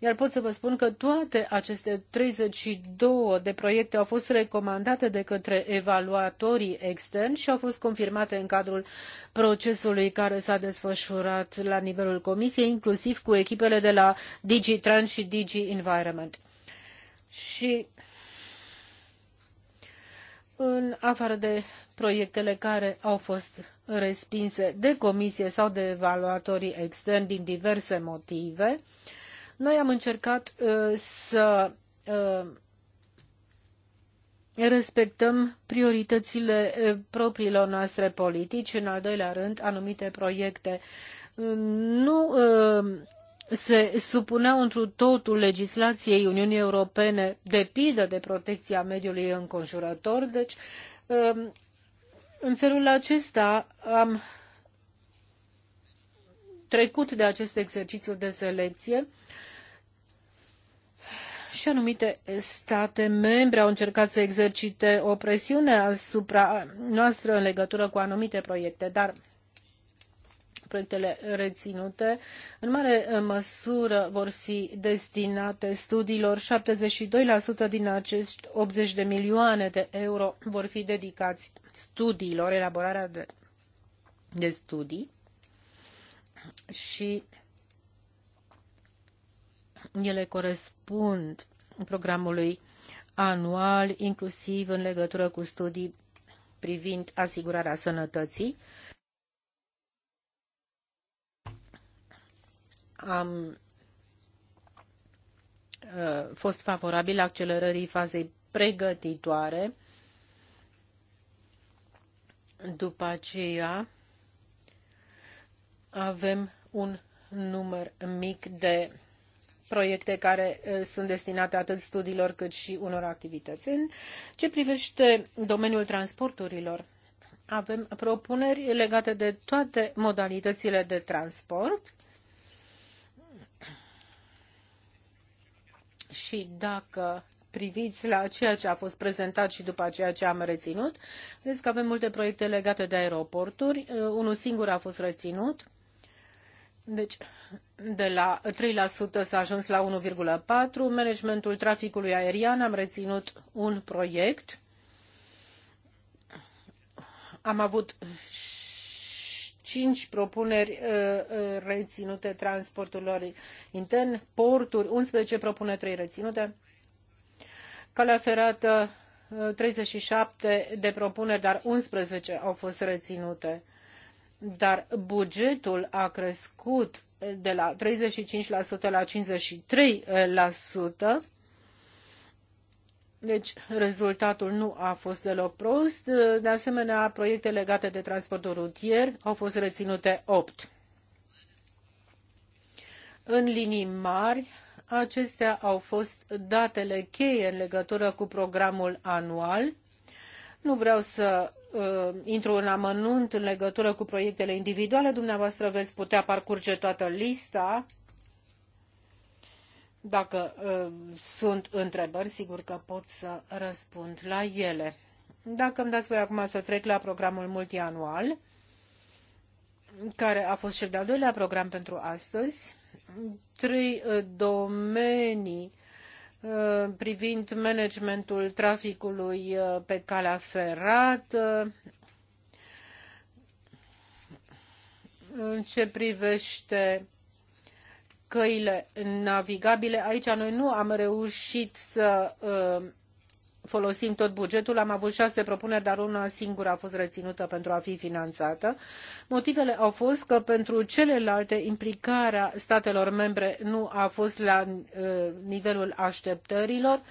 iar pot să vă spun că toate aceste 32 de proiecte au fost recomandate de către evaluatorii externi și au fost confirmate în cadrul procesului care s-a desfășurat la nivelul Comisiei, inclusiv cu echipele de la DG Trans și DG Environment. Și în afară de proiectele care au fost respinse de comisie sau de evaluatorii externi din diverse motive, uh, noi am încercat uh, să uh, respectăm prioritățile uh, propriilor noastre politici. În al doilea rând, anumite proiecte nu se supuneau întru totul legislației Uniunii Europene, de pildă de protecția mediului înconjurător, deci în felul acesta am trecut de acest exercițiu de selecție și anumite state membre au încercat să exercite o presiune asupra noastră în legătură cu anumite proiecte, dar proiectele reținute în mare măsură vor fi destinate studiilor. 72% din acești 80 de milioane de euro vor fi dedicați studiilor, elaborarea de, de studii și ele corespund programului anual, inclusiv în legătură cu studii privind asigurarea sănătății. Am uh, fost favorabil accelerării fazei pregătitoare. După aceea avem un număr mic de proiecte care uh, sunt destinate atât studiilor cât și unor activități. În ce privește domeniul transporturilor, avem propuneri legate de toate modalitățile de transport și dacă priviți la ceea ce a fost prezentat și după ceea ce am reținut, vedeți că avem multe proiecte legate de aeroporturi. Uh, unul singur a fost reținut, deci, de la 3% s-a ajuns la 1,4%. Managementul traficului aerian, am reținut un proiect. Am avut cinci propuneri uh, uh, reținute transporturilor intern, porturi 11 propuneri, 3 reținute, calea ferată 37 uh, de propuneri, dar 11 au fost reținute dar bugetul a crescut de la 35% la 53%. Deci rezultatul nu a fost deloc prost. De asemenea, proiecte legate de transportul rutier au fost reținute opt. În linii mari, acestea au fost datele cheie în legătură cu programul anual. Nu vreau să Uh, intru în amănunt în legătură cu proiectele individuale, dumneavoastră veți putea parcurge toată lista. Dacă uh, sunt întrebări, sigur că pot să răspund la ele. Dacă îmi dați voi acum să trec la programul multianual, care a fost cel de-al doilea program pentru astăzi, trei uh, domenii Uh, privind managementul traficului uh, pe calea ferată, în ce privește căile navigabile, aici noi nu am reușit să uh, folosim tot bugetul. Am avut șase propuneri, dar una singură a fost reținută pentru a fi finanțată. Motivele au fost că pentru celelalte implicarea statelor membre nu a fost la uh, nivelul așteptărilor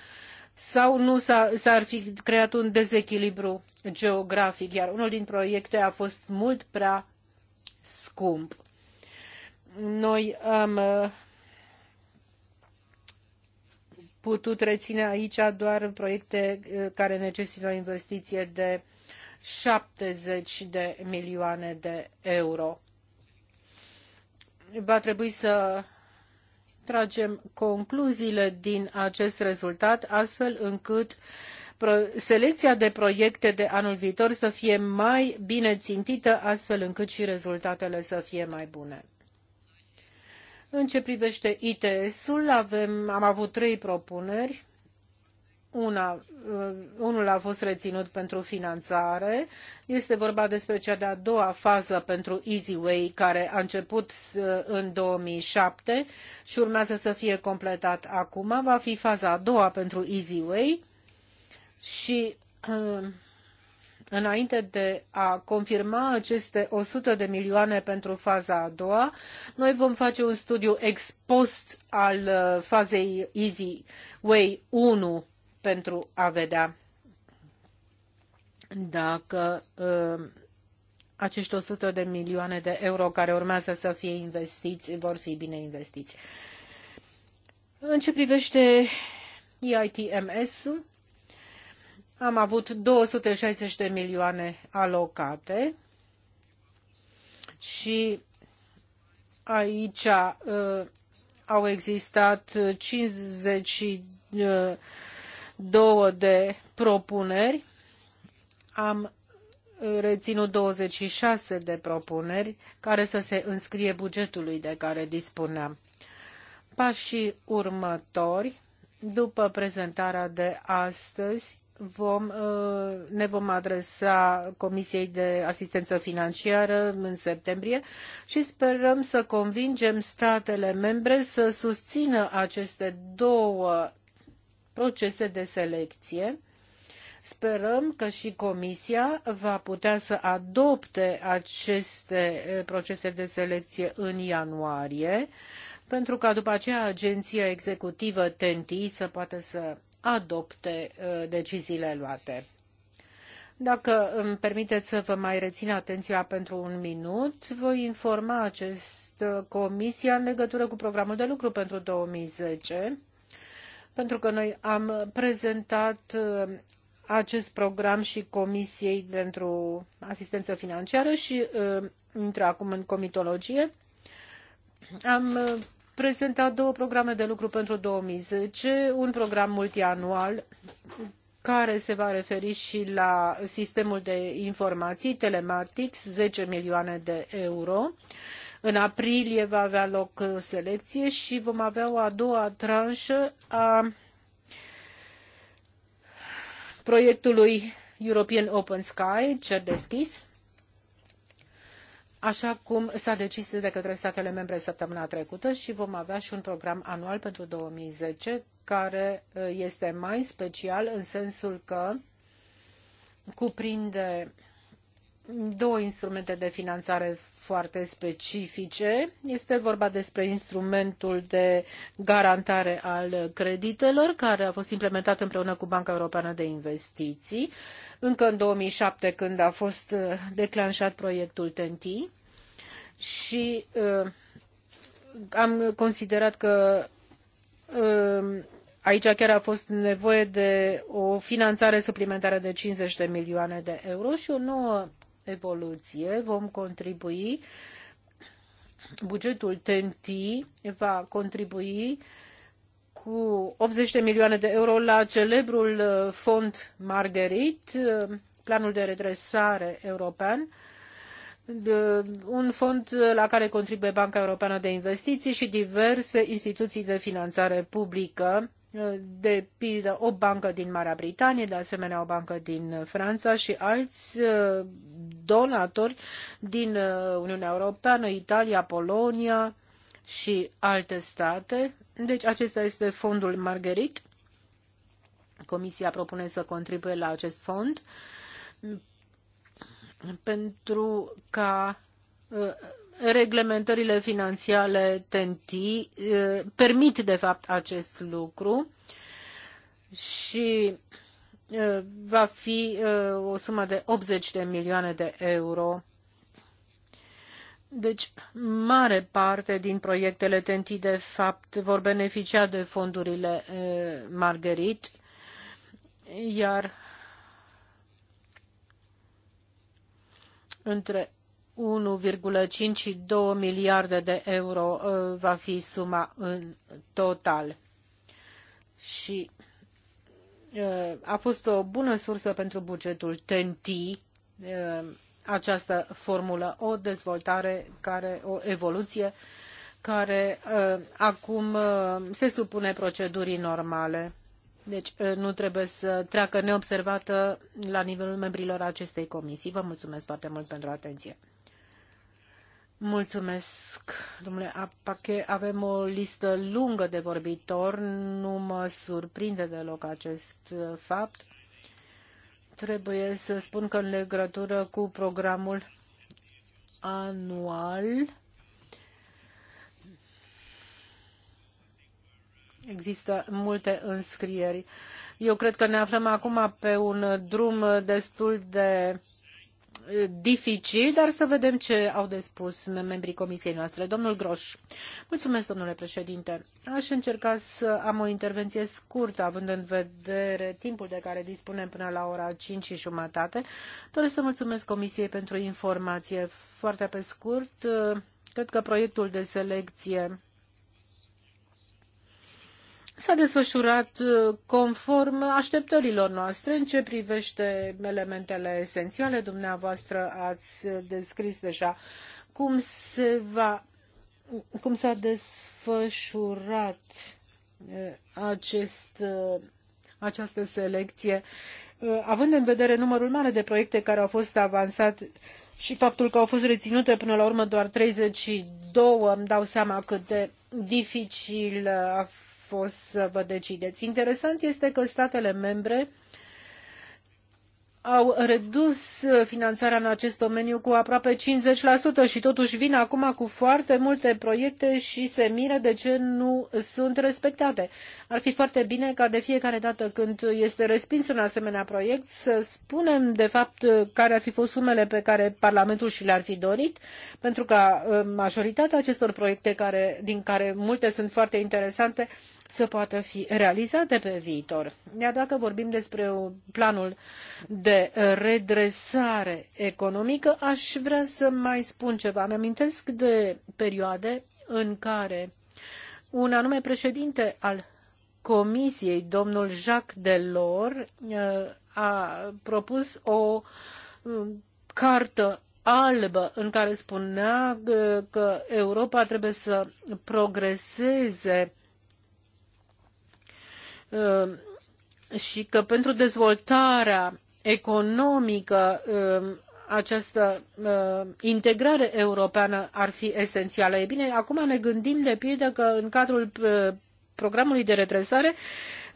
sau nu s-ar fi creat un dezechilibru geografic, iar unul din proiecte a fost mult prea scump. Noi am uh, putut reține aici doar proiecte uh, care necesită o investiție de 70 de milioane de euro. Va trebui să tragem concluziile din acest rezultat astfel încât selecția de proiecte de anul viitor să fie mai bine țintită astfel încât și rezultatele să fie mai bune. În ce privește ITS-ul, avem, am avut trei propuneri. Una, uh, unul a fost reținut pentru finanțare. Este vorba despre cea de-a doua fază pentru EasyWay, care a început uh, în 2007 și urmează să fie completat acum. Va fi faza a doua pentru EasyWay și uh, Înainte de a confirma aceste 100 de milioane pentru faza a doua, noi vom face un studiu ex post al uh, fazei Easy Way 1 pentru a vedea dacă uh, acești 100 de milioane de euro care urmează să fie investiți vor fi bine investiți. În ce privește EITMS, am avut 260 de milioane alocate și aici uh, au existat 52 uh, de propuneri. Am reținut 26 de propuneri care să se înscrie bugetului de care dispuneam. Pașii următori, după prezentarea de astăzi, vom, uh, ne vom adresa Comisiei de Asistență Financiară în septembrie și sperăm să convingem statele membre să susțină aceste două procese de selecție. Sperăm că și Comisia va putea să adopte aceste uh, procese de selecție în ianuarie, pentru ca după aceea agenția executivă TENTI să poată să adopte uh, deciziile luate. Dacă îmi permiteți să vă mai rețin atenția pentru un minut, voi informa acest uh, comisia în legătură cu programul de lucru pentru 2010, pentru că noi am prezentat uh, acest program și Comisiei pentru Asistență Financiară și intră acum în comitologie. Am prezentat două programe de lucru pentru două mii. zece un program multianual care se va referi și la sistemul de informații telematics, zece milioane de euro. În aprilie va avea loc selecție și vom avea o a doua tranșă a proiectului European Open Sky, cer deschis, așa cum s-a decis de către statele membre săptămâna trecută și vom avea și un program anual pentru 2010 care uh, este mai special în sensul că cuprinde două instrumente de finanțare foarte specifice. Este vorba despre instrumentul de garantare al creditelor, care a fost implementat împreună cu Banca Europeană de Investiții, încă în 2007, când a fost uh, declanșat proiectul TNT. Și uh, am considerat că uh, aici chiar a fost nevoie de o finanțare suplimentară de 50 de milioane de euro și o nouă evoluție, vom contribui, bugetul TNT va contribui cu 80 de milioane de euro la celebrul uh, fond Margherit, uh, planul de redresare european, uh, un fond la care contribuie Banca Europeană de Investiții și diverse instituții de finanțare publică de pildă o bancă din Marea Britanie, de asemenea o bancă din Franța și alți uh, donatori din uh, Uniunea Europeană, Italia, Polonia și alte state. Deci acesta este fondul Margherit. Comisia propune să contribuie la acest fond pentru ca uh, reglementările financiare t eh, permit de fapt acest lucru și eh, va fi eh, o sumă de 80 de milioane de euro. Deci, mare parte din proiectele TNT de fapt vor beneficia de fondurile Margherit, iar între cinci și doi miliarde de euro uh, va fi suma în total. Și uh, a fost o bună sursă pentru bugetul TNT uh, această formulă, o dezvoltare care, o evoluție care acum se supune procedurii normale. Deci nu trebuie să treacă neobservată la nivelul membrilor acestei comisii. Vă mulțumesc foarte mult pentru atenție. Mulțumesc, domnule Apache. Avem o listă lungă de vorbitori. Nu mă surprinde deloc acest uh, fapt. Trebuie să spun că în legătură cu programul anual Există multe înscrieri. Eu cred că ne aflăm acum pe un drum destul de dificil, dar să vedem ce au de spus membrii comisiei noastre. Domnul Groș. Mulțumesc, domnule președinte. Aș încerca să am o intervenție scurtă, având în vedere timpul de care dispunem până la ora 5 și jumătate. Doresc să mulțumesc comisiei pentru informație. Foarte pe scurt, cred că proiectul de selecție s-a desfășurat uh, conform așteptărilor noastre în ce privește elementele esențiale. Dumneavoastră ați descris deja cum se va cum s-a desfășurat uh, acest, uh, această selecție, având în vedere numărul mare de proiecte care au fost avansate și faptul că au fost reținute până la urmă doar 32, îmi dau seama cât de dificil a fost să vă decideți. Interesant este că statele membre au redus finanțarea în acest domeniu cu aproape 50% și totuși vin acum cu foarte multe proiecte și se miră de ce nu sunt respectate. Ar fi foarte bine ca de fiecare dată când este respins un asemenea proiect să spunem de fapt care ar fi fost sumele pe care Parlamentul și le-ar fi dorit, pentru că uh, majoritatea acestor proiecte, care, din care multe sunt foarte interesante, să poată fi realizate pe viitor. Iar dacă vorbim despre planul de redresare economică, aș vrea să mai spun ceva. Îmi amintesc de perioade în care un anume președinte al Comisiei, domnul Jacques Delors, uh, a propus o um, cartă albă în care spunea uh, că Europa trebuie să progreseze Um, și că pentru dezvoltarea economică um, această um, integrare europeană ar fi esențială. Ei bine, acum ne gândim de pildă că în cadrul uh, programului de redresare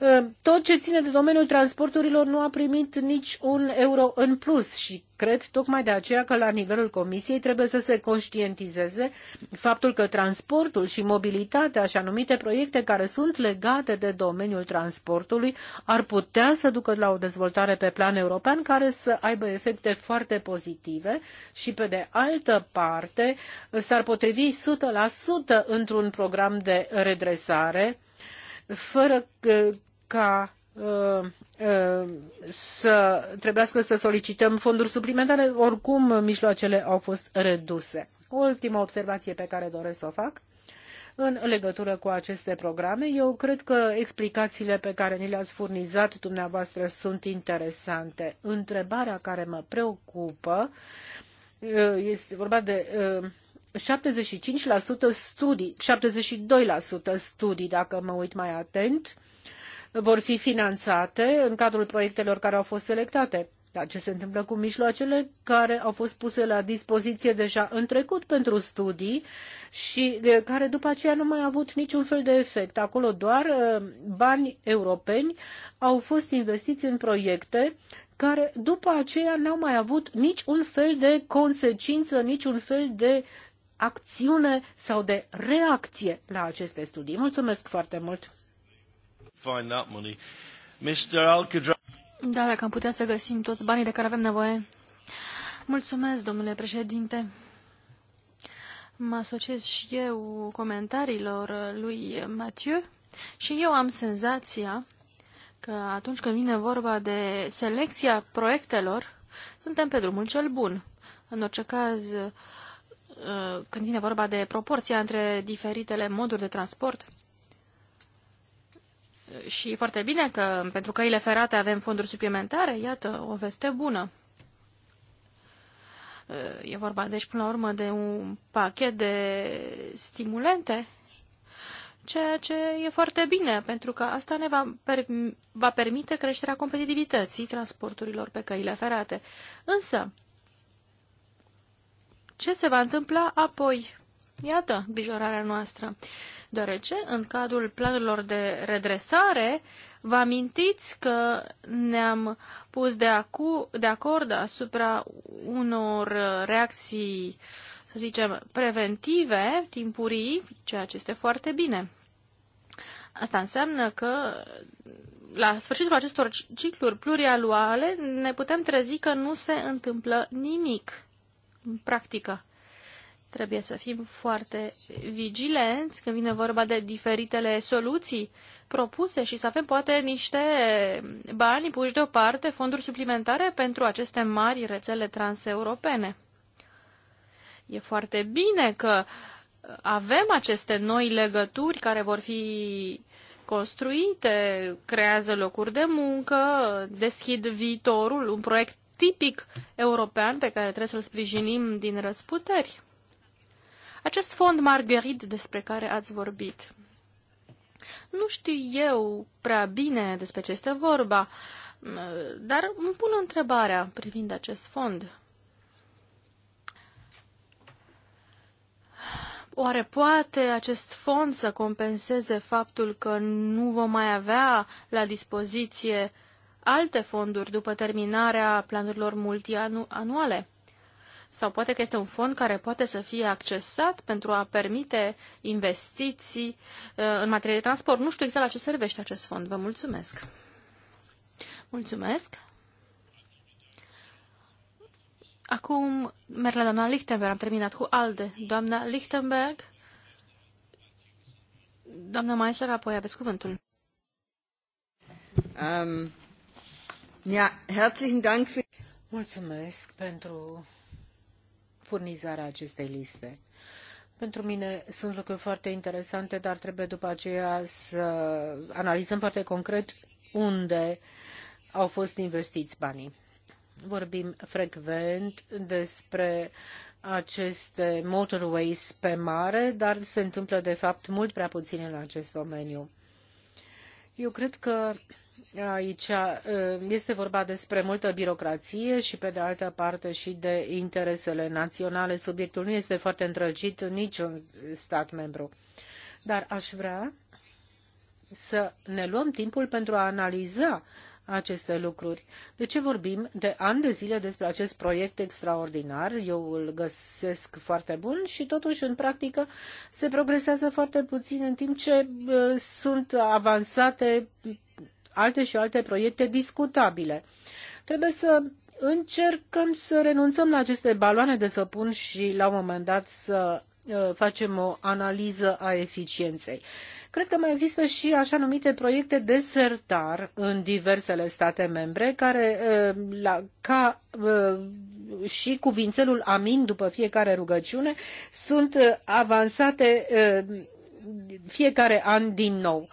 Ă, tot ce ține de domeniul transporturilor nu a primit nici un euro în plus și cred tocmai de aceea că la nivelul Comisiei trebuie să se conștientizeze faptul că transportul și mobilitatea și anumite proiecte care sunt legate de domeniul transportului ar putea să ducă la o dezvoltare pe plan european care să aibă efecte foarte pozitive și pe de altă parte s-ar potrivi 100% într-un program de redresare fără ă, ca uh, uh, să trebuiască să solicităm fonduri suplimentare, oricum mijloacele au fost reduse. Ultima observație pe care doresc să o fac în legătură cu aceste programe. Eu cred că explicațiile pe care ni le-ați furnizat dumneavoastră sunt interesante. Întrebarea care mă preocupă uh, este vorba de 75% studii, 72% studii, dacă mă uit mai atent, vor fi finanțate în cadrul proiectelor care au fost selectate. Dar ce se întâmplă cu mijloacele care au fost puse la dispoziție deja în trecut pentru studii și care după aceea nu mai au avut niciun fel de efect? Acolo doar bani europeni au fost investiți în proiecte care după aceea n-au mai avut niciun fel de consecință, niciun fel de acțiune sau de reacție la aceste studii. Mulțumesc foarte mult! find that money. Mr. da, dacă am putea să găsim toți banii de care avem nevoie. Mulțumesc, domnule președinte. Mă asociez și eu comentariilor lui Mathieu și eu am senzația că atunci când vine vorba de selecția proiectelor, suntem pe drumul cel bun. În orice caz, uh, când vine vorba de proporția între diferitele moduri de transport, și foarte bine că pentru căile ferate avem fonduri suplimentare, iată, o veste bună. Uh, e vorba, deci, până la urmă, de un pachet de stimulente, ceea ce e foarte bine, pentru că asta ne va, per, va permite creșterea competitivității transporturilor pe căile ferate. Însă, ce se va întâmpla apoi? Iată grijorarea noastră, deoarece în cadrul planurilor de redresare vă amintiți că ne-am pus de, acu, de acord asupra unor reacții, să zicem, preventive, timpurii, ceea ce este foarte bine. Asta înseamnă că la sfârșitul acestor cicluri plurianuale ne putem trezi că nu se întâmplă nimic în practică. Trebuie să fim foarte vigilenți când vine vorba de diferitele soluții propuse și să avem poate niște bani puși deoparte, fonduri suplimentare pentru aceste mari rețele transeuropene. E foarte bine că avem aceste noi legături care vor fi construite, creează locuri de muncă, deschid viitorul, un proiect tipic european pe care trebuie să-l sprijinim din răsputeri. Acest fond Margherit despre care ați vorbit, nu știu eu prea bine despre ce este vorba, dar îmi pun întrebarea privind acest fond. Oare poate acest fond să compenseze faptul că nu vom mai avea la dispoziție alte fonduri după terminarea planurilor multianuale? sau poate că este un fond care poate să fie accesat pentru a permite investiții uh, în materie de transport. Nu știu exact la ce servește acest fond. Vă mulțumesc. Mulțumesc. Acum merg la doamna Lichtenberg. Am terminat cu ALDE. Doamna Lichtenberg. Doamna Meisler, apoi aveți cuvântul. Um, ja, herzlichen Dank für... Mulțumesc pentru furnizarea acestei liste. Pentru mine sunt lucruri foarte interesante, dar trebuie după aceea să analizăm foarte concret unde au fost investiți banii. Vorbim frecvent despre aceste motorways pe mare, dar se întâmplă de fapt mult prea puțin în acest domeniu. Eu cred că Aici uh, este vorba despre multă birocrație și, pe de altă parte, și de interesele naționale. Subiectul nu este foarte îndrăgit în niciun stat membru. Dar aș vrea să ne luăm timpul pentru a analiza aceste lucruri. De ce vorbim de ani de zile despre acest proiect extraordinar? Eu îl găsesc foarte bun și totuși în practică se progresează foarte puțin în timp ce uh, sunt avansate alte și alte proiecte discutabile. Trebuie să încercăm să renunțăm la aceste baloane de săpun și la un moment dat să uh, facem o analiză a eficienței. Cred că mai există și așa numite proiecte desertar în diversele state membre, care uh, la, ca uh, și cuvințelul amin după fiecare rugăciune sunt avansate fiecare an din nou.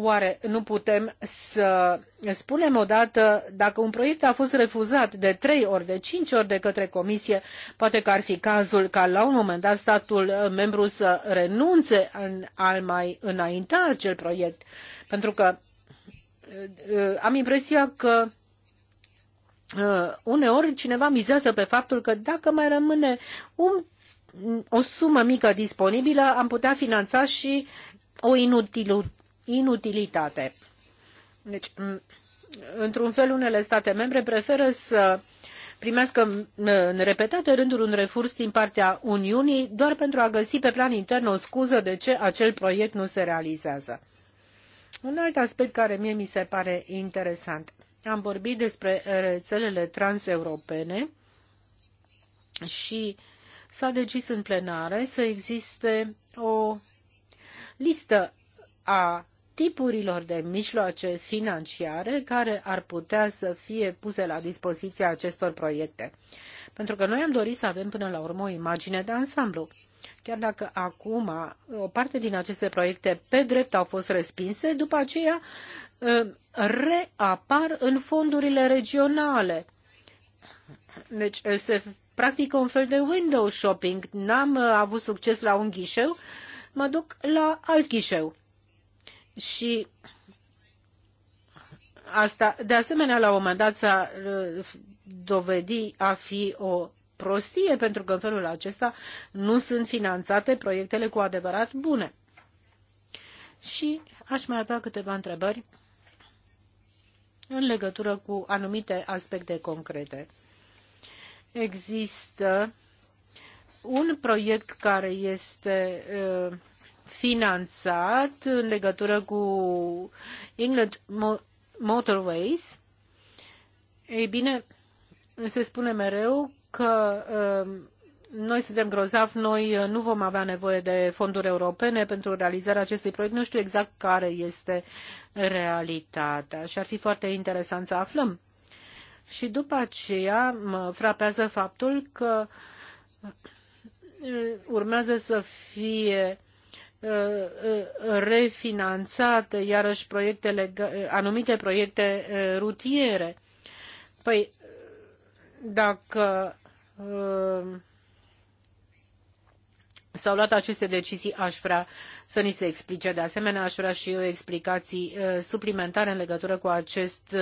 Oare nu putem să spunem odată dacă un proiect a fost refuzat de trei ori, de cinci ori de către Comisie, poate că ar fi cazul ca la un moment dat statul membru să renunțe în a mai înainta acel proiect? Pentru că uh, am impresia că uh, uneori cineva mizează pe faptul că dacă mai rămâne un, o sumă mică disponibilă, am putea finanța și o inutilitate inutilitate. Deci, într-un fel, unele state membre preferă să primească în repetate rânduri un refuz din partea Uniunii doar pentru a găsi pe plan intern o scuză de ce acel proiect nu se realizează. Un alt aspect care mie mi se pare interesant. Am vorbit despre rețelele transeuropene și s-a decis în plenare să existe o listă a tipurilor de mijloace financiare care ar putea să fie puse la dispoziția acestor proiecte. Pentru că noi am dorit să avem până la urmă o imagine de ansamblu. Chiar dacă acum o parte din aceste proiecte pe drept au fost respinse, după aceea ă, reapar în fondurile regionale. Deci ă, se practică un fel de window shopping. N-am ă, avut succes la un ghișeu, mă duc la alt ghișeu și asta, de asemenea, la un moment dat s-a uh, dovedi a fi o prostie, pentru că în felul acesta nu sunt finanțate proiectele cu adevărat bune. Și aș mai avea câteva întrebări în legătură cu anumite aspecte concrete. Există un proiect care este uh, finanțat în legătură cu England Motorways. Ei bine, se spune mereu că um, noi suntem grozavi, noi uh, nu vom avea nevoie de fonduri europene pentru realizarea acestui proiect. Nu știu exact care este realitatea și ar fi foarte interesant să aflăm. Și după aceea mă frapează faptul că uh, urmează să fie Uh, uh, refinanțate iarăși proiectele, uh, anumite proiecte rutiere. Păi, dacă s-au luat aceste decizii, aș vrea să ni se explice. De asemenea, aș vrea și eu explicații suplimentare în legătură cu acest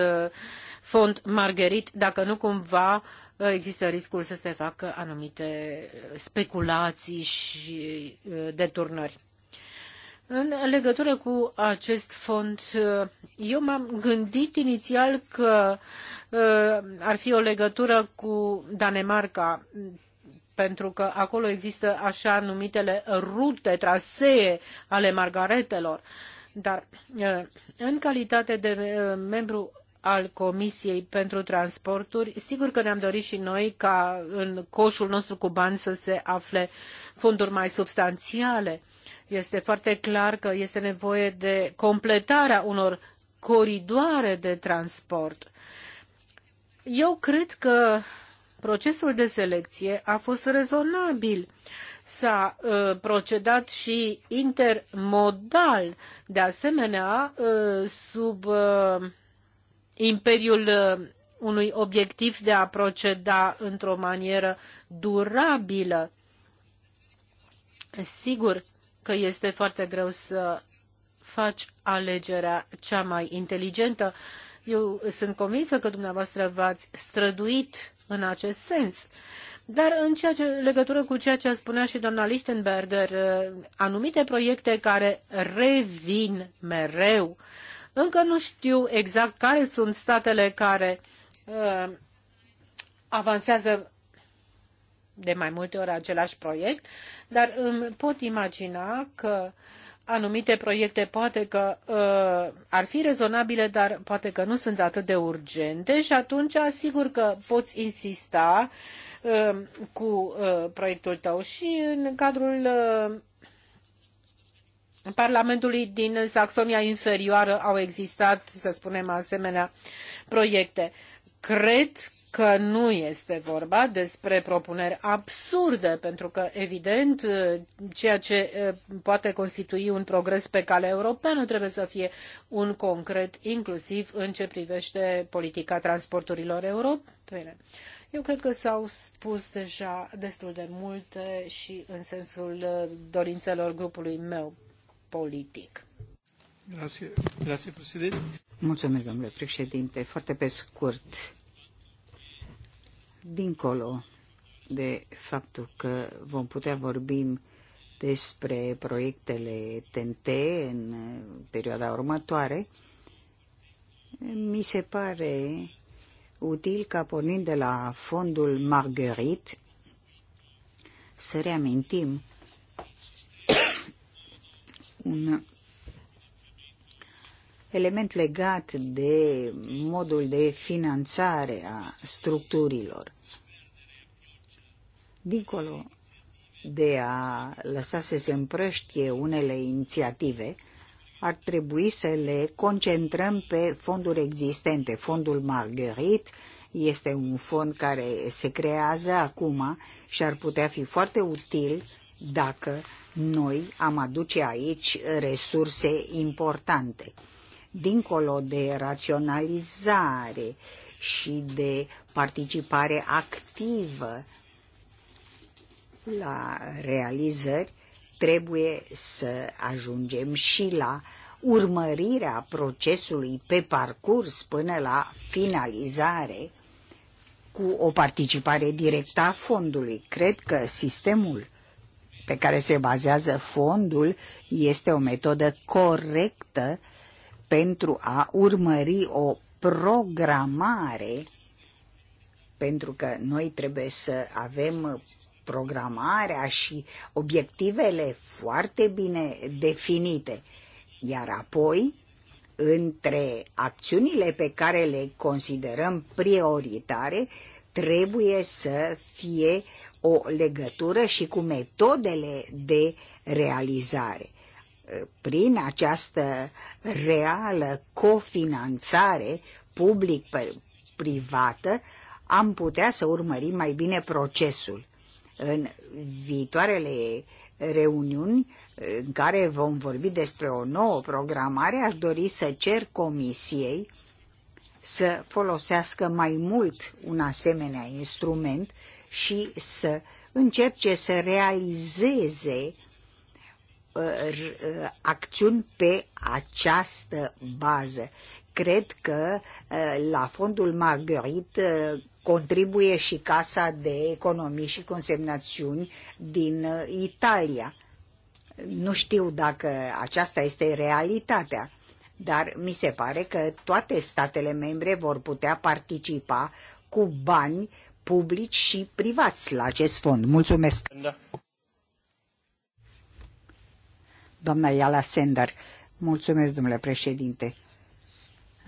fond Margherit, dacă nu cumva există riscul să se facă anumite speculații și deturnări. În legătură cu acest fond, eu m-am gândit inițial că uh, ar fi o legătură cu Danemarca, pentru că acolo există așa numitele rute, trasee ale margaretelor. Dar uh, în calitate de uh, membru al Comisiei pentru Transporturi, sigur că ne-am dorit și noi ca în coșul nostru cu bani să se afle fonduri mai substanțiale este foarte clar că este nevoie de completarea unor coridoare de transport. Eu cred că procesul de selecție a fost rezonabil. S-a uh, procedat și intermodal, de asemenea, uh, sub uh, imperiul uh, unui obiectiv de a proceda într-o manieră durabilă. Sigur că este foarte greu să faci alegerea cea mai inteligentă. Eu sunt convinsă că dumneavoastră v-ați străduit în acest sens. Dar în ceea ce, legătură cu ceea ce spunea și doamna Lichtenberger, eh, anumite proiecte care revin mereu, încă nu știu exact care sunt statele care uh, avansează de mai multe ori același proiect, dar îmi pot imagina că anumite proiecte poate că uh, ar fi rezonabile, dar poate că nu sunt atât de urgente și atunci asigur că poți insista uh, cu uh, proiectul tău și în cadrul uh, Parlamentului din Saxonia Inferioară au existat, să spunem, asemenea proiecte. Cred că nu este vorba despre propuneri absurde, pentru că, evident, ceea ce poate constitui un progres pe cale europeană trebuie să fie un concret, inclusiv în ce privește politica transporturilor europene. Eu cred că s-au spus deja destul de multe și în sensul dorințelor grupului meu politic. Grazie, grazie, Mulțumesc, domnule președinte. Foarte pe scurt dincolo de faptul că vom putea vorbi despre proiectele TNT în perioada următoare, mi se pare util ca pornind de la fondul Marguerite să reamintim un element legat de modul de finanțare a structurilor dincolo de a lăsa să se împrăștie unele inițiative, ar trebui să le concentrăm pe fonduri existente. Fondul Marguerite este un fond care se creează acum și ar putea fi foarte util dacă noi am aduce aici resurse importante. Dincolo de raționalizare și de participare activă la realizări, trebuie să ajungem și la urmărirea procesului pe parcurs până la finalizare cu o participare directă a fondului. Cred că sistemul pe care se bazează fondul este o metodă corectă pentru a urmări o programare, pentru că noi trebuie să avem programarea și obiectivele foarte bine definite, iar apoi între acțiunile pe care le considerăm prioritare, trebuie să fie o legătură și cu metodele de realizare. Prin această reală cofinanțare public-privată am putea să urmărim mai bine procesul în viitoarele reuniuni în care vom vorbi despre o nouă programare, aș dori să cer comisiei să folosească mai mult un asemenea instrument și să încerce să realizeze uh, uh, acțiuni pe această bază. Cred că uh, la fondul Marguerite contribuie și Casa de Economii și Consemnațiuni din uh, Italia. Nu știu dacă aceasta este realitatea, dar mi se pare că toate statele membre vor putea participa cu bani publici și privați la acest fond. Mulțumesc! Doamna Iala Sender, mulțumesc, domnule președinte.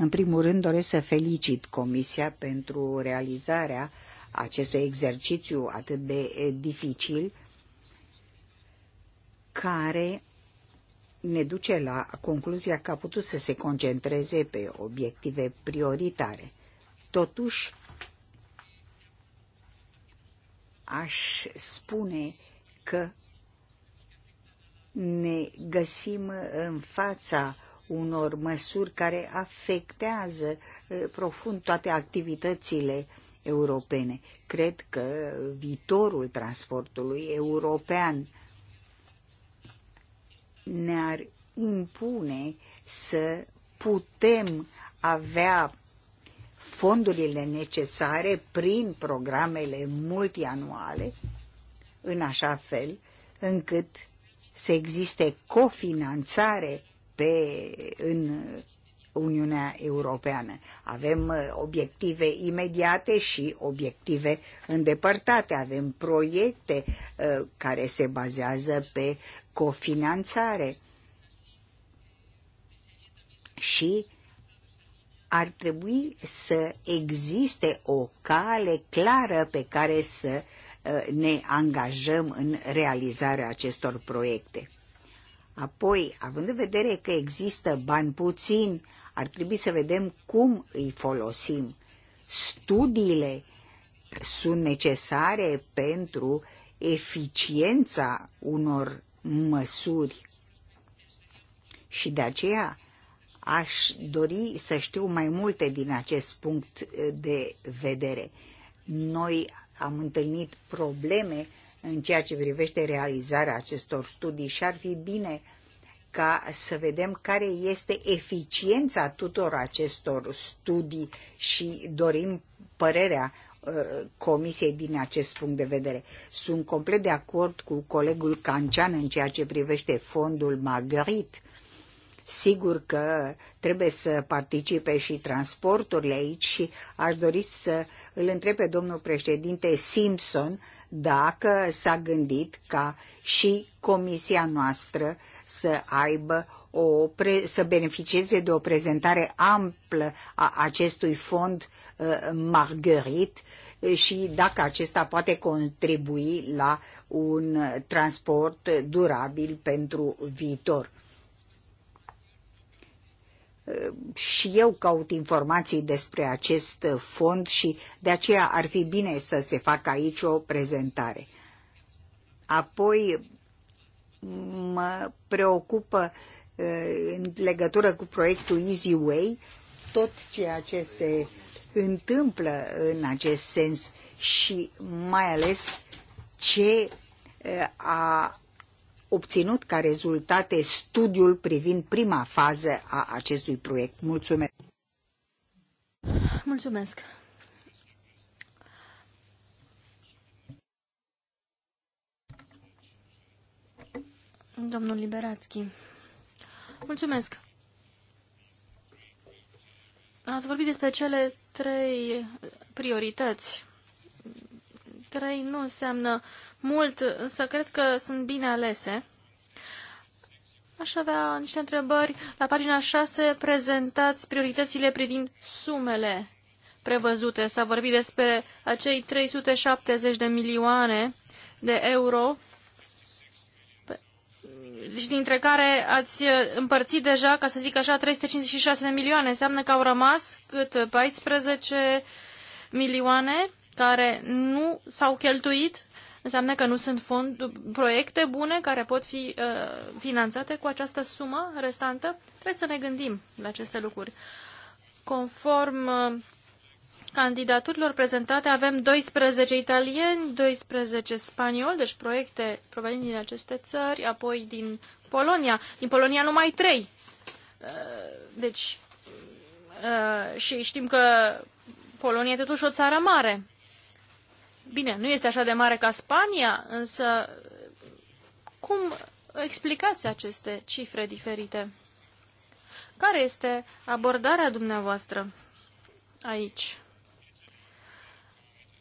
În primul rând doresc să felicit Comisia pentru realizarea acestui exercițiu atât de dificil care ne duce la concluzia că a putut să se concentreze pe obiective prioritare. Totuși, aș spune că ne găsim în fața unor măsuri care afectează eh, profund toate activitățile europene. Cred că viitorul transportului european ne-ar impune să putem avea fondurile necesare prin programele multianuale, în așa fel încât să existe cofinanțare pe, în Uniunea Europeană. Avem uh, obiective imediate și obiective îndepărtate. Avem proiecte uh, care se bazează pe cofinanțare. Și ar trebui să existe o cale clară pe care să uh, ne angajăm în realizarea acestor proiecte. Apoi, având în vedere că există bani puțini, ar trebui să vedem cum îi folosim. Studiile sunt necesare pentru eficiența unor măsuri. Și de aceea aș dori să știu mai multe din acest punct de vedere. Noi am întâlnit probleme în ceea ce privește realizarea acestor studii și ar fi bine ca să vedem care este eficiența tuturor acestor studii și dorim părerea uh, comisiei din acest punct de vedere. Sunt complet de acord cu colegul Cancian în ceea ce privește fondul Marguerite Sigur că trebuie să participe și transporturile aici și aș dori să îl întreb pe domnul președinte Simpson dacă s-a gândit ca și comisia noastră să aibă o pre- să beneficieze de o prezentare amplă a acestui fond uh, și dacă acesta poate contribui la un transport durabil pentru viitor și eu caut informații despre acest fond și de aceea ar fi bine să se facă aici o prezentare. Apoi mă preocupă eh, în legătură cu proiectul Easy Way tot ceea ce se întâmplă în acest sens și mai ales ce eh, a obținut ca rezultate studiul privind prima fază a acestui proiect. Mulțumesc! Mulțumesc! Domnul Liberațchi, mulțumesc! Ați vorbit despre cele trei priorități trei nu înseamnă mult, însă cred că sunt bine alese. Aș avea niște întrebări. La pagina 6 prezentați prioritățile privind sumele prevăzute. S-a vorbit despre acei 370 de milioane de euro, și deci dintre care ați împărțit deja, ca să zic așa, 356 de milioane. Înseamnă că au rămas cât 14 milioane care nu s-au cheltuit, înseamnă că nu sunt fond, proiecte bune care pot fi uh, finanțate cu această sumă restantă. Trebuie să ne gândim la aceste lucruri. Conform uh, candidaturilor prezentate avem 12 italieni, 12 spanioli, deci proiecte provenind din aceste țări, apoi din Polonia. Din Polonia numai 3. Uh, deci, uh, și știm că Polonia e totuși o țară mare. Bine, nu este așa de mare ca Spania, însă cum explicați aceste cifre diferite? Care este abordarea dumneavoastră aici?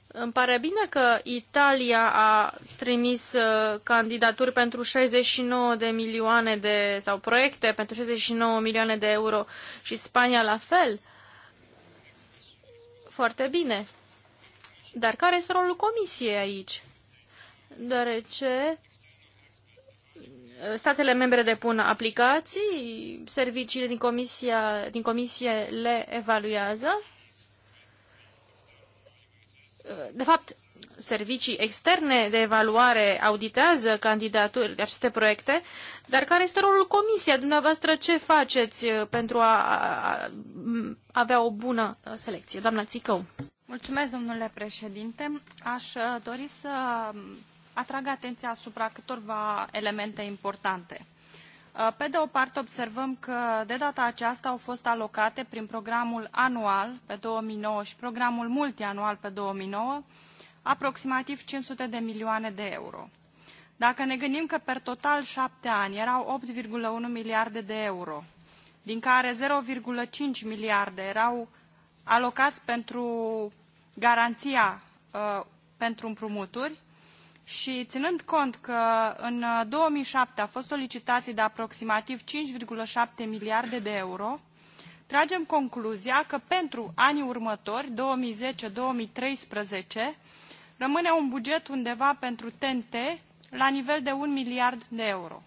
Îmi pare bine că Italia a trimis uh, candidaturi pentru 69 de milioane de, sau proiecte pentru 69 milioane de euro și Spania la fel. Foarte bine. Dar care este rolul Comisiei aici? Deoarece uh, statele membre depun aplicații, serviciile din, comisia, din comisie le evaluează. Uh, de fapt, servicii externe de evaluare auditează candidaturi de aceste proiecte, dar care este rolul comisiei? dumneavoastră? Ce faceți uh, pentru a avea o bună selecție? Doamna Țicău. Mulțumesc, domnule președinte. Aș uh, dori să um, atrag atenția asupra câtorva elemente importante. Uh, pe de o parte, observăm că de data aceasta au fost alocate prin programul anual pe 2009 și programul multianual pe 2009 aproximativ 500 de milioane de euro. Dacă ne gândim că per total șapte ani erau 8,1 miliarde de euro, din care 0,5 miliarde erau alocați pentru garanția uh, pentru împrumuturi și ținând cont că în 2007 uh, a fost licitație de aproximativ 5,7 miliarde de euro, tragem concluzia că pentru anii următori, 2010-2013, rămâne un buget undeva pentru TNT la nivel de 1 miliard de euro.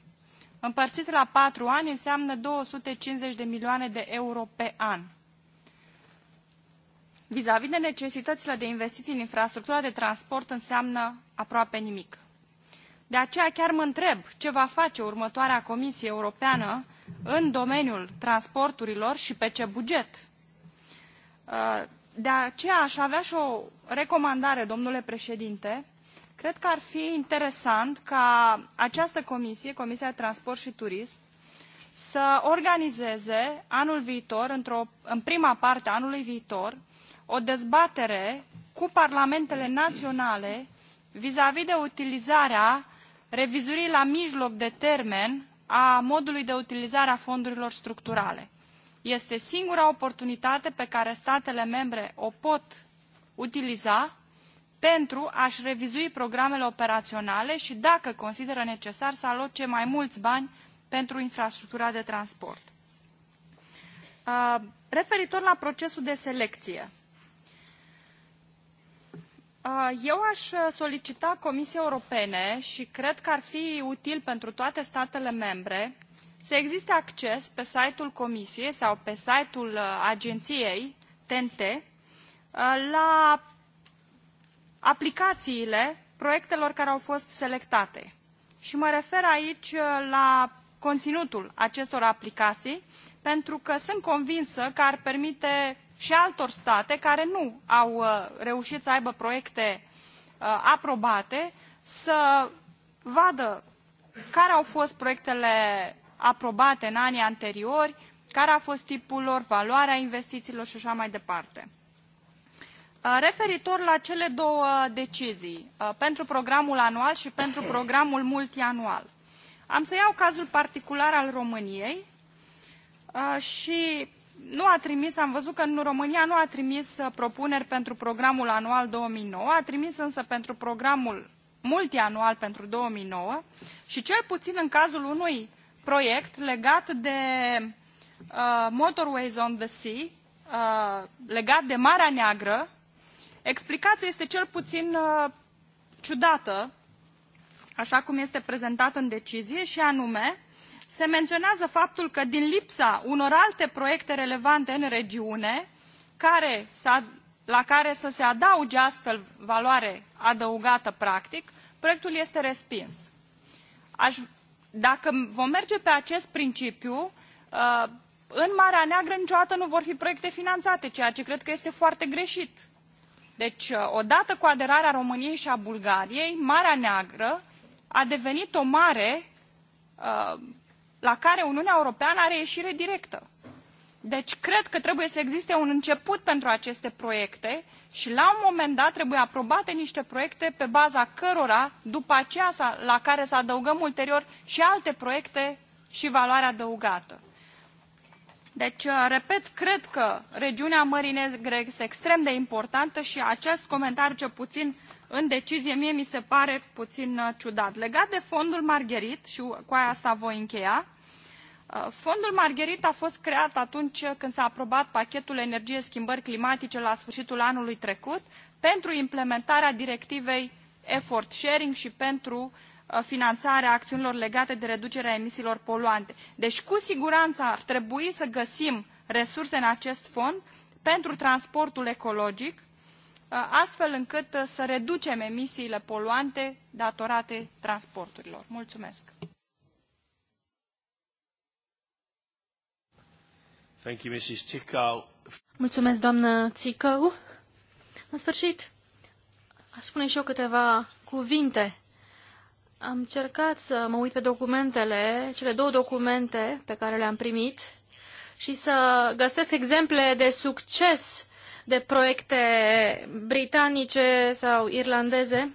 Împărțit la patru ani înseamnă 250 de milioane de euro pe an vis-a-vis -vis de necesitățile de investiții în infrastructura de transport înseamnă aproape nimic. De aceea chiar mă întreb ce va face următoarea Comisie Europeană în domeniul transporturilor și pe ce buget. Uh, de aceea aș avea și o recomandare, domnule președinte. Cred că ar fi interesant ca această comisie, Comisia Transport și Turism, să organizeze anul viitor, în prima parte a anului viitor, o dezbatere cu parlamentele naționale vizavi de utilizarea revizuirii la mijloc de termen a modului de utilizare a fondurilor structurale. Este singura oportunitate pe care statele membre o pot utiliza pentru a-și revizui programele operaționale și, dacă consideră necesar, să aloce mai mulți bani pentru infrastructura de transport. Uh, referitor la procesul de selecție, eu aș uh, solicita Comisiei Europene și cred că ar fi util pentru toate statele membre să existe acces pe site-ul Comisiei sau pe site-ul uh, agenției TNT uh, la aplicațiile proiectelor care au fost selectate. Și mă refer aici la conținutul acestor aplicații, pentru că sunt convinsă că ar permite și altor state care nu au uh, reușit să aibă proiecte uh, aprobate să vadă care au fost proiectele aprobate în anii anteriori, care a fost tipul lor, valoarea investițiilor și așa mai departe. Uh, referitor la cele două decizii, pentru programul anual și pentru programul multianual, am să iau cazul particular al României și nu a trimis, am văzut că în România nu a trimis uh, propuneri pentru programul anual 2009, a trimis însă pentru programul multianual pentru 2009 și cel puțin în cazul unui proiect legat de uh, Motorways on the Sea, uh, legat de Marea Neagră, explicația este cel puțin uh, ciudată, așa cum este prezentată în decizie, și anume se menționează faptul că din lipsa unor alte proiecte relevante în regiune, care la care să se adauge astfel valoare adăugată practic, proiectul este respins. Aș, dacă vom merge pe acest principiu, uh, în Marea Neagră niciodată nu vor fi proiecte finanțate, ceea ce cred că este foarte greșit. Deci, uh, odată cu aderarea României și a Bulgariei, Marea Neagră a devenit o mare uh, la care Uniunea Europeană are ieșire directă. Deci cred că trebuie să existe un început pentru aceste proiecte și la un moment dat trebuie aprobate niște proiecte pe baza cărora, după aceea la care să adăugăm ulterior și alte proiecte și valoare adăugată. Deci, uh, repet, cred că regiunea Mării Negre este extrem de importantă și acest comentariu, ce puțin, în decizie, mie mi se pare puțin uh, ciudat. Legat de fondul Margherit, și cu aia asta voi încheia, uh, Fondul Margherit a fost creat atunci când s-a aprobat pachetul energie schimbări climatice la sfârșitul anului trecut pentru implementarea directivei effort sharing și pentru uh, finanțarea acțiunilor legate de reducerea emisiilor poluante. Deci cu siguranță ar trebui să găsim resurse în acest fond pentru transportul ecologic, Uh, astfel încât uh, să reducem emisiile poluante datorate transporturilor. Mulțumesc! Thank you, Mrs. Mulțumesc, doamnă Țicău. În sfârșit, aș spune și eu câteva cuvinte. Am încercat să mă uit pe documentele, cele două documente pe care le-am primit și să găsesc exemple de succes de proiecte britanice sau irlandeze.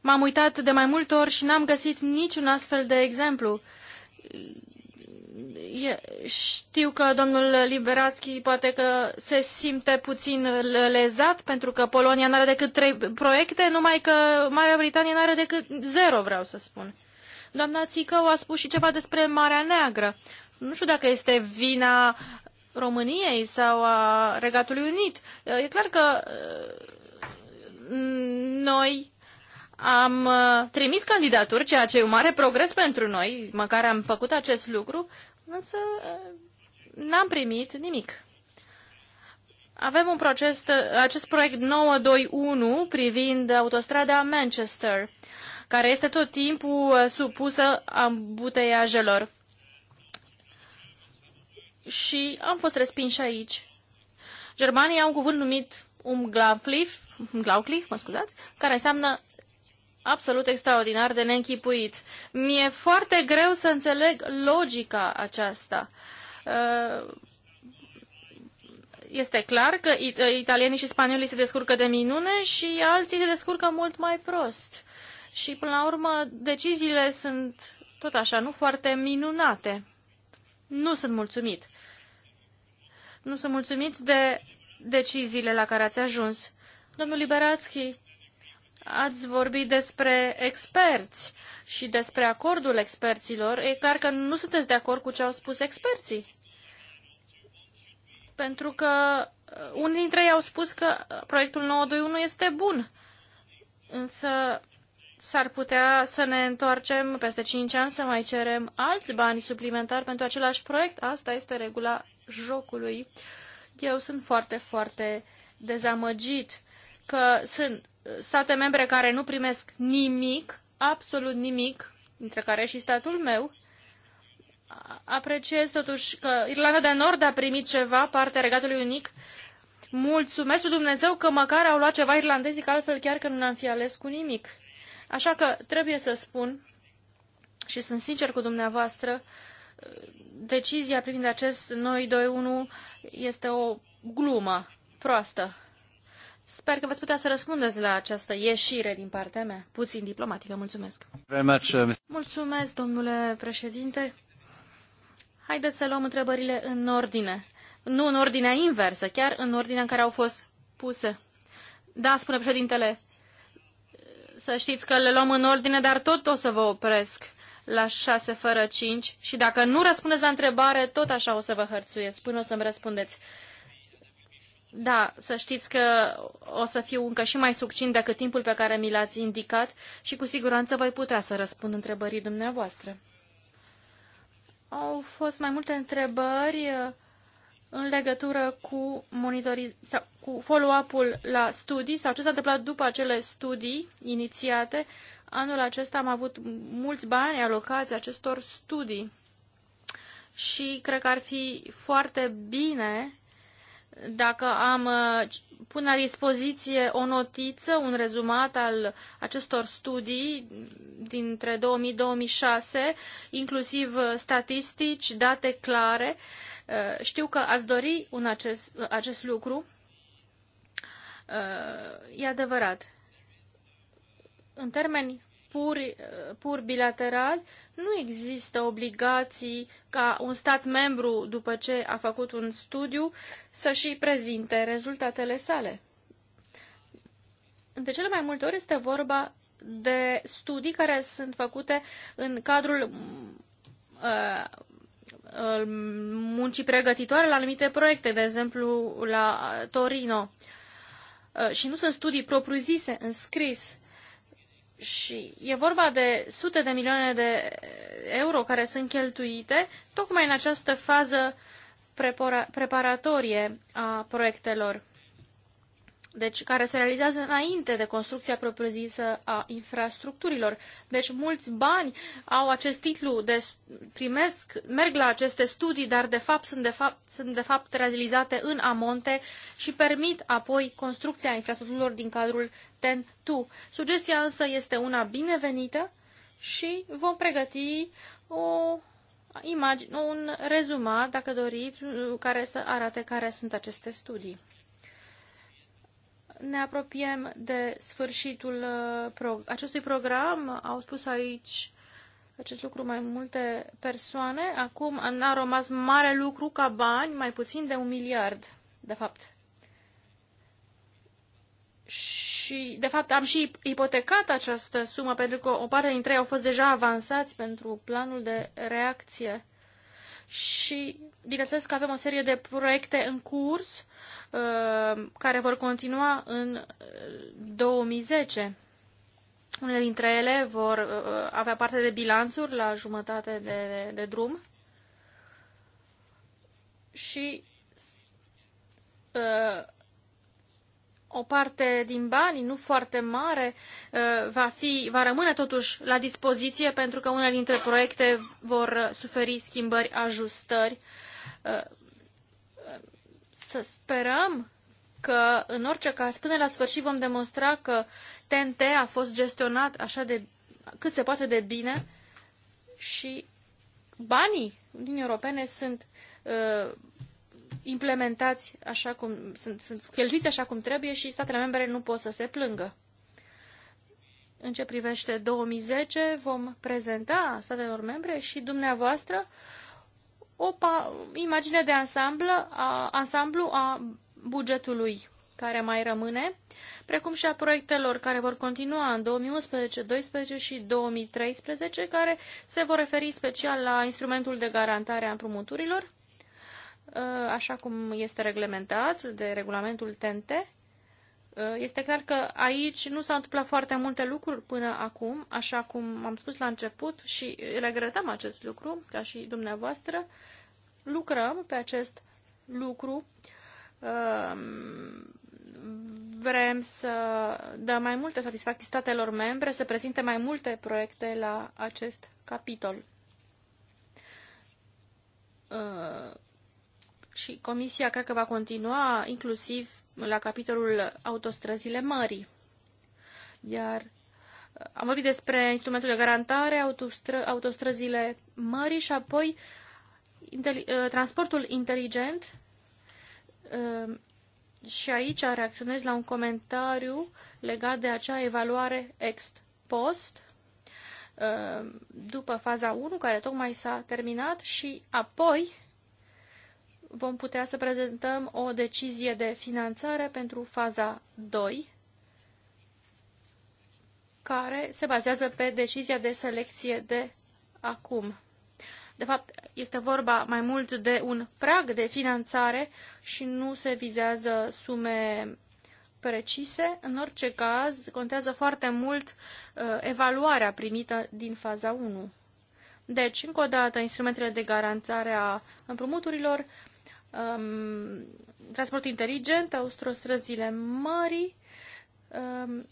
M-am uitat de mai multe ori și n-am găsit niciun astfel de exemplu. Știu că domnul Liberațchi poate că se simte puțin lezat pentru că Polonia nu are decât trei proiecte, numai că Marea Britanie nu are decât zero, vreau să spun. Doamna Țicău a spus și ceva despre Marea Neagră. Nu știu dacă este vina României sau a Regatului Unit. E clar că uh, noi am uh, trimis candidaturi, ceea ce e un mare progres pentru noi, măcar am făcut acest lucru, însă uh, n-am primit nimic. Avem un proces, acest proiect 921 privind autostrada Manchester, care este tot timpul supusă ambuteiajelor și am fost respinși aici. Germania au un cuvânt numit glauclif, glauclif, mă scuzați, care înseamnă absolut extraordinar de neînchipuit. Mi-e foarte greu să înțeleg logica aceasta. Uh, este clar că uh, italienii și spaniolii se descurcă de minune și alții se descurcă mult mai prost. Și până la urmă deciziile sunt tot așa, nu foarte minunate. Nu sunt mulțumit nu sunt mulțumiți de deciziile la care ați ajuns. Domnul Liberațchi, ați vorbit despre experți și despre acordul experților. E clar că nu sunteți de acord cu ce au spus experții. Pentru că uh, unii dintre ei au spus că proiectul 921 este bun. Însă s-ar putea să ne întoarcem peste 5 ani să mai cerem alți bani suplimentari pentru același proiect. Asta este regula jocului, eu sunt foarte, foarte dezamăgit că sunt state membre care nu primesc nimic, absolut nimic, între care și statul meu. Apreciez totuși că Irlanda de Nord a primit ceva, partea Regatului Unic. Mulțumesc Dumnezeu că măcar au luat ceva irlandezii, că altfel chiar că nu ne-am fi ales cu nimic. Așa că trebuie să spun, și sunt sincer cu dumneavoastră, decizia privind acest noi 2-1 este o glumă proastă. Sper că veți putea să răspundeți la această ieșire din partea mea, puțin diplomatică. Mulțumesc. Very much, uh, Mulțumesc, domnule președinte. Haideți să luăm întrebările în ordine. Nu în ordinea inversă, chiar în ordinea în care au fost puse. Da, spune președintele, să știți că le luăm în ordine, dar tot o să vă opresc la 6 fără 5 și dacă nu răspundeți la întrebare, tot așa o să vă hărțuiesc până o să-mi răspundeți. Da, să știți că o să fiu încă și mai succint decât timpul pe care mi l-ați indicat și cu siguranță voi putea să răspund întrebării dumneavoastră. Au fost mai multe întrebări în legătură cu, sau cu follow-up-ul la studii sau ce s-a întâmplat după acele studii inițiate. Anul acesta am avut mulți bani alocați acestor studii și cred că ar fi foarte bine dacă am uh, pune la dispoziție o notiță, un rezumat al acestor studii dintre 2000-2006, inclusiv statistici, date clare, uh, Eh, știu că ați dori un acest, acest lucru. Eh, e adevărat. În termeni pur, eh, pur bilaterali, nu există obligații ca un stat membru, după ce a făcut un studiu, să și prezinte rezultatele sale. De cele mai multe ori este vorba de studii care sunt făcute în cadrul uh, Uh, muncii pregătitoare la anumite proiecte, de exemplu la Torino. Uh, și nu sunt studii propriu-zise, înscris Și e vorba de sute de milioane de euro care sunt cheltuite tocmai în această fază preparatorie a proiectelor deci care se realizează înainte de construcția propriu-zisă a infrastructurilor. Deci mulți bani au acest titlu, de, primesc, merg la aceste studii, dar de fapt sunt de fapt, sunt de fapt realizate în amonte și permit apoi construcția infrastructurilor din cadrul TEN-2. Sugestia însă este una binevenită și vom pregăti o imagine, un rezumat, dacă doriți, care să arate care sunt aceste studii ne apropiem de sfârșitul uh, acestui program. Au spus aici acest lucru mai multe persoane. Acum n-a rămas mare lucru ca bani, mai puțin de un miliard, de fapt. Și, de fapt, am și ipotecat această sumă, pentru că o parte dintre ei au fost deja avansați pentru planul de reacție și bineînțeles că avem o serie de proiecte în curs uh, care vor continua în 2010. Uh, Unele dintre ele vor uh, uh, avea parte de bilanțuri la jumătate de, de drum și uh, o parte din banii, nu foarte mare, uh, va, fi, va rămâne totuși la dispoziție pentru că unele dintre proiecte vor suferi schimbări, ajustări. Uh, să sperăm că, în orice caz, până la sfârșit vom demonstra că TNT a fost gestionat așa de cât se poate de bine și banii din Europene sunt uh, implementați așa cum sunt, sunt cheltuiți așa cum trebuie și statele membre nu pot să se plângă. În ce privește 2010, vom prezenta statelor membre și dumneavoastră o imagine de ansamblu a, ansamblu a bugetului care mai rămâne, precum și a proiectelor care vor continua în 2011, 2012 și 2013, care se vor referi special la instrumentul de garantare a împrumuturilor, Uh, așa cum este reglementat de regulamentul TNT. Uh, este clar că aici nu s-au întâmplat foarte multe lucruri până acum, așa cum am spus la început și regretăm acest lucru, ca și dumneavoastră. Lucrăm pe acest lucru. Uh, vrem să dăm mai multe satisfacții statelor membre, să prezinte mai multe proiecte la acest capitol și Comisia cred că va continua inclusiv la capitolul autostrăzile mării. Iar uh, am vorbit despre instrumentul de garantare, autostră, autostrăzile mării și apoi inteli, uh, transportul inteligent. Uh, și aici reacționez la un comentariu legat de acea evaluare ex post după faza 1, care tocmai s-a terminat, și apoi vom putea să prezentăm o decizie de finanțare pentru faza 2, care se bazează pe decizia de selecție de acum. De fapt, este vorba mai mult de un prag de finanțare și nu se vizează sume precise. În orice caz, contează foarte mult uh, evaluarea primită din faza 1. Deci, încă o dată, instrumentele de garantare a împrumuturilor, um, transport inteligent, autostrăzile mării. Um,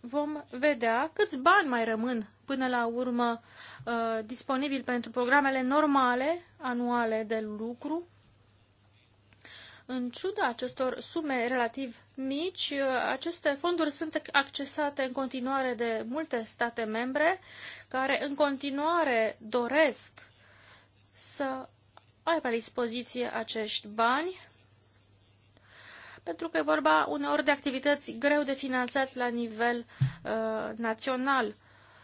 vom vedea câți bani mai rămân până la urmă uh, disponibili pentru programele normale anuale de lucru. În ciuda acestor sume relativ mici, uh, aceste fonduri sunt accesate în continuare de multe state membre care în continuare doresc să ai la dispoziție acești bani, pentru că e vorba uneori de activități greu de finanțat la nivel uh, național.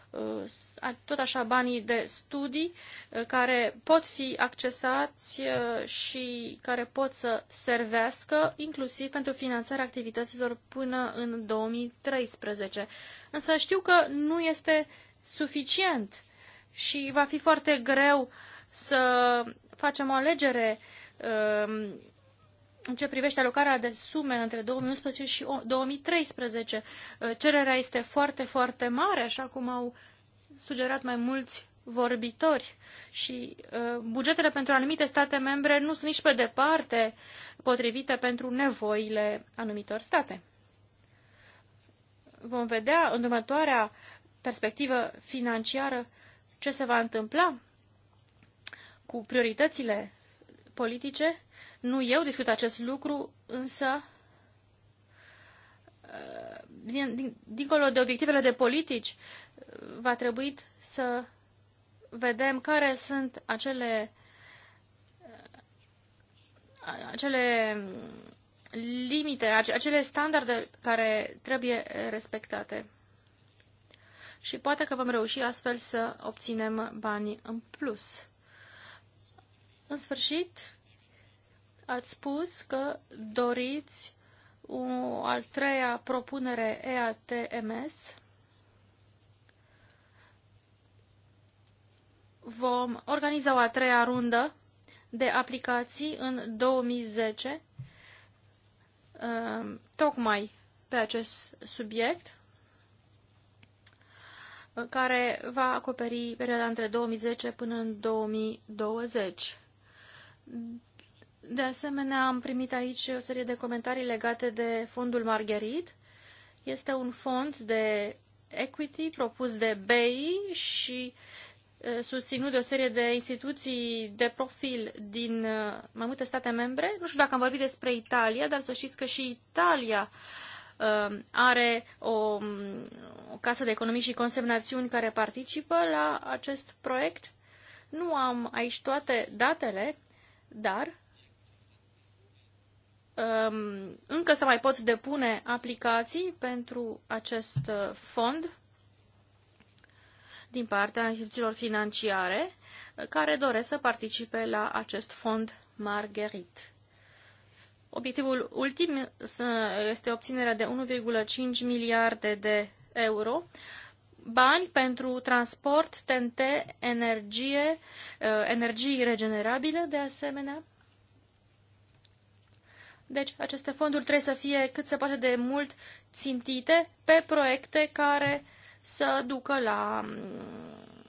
Uh, tot așa banii de studii uh, care pot fi accesați uh, și care pot să servească inclusiv pentru finanțarea activităților până în 2013. Însă știu că nu este suficient și va fi foarte greu să facem o alegere um, în ce privește alocarea de sume între 2011 și 2013. Uh, cererea este foarte, foarte mare, așa cum au sugerat mai mulți vorbitori și uh, bugetele pentru anumite state membre nu sunt nici pe departe potrivite pentru nevoile anumitor state. Vom vedea în următoarea perspectivă financiară ce se va întâmpla cu prioritățile politice. Nu eu discut acest lucru, însă uh, din, din, dincolo de obiectivele de politici, uh, va trebui să vedem care sunt acele uh, acele limite, acele standarde care trebuie respectate. Și poate că vom reuși astfel să obținem bani în plus. În sfârșit, ați spus că doriți o al treia propunere EATMS. Vom organiza o a treia rundă de aplicații în 2010, ehm, tocmai pe acest subiect, care va acoperi perioada între 2010 până în 2020. De asemenea, am primit aici o serie de comentarii legate de fondul Margherit. Este un fond de equity propus de BEI și susținut de o serie de instituții de profil din mai multe state membre. Nu știu dacă am vorbit despre Italia, dar să știți că și Italia are o, o casă de economii și consemnațiuni care participă la acest proiect. Nu am aici toate datele, dar um, încă se mai pot depune aplicații pentru acest uh, fond din partea instituțiilor financiare care doresc să participe la acest fond Margherit. Obiectivul ultim este obținerea de 1,5 miliarde de euro bani pentru transport, TNT, energie, uh, energii regenerabile, de asemenea. Deci, aceste fonduri trebuie să fie cât se poate de mult țintite pe proiecte care să ducă la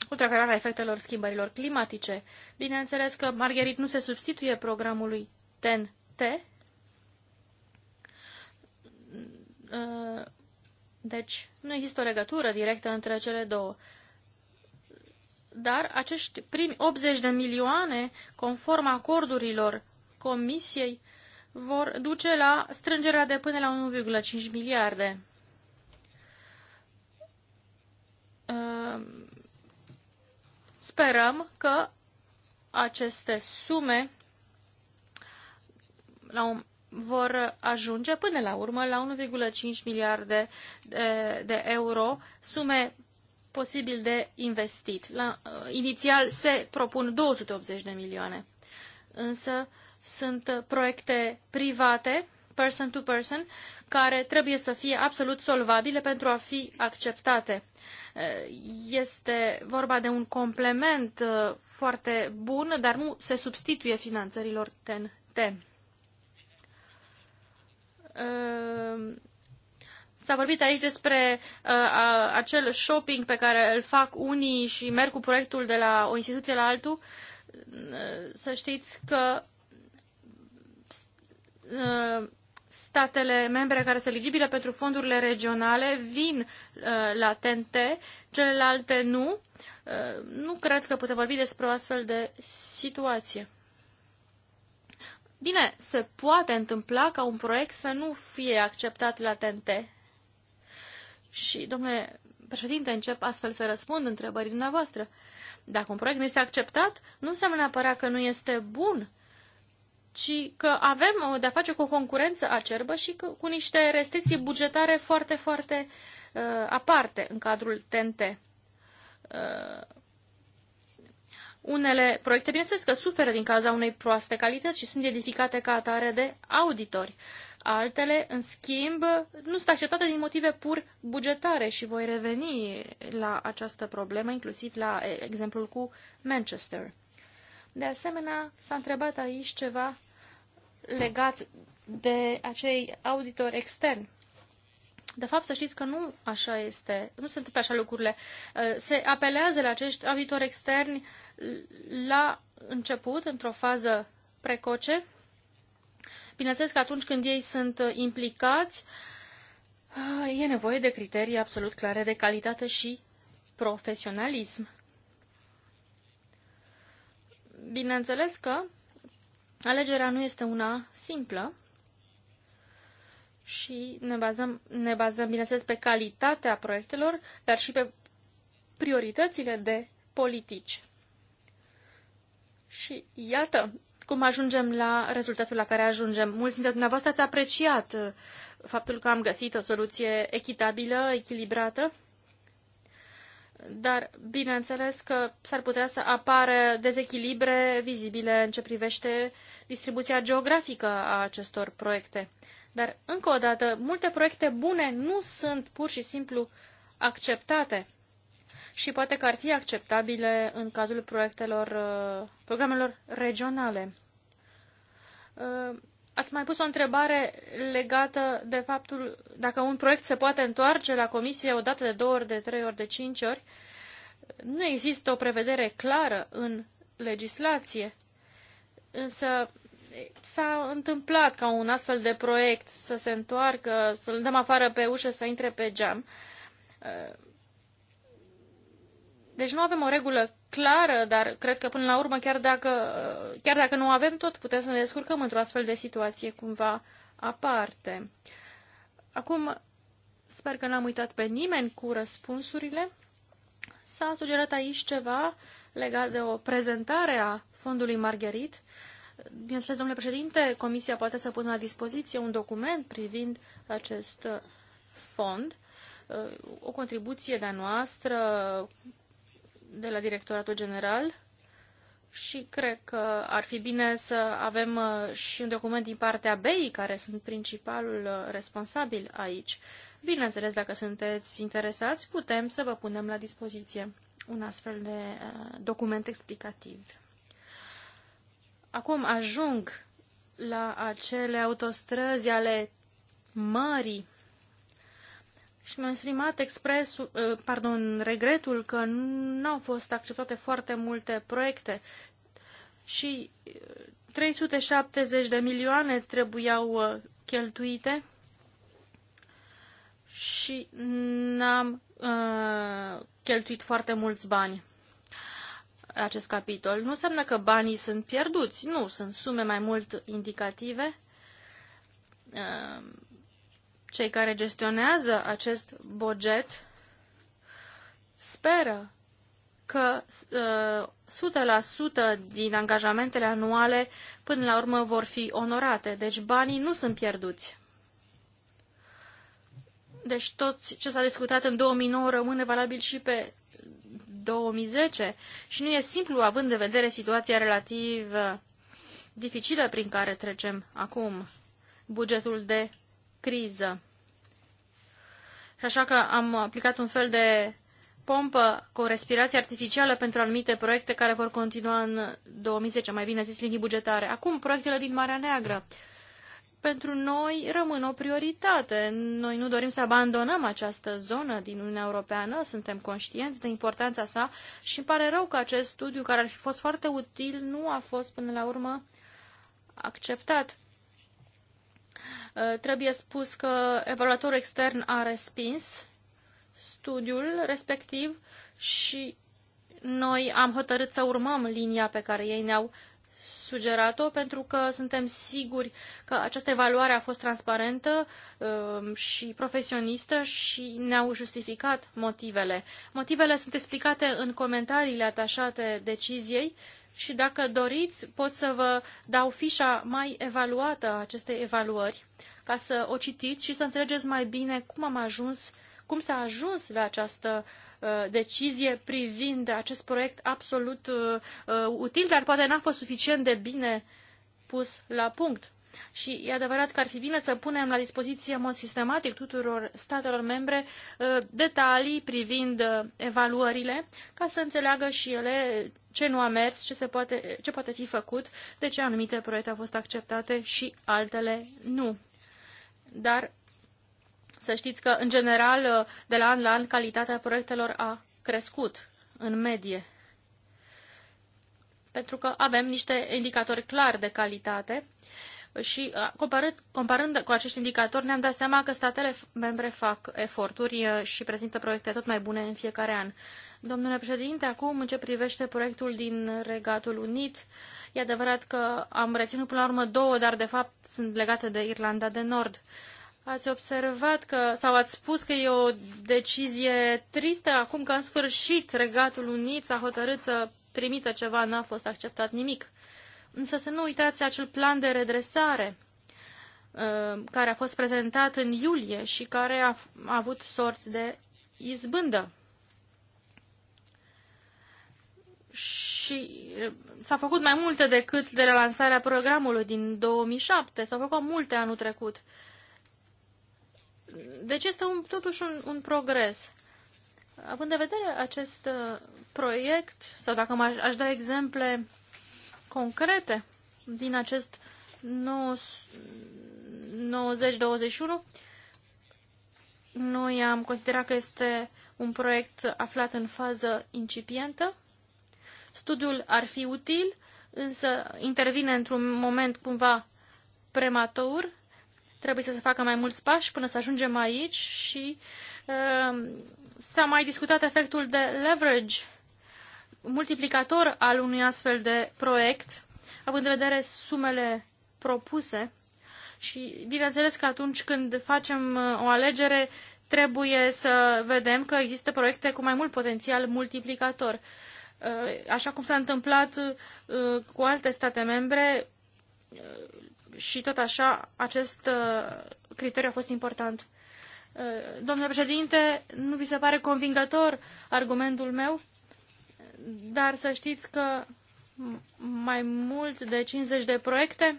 contracararea mm, efectelor schimbărilor climatice. Bineînțeles că Margherit nu se substituie programului TEN-T, deci nu există o legătură directă între cele două. Dar acești primi 80 de milioane, conform acordurilor Comisiei, vor duce la strângerea de până la 1,5 miliarde. Ă, sperăm că aceste sume la un vor ajunge până la urmă la 1,5 miliarde de, de euro, sume posibil de investit. La, uh, inițial se propun 280 de milioane, însă sunt proiecte private, person to person, care trebuie să fie absolut solvabile pentru a fi acceptate. Uh, este vorba de un complement uh, foarte bun, dar nu se substituie finanțărilor TNT. Uh, s-a vorbit aici despre uh, a, acel shopping pe care îl fac unii și merg cu proiectul de la o instituție la altul. Uh, să știți că uh, statele membre care sunt eligibile pentru fondurile regionale vin uh, la TNT, celelalte nu. Uh, nu cred că putem vorbi despre o astfel de situație. Bine, se poate întâmpla ca un proiect să nu fie acceptat la TNT. Și, domnule președinte, încep astfel să răspund întrebării dumneavoastră. Dacă un proiect nu este acceptat, nu înseamnă neapărat că nu este bun, ci că avem uh, de-a face cu o concurență acerbă și că, cu niște restricții bugetare foarte, foarte uh, aparte în cadrul TNT. Uh, unele proiecte, bineînțeles că suferă din cauza unei proaste calități și sunt edificate ca atare de auditori. Altele, în schimb, nu sunt acceptate din motive pur bugetare și voi reveni la această problemă, inclusiv la exemplul cu Manchester. De asemenea, s-a întrebat aici ceva legat de acei auditori externi. De fapt, să știți că nu așa este, nu se întâmplă așa lucrurile. Uh, se apelează la acești avitori externi la început, într-o fază precoce. Bineînțeles că atunci când ei sunt uh, implicați, uh, e nevoie de criterii absolut clare de calitate și profesionalism. Bineînțeles că alegerea nu este una simplă, și ne bazăm, ne bazăm, bineînțeles, pe calitatea proiectelor, dar și pe prioritățile de politici. Și iată cum ajungem la rezultatul la care ajungem. Mulți dintre dumneavoastră ați apreciat uh, faptul că am găsit o soluție echitabilă, echilibrată, dar bineînțeles că s-ar putea să apară dezechilibre vizibile în ce privește distribuția geografică a acestor proiecte. Dar, încă o dată, multe proiecte bune nu sunt pur și simplu acceptate și poate că ar fi acceptabile în cazul proiectelor, uh, programelor regionale. Uh, ați mai pus o întrebare legată de faptul dacă un proiect se poate întoarce la comisie o dată de două ori, de trei ori, de cinci ori. Nu există o prevedere clară în legislație, însă s-a întâmplat ca un astfel de proiect să se întoarcă, să-l dăm afară pe ușă, să intre pe geam. Eh, deci nu avem o regulă clară, dar cred că până la urmă, chiar dacă, chiar dacă nu avem tot, putem să ne descurcăm într-o astfel de situație cumva aparte. Acum, sper că n-am uitat pe nimeni cu răspunsurile. S-a sugerat aici ceva legat de o prezentare a fondului Margherit Bineînțeles, domnule președinte, Comisia poate să pună la dispoziție un document privind acest fond, o contribuție de-a noastră de la Directoratul General și cred că ar fi bine să avem și un document din partea BEI, care sunt principalul responsabil aici. Bineînțeles, dacă sunteți interesați, putem să vă punem la dispoziție un astfel de uh, document explicativ acum ajung la acele autostrăzi ale mării și mi am exprimat expresul, eh, pardon, regretul că nu au fost acceptate foarte multe proiecte și 370 eh, de milioane trebuiau eh, cheltuite și n-am uh, cheltuit foarte mulți bani acest capitol. Nu înseamnă că banii sunt pierduți, nu, sunt sume mai mult indicative. Uh, cei care gestionează acest buget speră că 100% uh, din angajamentele anuale până la urmă vor fi onorate, deci banii nu sunt pierduți. Deci tot ce s-a discutat în 2009 rămâne valabil și pe 2010 și nu e simplu având de vedere situația relativ uh, dificilă prin care trecem acum, bugetul de criză. Și așa că am aplicat un fel de pompă cu respirație artificială pentru anumite proiecte care vor continua în 2010, mai bine zis linii bugetare. Acum, proiectele din Marea Neagră. Uh, pentru noi rămân o prioritate. Noi nu dorim să abandonăm această zonă din Uniunea Europeană, suntem conștienți de importanța sa și îmi pare rău că acest studiu, care ar fi fost foarte util, nu a fost până la urmă acceptat. Uh, trebuie spus că evaluatorul extern a respins studiul respectiv și noi am hotărât să urmăm linia pe care ei ne-au sugerat-o pentru că suntem siguri că această evaluare a fost transparentă um, și profesionistă și ne-au justificat motivele. Motivele sunt explicate în comentariile atașate deciziei și dacă doriți pot să vă dau fișa mai evaluată a acestei evaluări ca să o citiți și să înțelegeți mai bine cum am ajuns cum s-a ajuns la această uh, decizie privind acest proiect absolut uh, uh, util, dar poate n-a fost suficient de bine pus la punct. Și e adevărat că ar fi bine să punem la dispoziție în mod sistematic tuturor statelor membre detalii privind evaluările, ca să înțeleagă și ele ce nu a mers, ce, se poate, ce poate fi făcut, de ce anumite proiecte au fost acceptate și altele nu. Dar să știți că, în general, de la an la an, calitatea proiectelor a crescut, în medie. Pentru că avem niște indicatori clari de calitate și comparând, comparând cu acești indicatori ne-am dat seama că statele membre fac eforturi și prezintă proiecte tot mai bune în fiecare an. Domnule președinte, acum în ce privește proiectul din Regatul Unit, e adevărat că am reținut până la urmă două, dar de fapt sunt legate de Irlanda de Nord. Uh, Ați observat că, sau ați spus că e o decizie tristă acum că în sfârșit Regatul Unit s-a hotărât să trimită ceva, n-a fost acceptat nimic. Însă să nu uitați acel plan de redresare uh, care a fost prezentat în iulie și care a avut sorți de izbândă. Și uh, s-a făcut mai multe decât de relansarea programului din 2007, s-au făcut multe anul trecut. Uh, deci este un, totuși un, un progres. Având de vedere acest uh, proiect, sau dacă aș da exemple concrete din acest 90-21, noi am considerat că este un proiect aflat în fază incipientă. Studiul ar fi util, însă intervine într-un moment cumva prematur Trebuie să se facă mai mulți pași până să ajungem aici și uh, s-a mai discutat efectul de leverage, multiplicator al unui astfel de proiect, având în vedere sumele propuse. Și bineînțeles că atunci când facem uh, o alegere, trebuie să vedem că există proiecte cu mai mult potențial multiplicator. Uh, așa cum s-a întâmplat uh, cu alte state membre, și tot așa acest uh, criteriu a fost important. Uh, domnule președinte, nu vi se pare convingător argumentul meu, dar să știți că mai mult de 50 de proiecte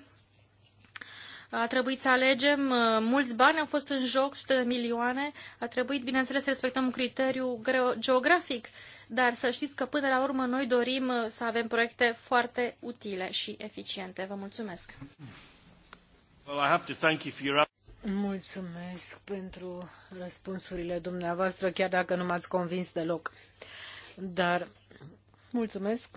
a trebuit să alegem, uh, mulți bani au fost în joc, sute de milioane, a trebuit, bineînțeles, să respectăm un criteriu geografic, dar să știți că până la urmă noi dorim să avem proiecte foarte utile și eficiente. Vă mulțumesc! Mulțumesc pentru răspunsurile dumneavoastră, chiar dacă nu m-ați convins deloc. Dar mulțumesc.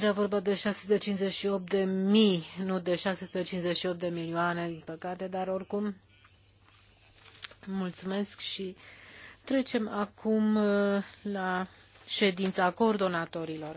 Era vorba de 658 de mii, nu de 658 de milioane, din păcate, dar oricum mulțumesc și trecem acum uh, la ședința coordonatorilor.